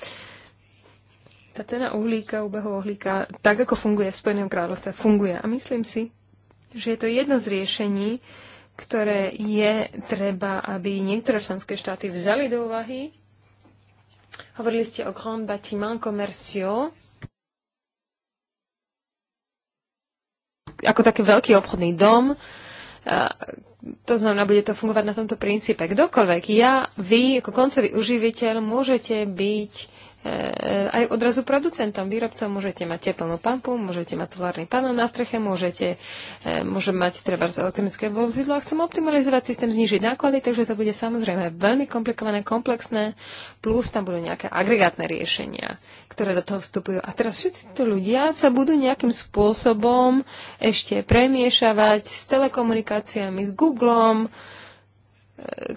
tá cena uhlíka, ubehu uhlíka, tak ako funguje v Spojenom kráľovstve, funguje. A myslím si, že je to jedno z riešení, ktoré je treba, aby niektoré členské štáty vzali do úvahy. Hovorili ste o Grand Bâtiment Commercio, ako taký veľký obchodný dom, to znamená, bude to fungovať na tomto princípe. Kdokoľvek, ja, vy, ako koncový uživiteľ môžete byť E, e, aj odrazu producentom, výrobcom. Môžete mať teplnú pampu, môžete mať solárny panel na streche, môžete, e, môže mať treba z elektronické vozidlo a chcem optimalizovať systém, znižiť náklady, takže to bude samozrejme veľmi komplikované, komplexné, plus tam budú nejaké agregátne riešenia, ktoré do toho vstupujú. A teraz všetci tí ľudia sa budú nejakým spôsobom ešte premiešavať s telekomunikáciami, s Googlom,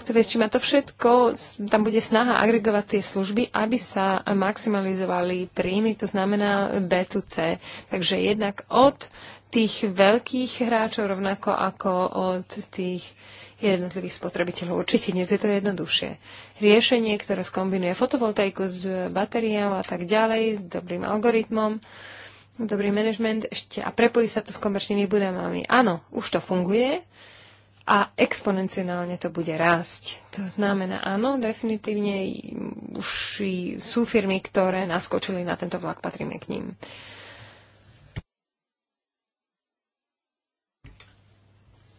ktoré má to všetko, tam bude snaha agregovať tie služby, aby sa maximalizovali príjmy, to znamená B2C. Takže jednak od tých veľkých hráčov, rovnako ako od tých jednotlivých spotrebiteľov. Určite dnes je to jednoduchšie. Riešenie, ktoré skombinuje fotovoltaiku s batériou a tak ďalej, s dobrým algoritmom, dobrý management ešte a prepojí sa to s komerčnými budovami. Áno, už to funguje, a exponenciálne to bude rásť. To znamená, áno, definitívne už sú firmy, ktoré naskočili na tento vlak, patríme k ním.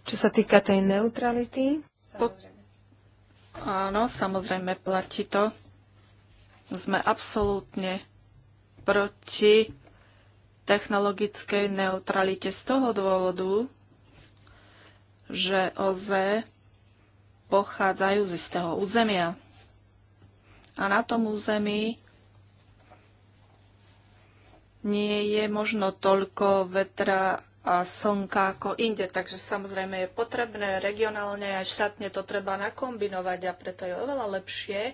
Čo sa týka tej neutrality? Samozrejme. Áno, samozrejme platí to. Sme absolútne proti technologickej neutralite z toho dôvodu, že OZE pochádzajú z istého územia. A na tom území nie je možno toľko vetra a slnka ako inde. Takže samozrejme je potrebné regionálne aj štátne to treba nakombinovať a preto je oveľa lepšie,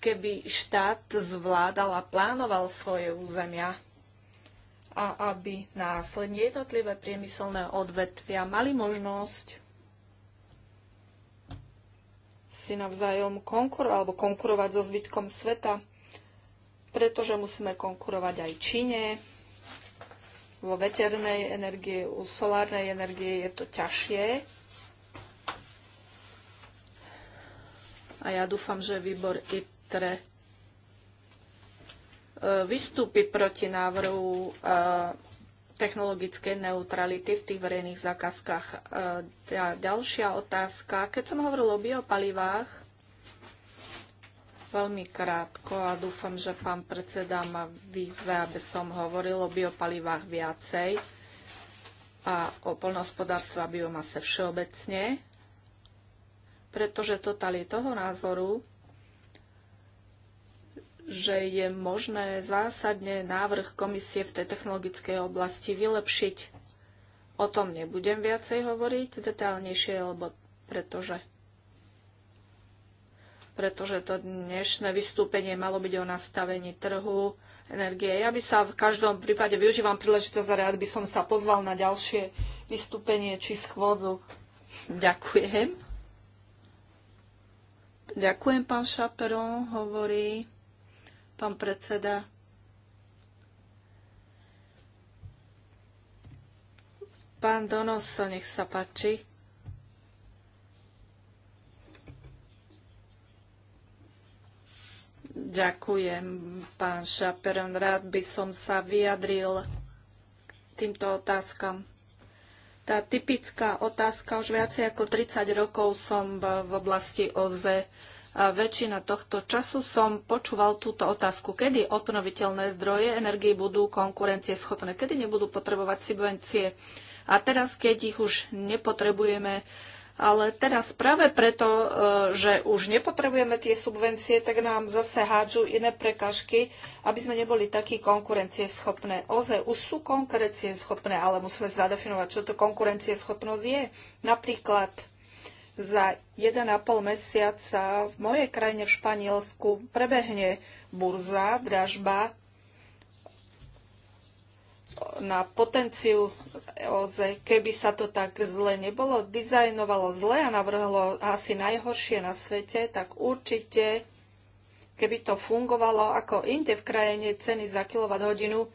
keby štát zvládal a plánoval svoje územia a aby následne jednotlivé priemyselné odvetvia mali možnosť si navzájom konkurovať alebo konkurovať so zbytkom sveta, pretože musíme konkurovať aj Číne, vo veternej energie, u solárnej energie je to ťažšie. A ja dúfam, že výbor ITRE vystúpi proti návrhu e, technologickej neutrality v tých verejných zákazkách. E, ďalšia otázka. Keď som hovoril o biopalivách, veľmi krátko a dúfam, že pán predseda ma výzve, aby som hovoril o biopalivách viacej a o poľnohospodárstve a biomase všeobecne, pretože totali toho názoru, že je možné zásadne návrh komisie v tej technologickej oblasti vylepšiť. O tom nebudem viacej hovoriť detálnejšie, lebo pretože pretože to dnešné vystúpenie malo byť o nastavení trhu energie. Ja by sa v každom prípade využívam príležitosť a rád by som sa pozval na ďalšie vystúpenie či schôdzu. Ďakujem. Ďakujem, pán Šaperon, hovorí pán predseda. Pán Donoso, nech sa páči. Ďakujem, pán Šaperon. Rád by som sa vyjadril týmto otázkam. Tá typická otázka, už viacej ako 30 rokov som v oblasti OZE väčšina tohto času som počúval túto otázku, kedy obnoviteľné zdroje energie budú konkurencieschopné, kedy nebudú potrebovať subvencie. A teraz, keď ich už nepotrebujeme, ale teraz práve preto, e, že už nepotrebujeme tie subvencie, tak nám zase hádžu iné prekažky, aby sme neboli takí konkurencieschopné. Oze už sú konkurencieschopné, ale musíme zadefinovať, čo to konkurencieschopnosť je. Napríklad za 1,5 mesiaca v mojej krajine v Španielsku prebehne burza, dražba na potenciu keby sa to tak zle nebolo, dizajnovalo zle a navrhlo asi najhoršie na svete, tak určite, keby to fungovalo ako inde v krajine ceny za kWh,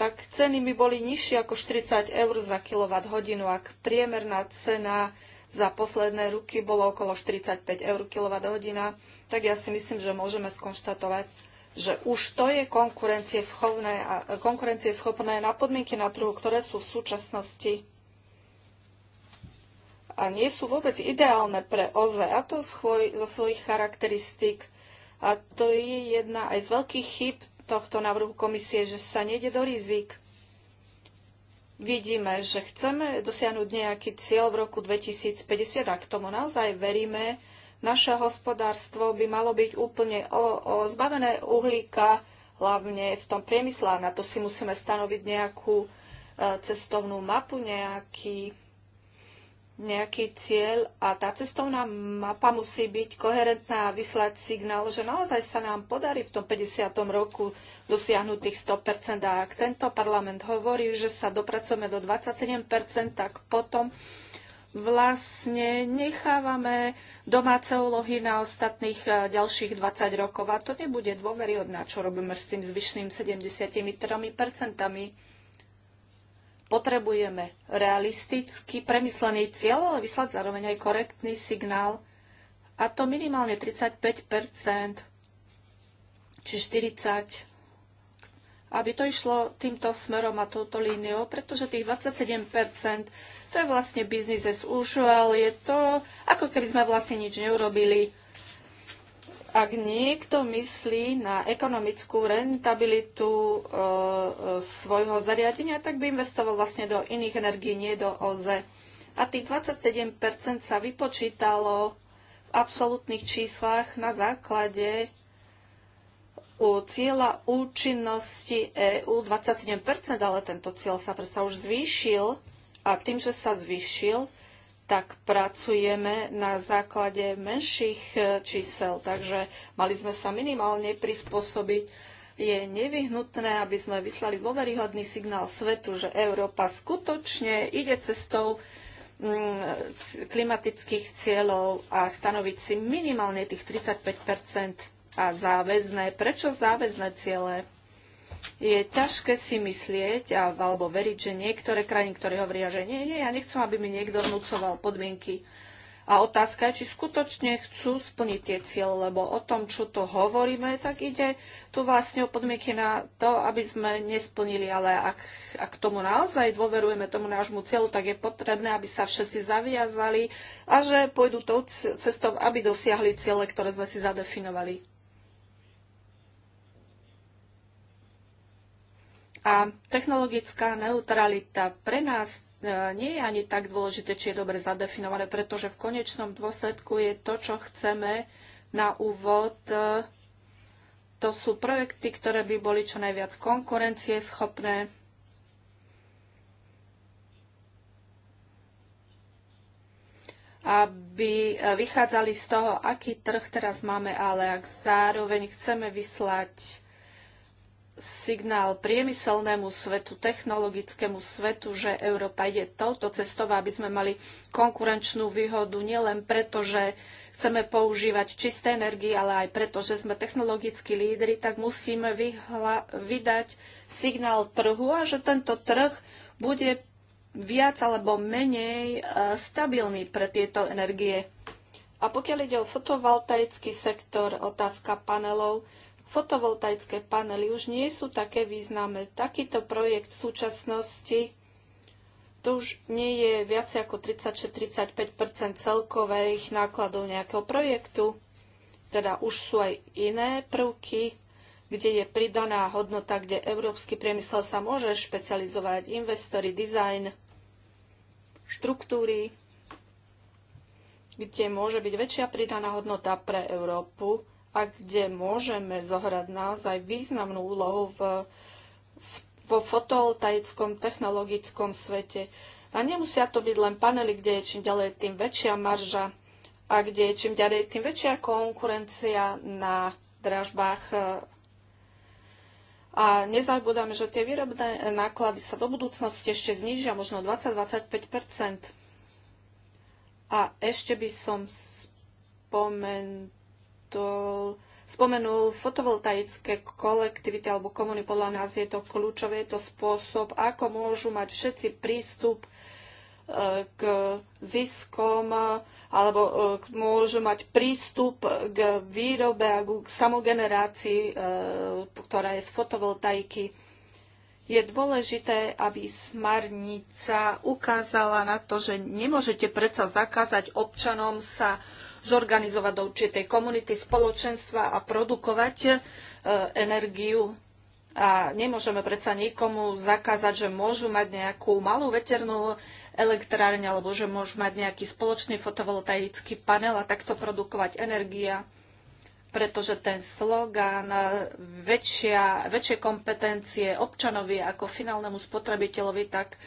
tak ceny by boli nižšie ako 40 eur za kWh, ak priemerná cena za posledné ruky bolo okolo 45 eur kWh, tak ja si myslím, že môžeme skonštatovať, že už to je konkurencieschopné, konkurencieschopné na podmienky na trhu, ktoré sú v súčasnosti a nie sú vôbec ideálne pre OZE a to svoj, zo svojich charakteristík. A to je jedna aj z veľkých chyb tohto návrhu komisie, že sa nejde do rizik vidíme, že chceme dosiahnuť nejaký cieľ v roku 2050 a k tomu naozaj veríme, naše hospodárstvo by malo byť úplne o, o zbavené uhlíka, hlavne v tom priemysle. Na to si musíme stanoviť nejakú e, cestovnú mapu, nejaký nejaký cieľ a tá cestovná mapa musí byť koherentná a vyslať signál, že naozaj sa nám podarí v tom 50. roku dosiahnuť tých 100%. A ak tento parlament hovorí, že sa dopracujeme do 27%, tak potom vlastne nechávame domáce úlohy na ostatných e, ďalších 20 rokov a to nebude dôveryhodná, čo robíme s tým zvyšným 73%. Potrebujeme realistický, premyslený cieľ, ale vyslať zároveň aj korektný signál, a to minimálne 35 či 40 aby to išlo týmto smerom a touto líniou, pretože tých 27% to je vlastne business as usual, je to ako keby sme vlastne nič neurobili ak niekto myslí na ekonomickú rentabilitu e, e, svojho zariadenia, tak by investoval vlastne do iných energií, nie do OZE. A tých 27 sa vypočítalo v absolútnych číslach na základe u cieľa účinnosti EU 27%, ale tento cieľ sa predsa už zvýšil a tým, že sa zvýšil, tak pracujeme na základe menších e, čísel. Takže mali sme sa minimálne prispôsobiť. Je nevyhnutné, aby sme vyslali dôveryhodný signál svetu, že Európa skutočne ide cestou mm, klimatických cieľov a stanoviť si minimálne tých 35 a záväzné. Prečo záväzné ciele? je ťažké si myslieť alebo veriť, že niektoré krajiny, ktoré hovoria, že nie, nie, ja nechcem, aby mi niekto vnúcoval podmienky. A otázka je, či skutočne chcú splniť tie cieľ, lebo o tom, čo tu hovoríme, tak ide tu vlastne o podmienky na to, aby sme nesplnili, ale ak, ak tomu naozaj dôverujeme tomu nášmu cieľu, tak je potrebné, aby sa všetci zaviazali a že pôjdu tou cestou, aby dosiahli ciele, ktoré sme si zadefinovali. A technologická neutralita pre nás e, nie je ani tak dôležité, či je dobre zadefinované, pretože v konečnom dôsledku je to, čo chceme na úvod. E, to sú projekty, ktoré by boli čo najviac konkurencieschopné. aby e, vychádzali z toho, aký trh teraz máme, ale ak zároveň chceme vyslať signál priemyselnému svetu, technologickému svetu, že Európa ide touto cestou, aby sme mali konkurenčnú výhodu nielen preto, že chceme používať čisté energie, ale aj preto, že sme technologickí lídry, tak musíme vydať signál trhu a že tento trh bude viac alebo menej e, stabilný pre tieto energie. A pokiaľ ide o fotovoltaický sektor, otázka panelov, fotovoltaické panely už nie sú také významné. Takýto projekt v súčasnosti to už nie je viac ako 30-35 celkových nákladov nejakého projektu. Teda už sú aj iné prvky, kde je pridaná hodnota, kde európsky priemysel sa môže špecializovať, investory, design, štruktúry, kde môže byť väčšia pridaná hodnota pre Európu a kde môžeme zohrať naozaj významnú úlohu v, v, vo fotovoltaickom technologickom svete. A nemusia to byť len panely, kde je čím ďalej tým väčšia marža a kde je čím ďalej tým väčšia konkurencia na dražbách. A nezabúdame, že tie výrobné náklady sa do budúcnosti ešte znížia možno 20-25 A ešte by som spomenul to spomenul fotovoltaické kolektivity alebo komuny. Podľa nás je to kľúčové, je to spôsob, ako môžu mať všetci prístup e, k ziskom e, alebo e, môžu mať prístup k výrobe a k samogenerácii, ktorá je z fotovoltaiky. Je dôležité, aby smarnica ukázala na to, že nemôžete predsa zakázať občanom sa zorganizovať do určitej komunity, spoločenstva a produkovať e, energiu. A nemôžeme predsa nikomu zakázať, že môžu mať nejakú malú veternú elektrárne alebo že môžu mať nejaký spoločný fotovoltaický panel a takto produkovať energia pretože ten slogán e, väčšia, väčšie kompetencie občanovi ako finálnemu spotrebiteľovi, tak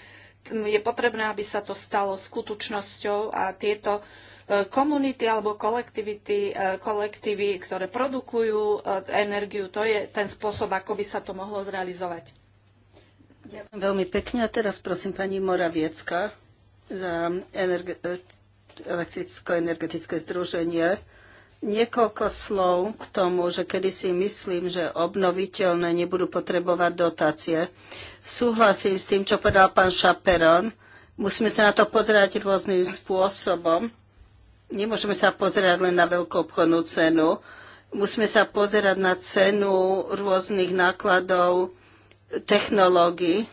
je potrebné, aby sa to stalo skutočnosťou a tieto komunity alebo kolektivity, e, kolektívy, ktoré produkujú e, energiu. To je ten spôsob, ako by sa to mohlo zrealizovať. Ďakujem veľmi pekne. A teraz prosím pani Moraviecka za energe- e, elektricko-energetické združenie. Niekoľko slov k tomu, že kedy si myslím, že obnoviteľné nebudú potrebovať dotácie. Súhlasím s tým, čo povedal pán Šaperon. Musíme sa na to pozerať rôznym spôsobom. Nemôžeme sa pozerať len na obchodnú cenu. Musíme sa pozerať na cenu rôznych nákladov, technológií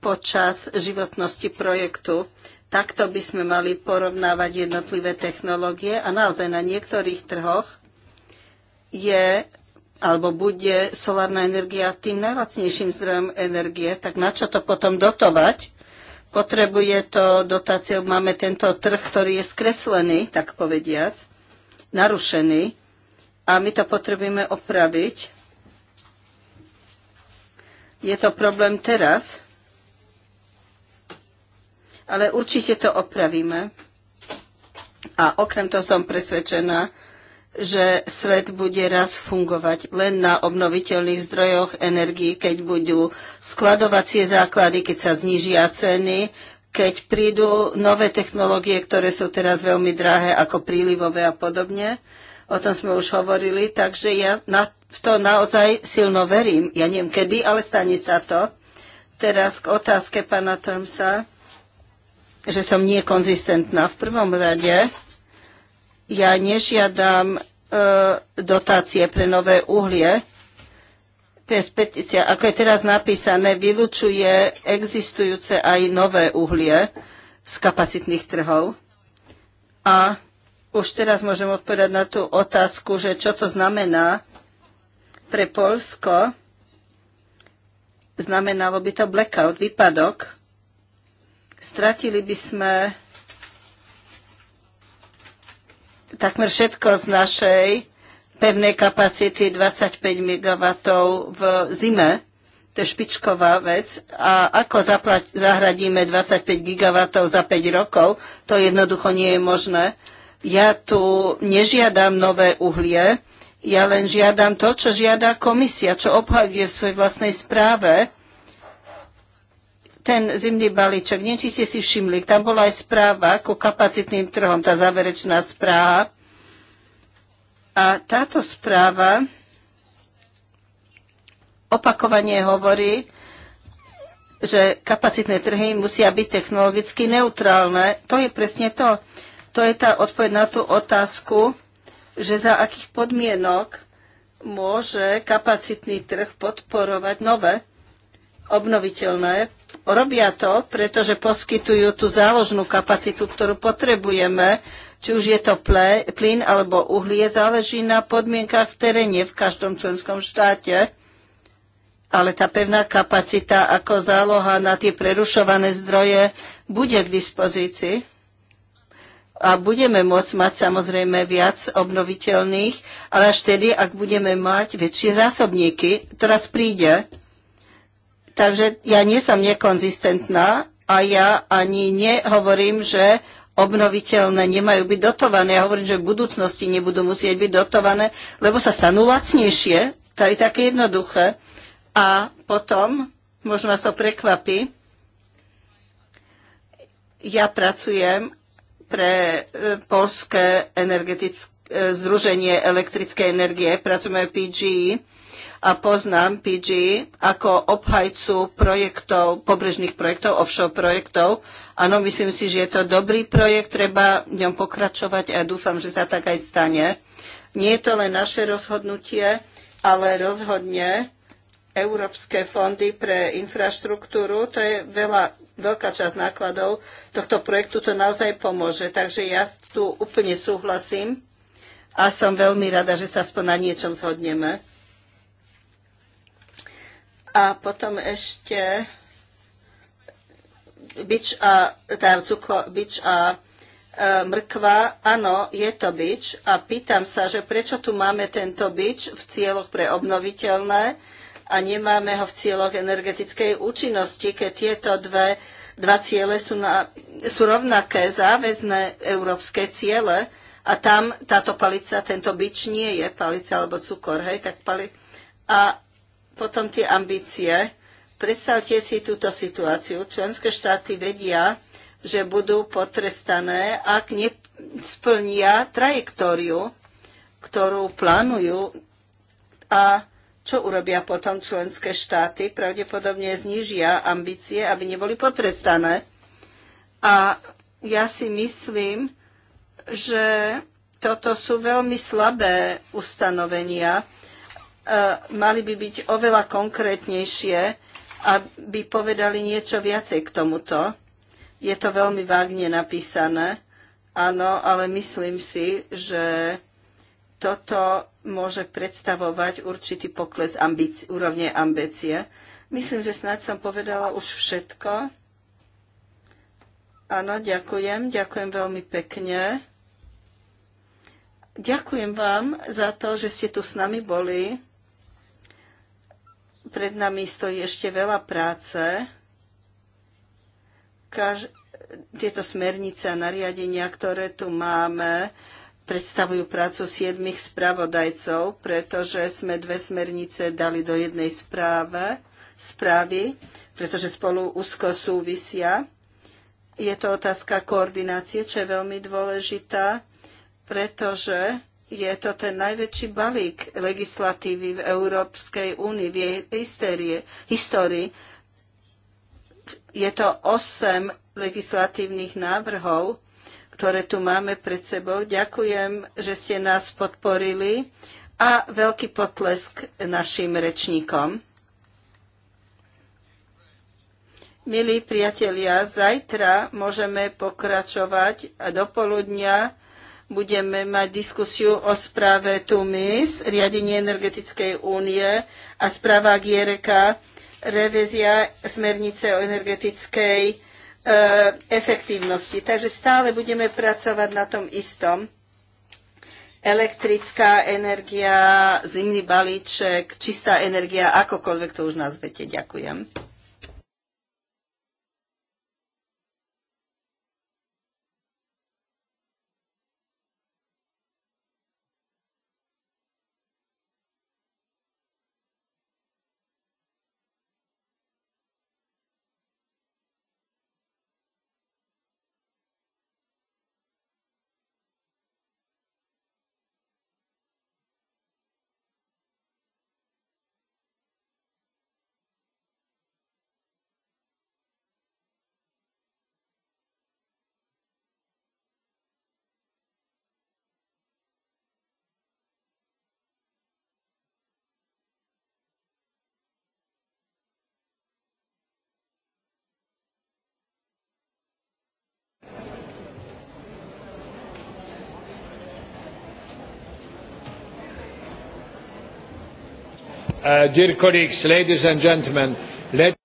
počas životnosti projektu. Takto by sme mali porovnávať jednotlivé technológie a naozaj na niektorých trhoch je alebo bude solárna energia tým najlacnejším zdrojom energie, tak na čo to potom dotovať? Potrebuje to dotácie, máme tento trh, ktorý je skreslený, tak povediac, narušený a my to potrebujeme opraviť. Je to problém teraz, ale určite to opravíme. A okrem toho som presvedčená, že svet bude raz fungovať len na obnoviteľných zdrojoch energii, keď budú skladovacie základy, keď sa znižia ceny, keď prídu nové technológie, ktoré sú teraz veľmi drahé, ako prílivové a podobne. O tom sme už hovorili, takže ja na to naozaj silno verím. Ja neviem kedy, ale stane sa to. Teraz k otázke pána Tomsa, že som nie konzistentná. V prvom rade ja nežiadam e, dotácie pre nové uhlie. PS petícia, ako je teraz napísané, vylučuje existujúce aj nové uhlie z kapacitných trhov. A už teraz môžem odpovedať na tú otázku, že čo to znamená pre Polsko. Znamenalo by to blackout, výpadok. Stratili by sme takmer všetko z našej pevnej kapacity 25 MW v zime. To je špičková vec. A ako zaplať, zahradíme 25 GW za 5 rokov, to jednoducho nie je možné. Ja tu nežiadam nové uhlie, ja len žiadam to, čo žiada komisia, čo obhajuje v svojej vlastnej správe ten zimný balíček. Neviem, či ste si všimli, tam bola aj správa ku kapacitným trhom, tá záverečná správa. A táto správa opakovane hovorí, že kapacitné trhy musia byť technologicky neutrálne. To je presne to. To je tá odpoveď na tú otázku, že za akých podmienok môže kapacitný trh podporovať nové obnoviteľné Robia to, pretože poskytujú tú záložnú kapacitu, ktorú potrebujeme, či už je to plyn alebo uhlie, záleží na podmienkach v teréne v každom členskom štáte. Ale tá pevná kapacita ako záloha na tie prerušované zdroje bude k dispozícii a budeme môcť mať samozrejme viac obnoviteľných, ale až tedy, ak budeme mať väčšie zásobníky, teraz príde. Takže ja nie som nekonzistentná a ja ani nehovorím, že obnoviteľné nemajú byť dotované. Ja hovorím, že v budúcnosti nebudú musieť byť dotované, lebo sa stanú lacnejšie. To je také jednoduché. A potom, možno vás to prekvapí, ja pracujem pre e, Polské energetické e, združenie elektrickej energie, pracujeme v PGE a poznám PG ako obhajcu projektov, pobrežných projektov, offshore projektov. Áno, myslím si, že je to dobrý projekt, treba v ňom pokračovať a dúfam, že sa tak aj stane. Nie je to len naše rozhodnutie, ale rozhodne európske fondy pre infraštruktúru, to je veľa, veľká časť nákladov tohto projektu, to naozaj pomôže. Takže ja tu úplne súhlasím a som veľmi rada, že sa aspoň na niečom zhodneme. A potom ešte bič a, teda cuko, bič a e, mrkva, áno, je to bič a pýtam sa, že prečo tu máme tento bič v cieľoch pre obnoviteľné a nemáme ho v cieľoch energetickej účinnosti, keď tieto dve, dva ciele sú, na, sú rovnaké, záväzné európske ciele a tam táto palica, tento bič nie je palica alebo cukor, hej, tak pali... A potom tie ambície. Predstavte si túto situáciu. Členské štáty vedia, že budú potrestané, ak nesplnia trajektóriu, ktorú plánujú a čo urobia potom členské štáty? Pravdepodobne znižia ambície, aby neboli potrestané. A ja si myslím, že toto sú veľmi slabé ustanovenia E, mali by byť oveľa konkrétnejšie, aby povedali niečo viacej k tomuto. Je to veľmi vágne napísané, áno, ale myslím si, že toto môže predstavovať určitý pokles úrovne ambície. Myslím, že snáď som povedala už všetko. Áno, ďakujem, ďakujem veľmi pekne. Ďakujem vám za to, že ste tu s nami boli. Pred nami stojí ešte veľa práce. Kaž- tieto smernice a nariadenia, ktoré tu máme, predstavujú prácu siedmých spravodajcov, pretože sme dve smernice dali do jednej správe, správy, pretože spolu úzko súvisia. Je to otázka koordinácie, čo je veľmi dôležitá, pretože je to ten najväčší balík legislatívy v Európskej únii, v jej histérie, histórii. Je to 8 legislatívnych návrhov, ktoré tu máme pred sebou. Ďakujem, že ste nás podporili a veľký potlesk našim rečníkom. Milí priatelia, zajtra môžeme pokračovať a do poludnia budeme mať diskusiu o správe TUMIS, riadenie energetickej únie a správa Gierka, revízia smernice o energetickej e, efektívnosti. Takže stále budeme pracovať na tom istom. Elektrická energia, zimný balíček, čistá energia, akokoľvek to už nazvete. Ďakujem. Uh, dear colleagues, ladies and gentlemen, let...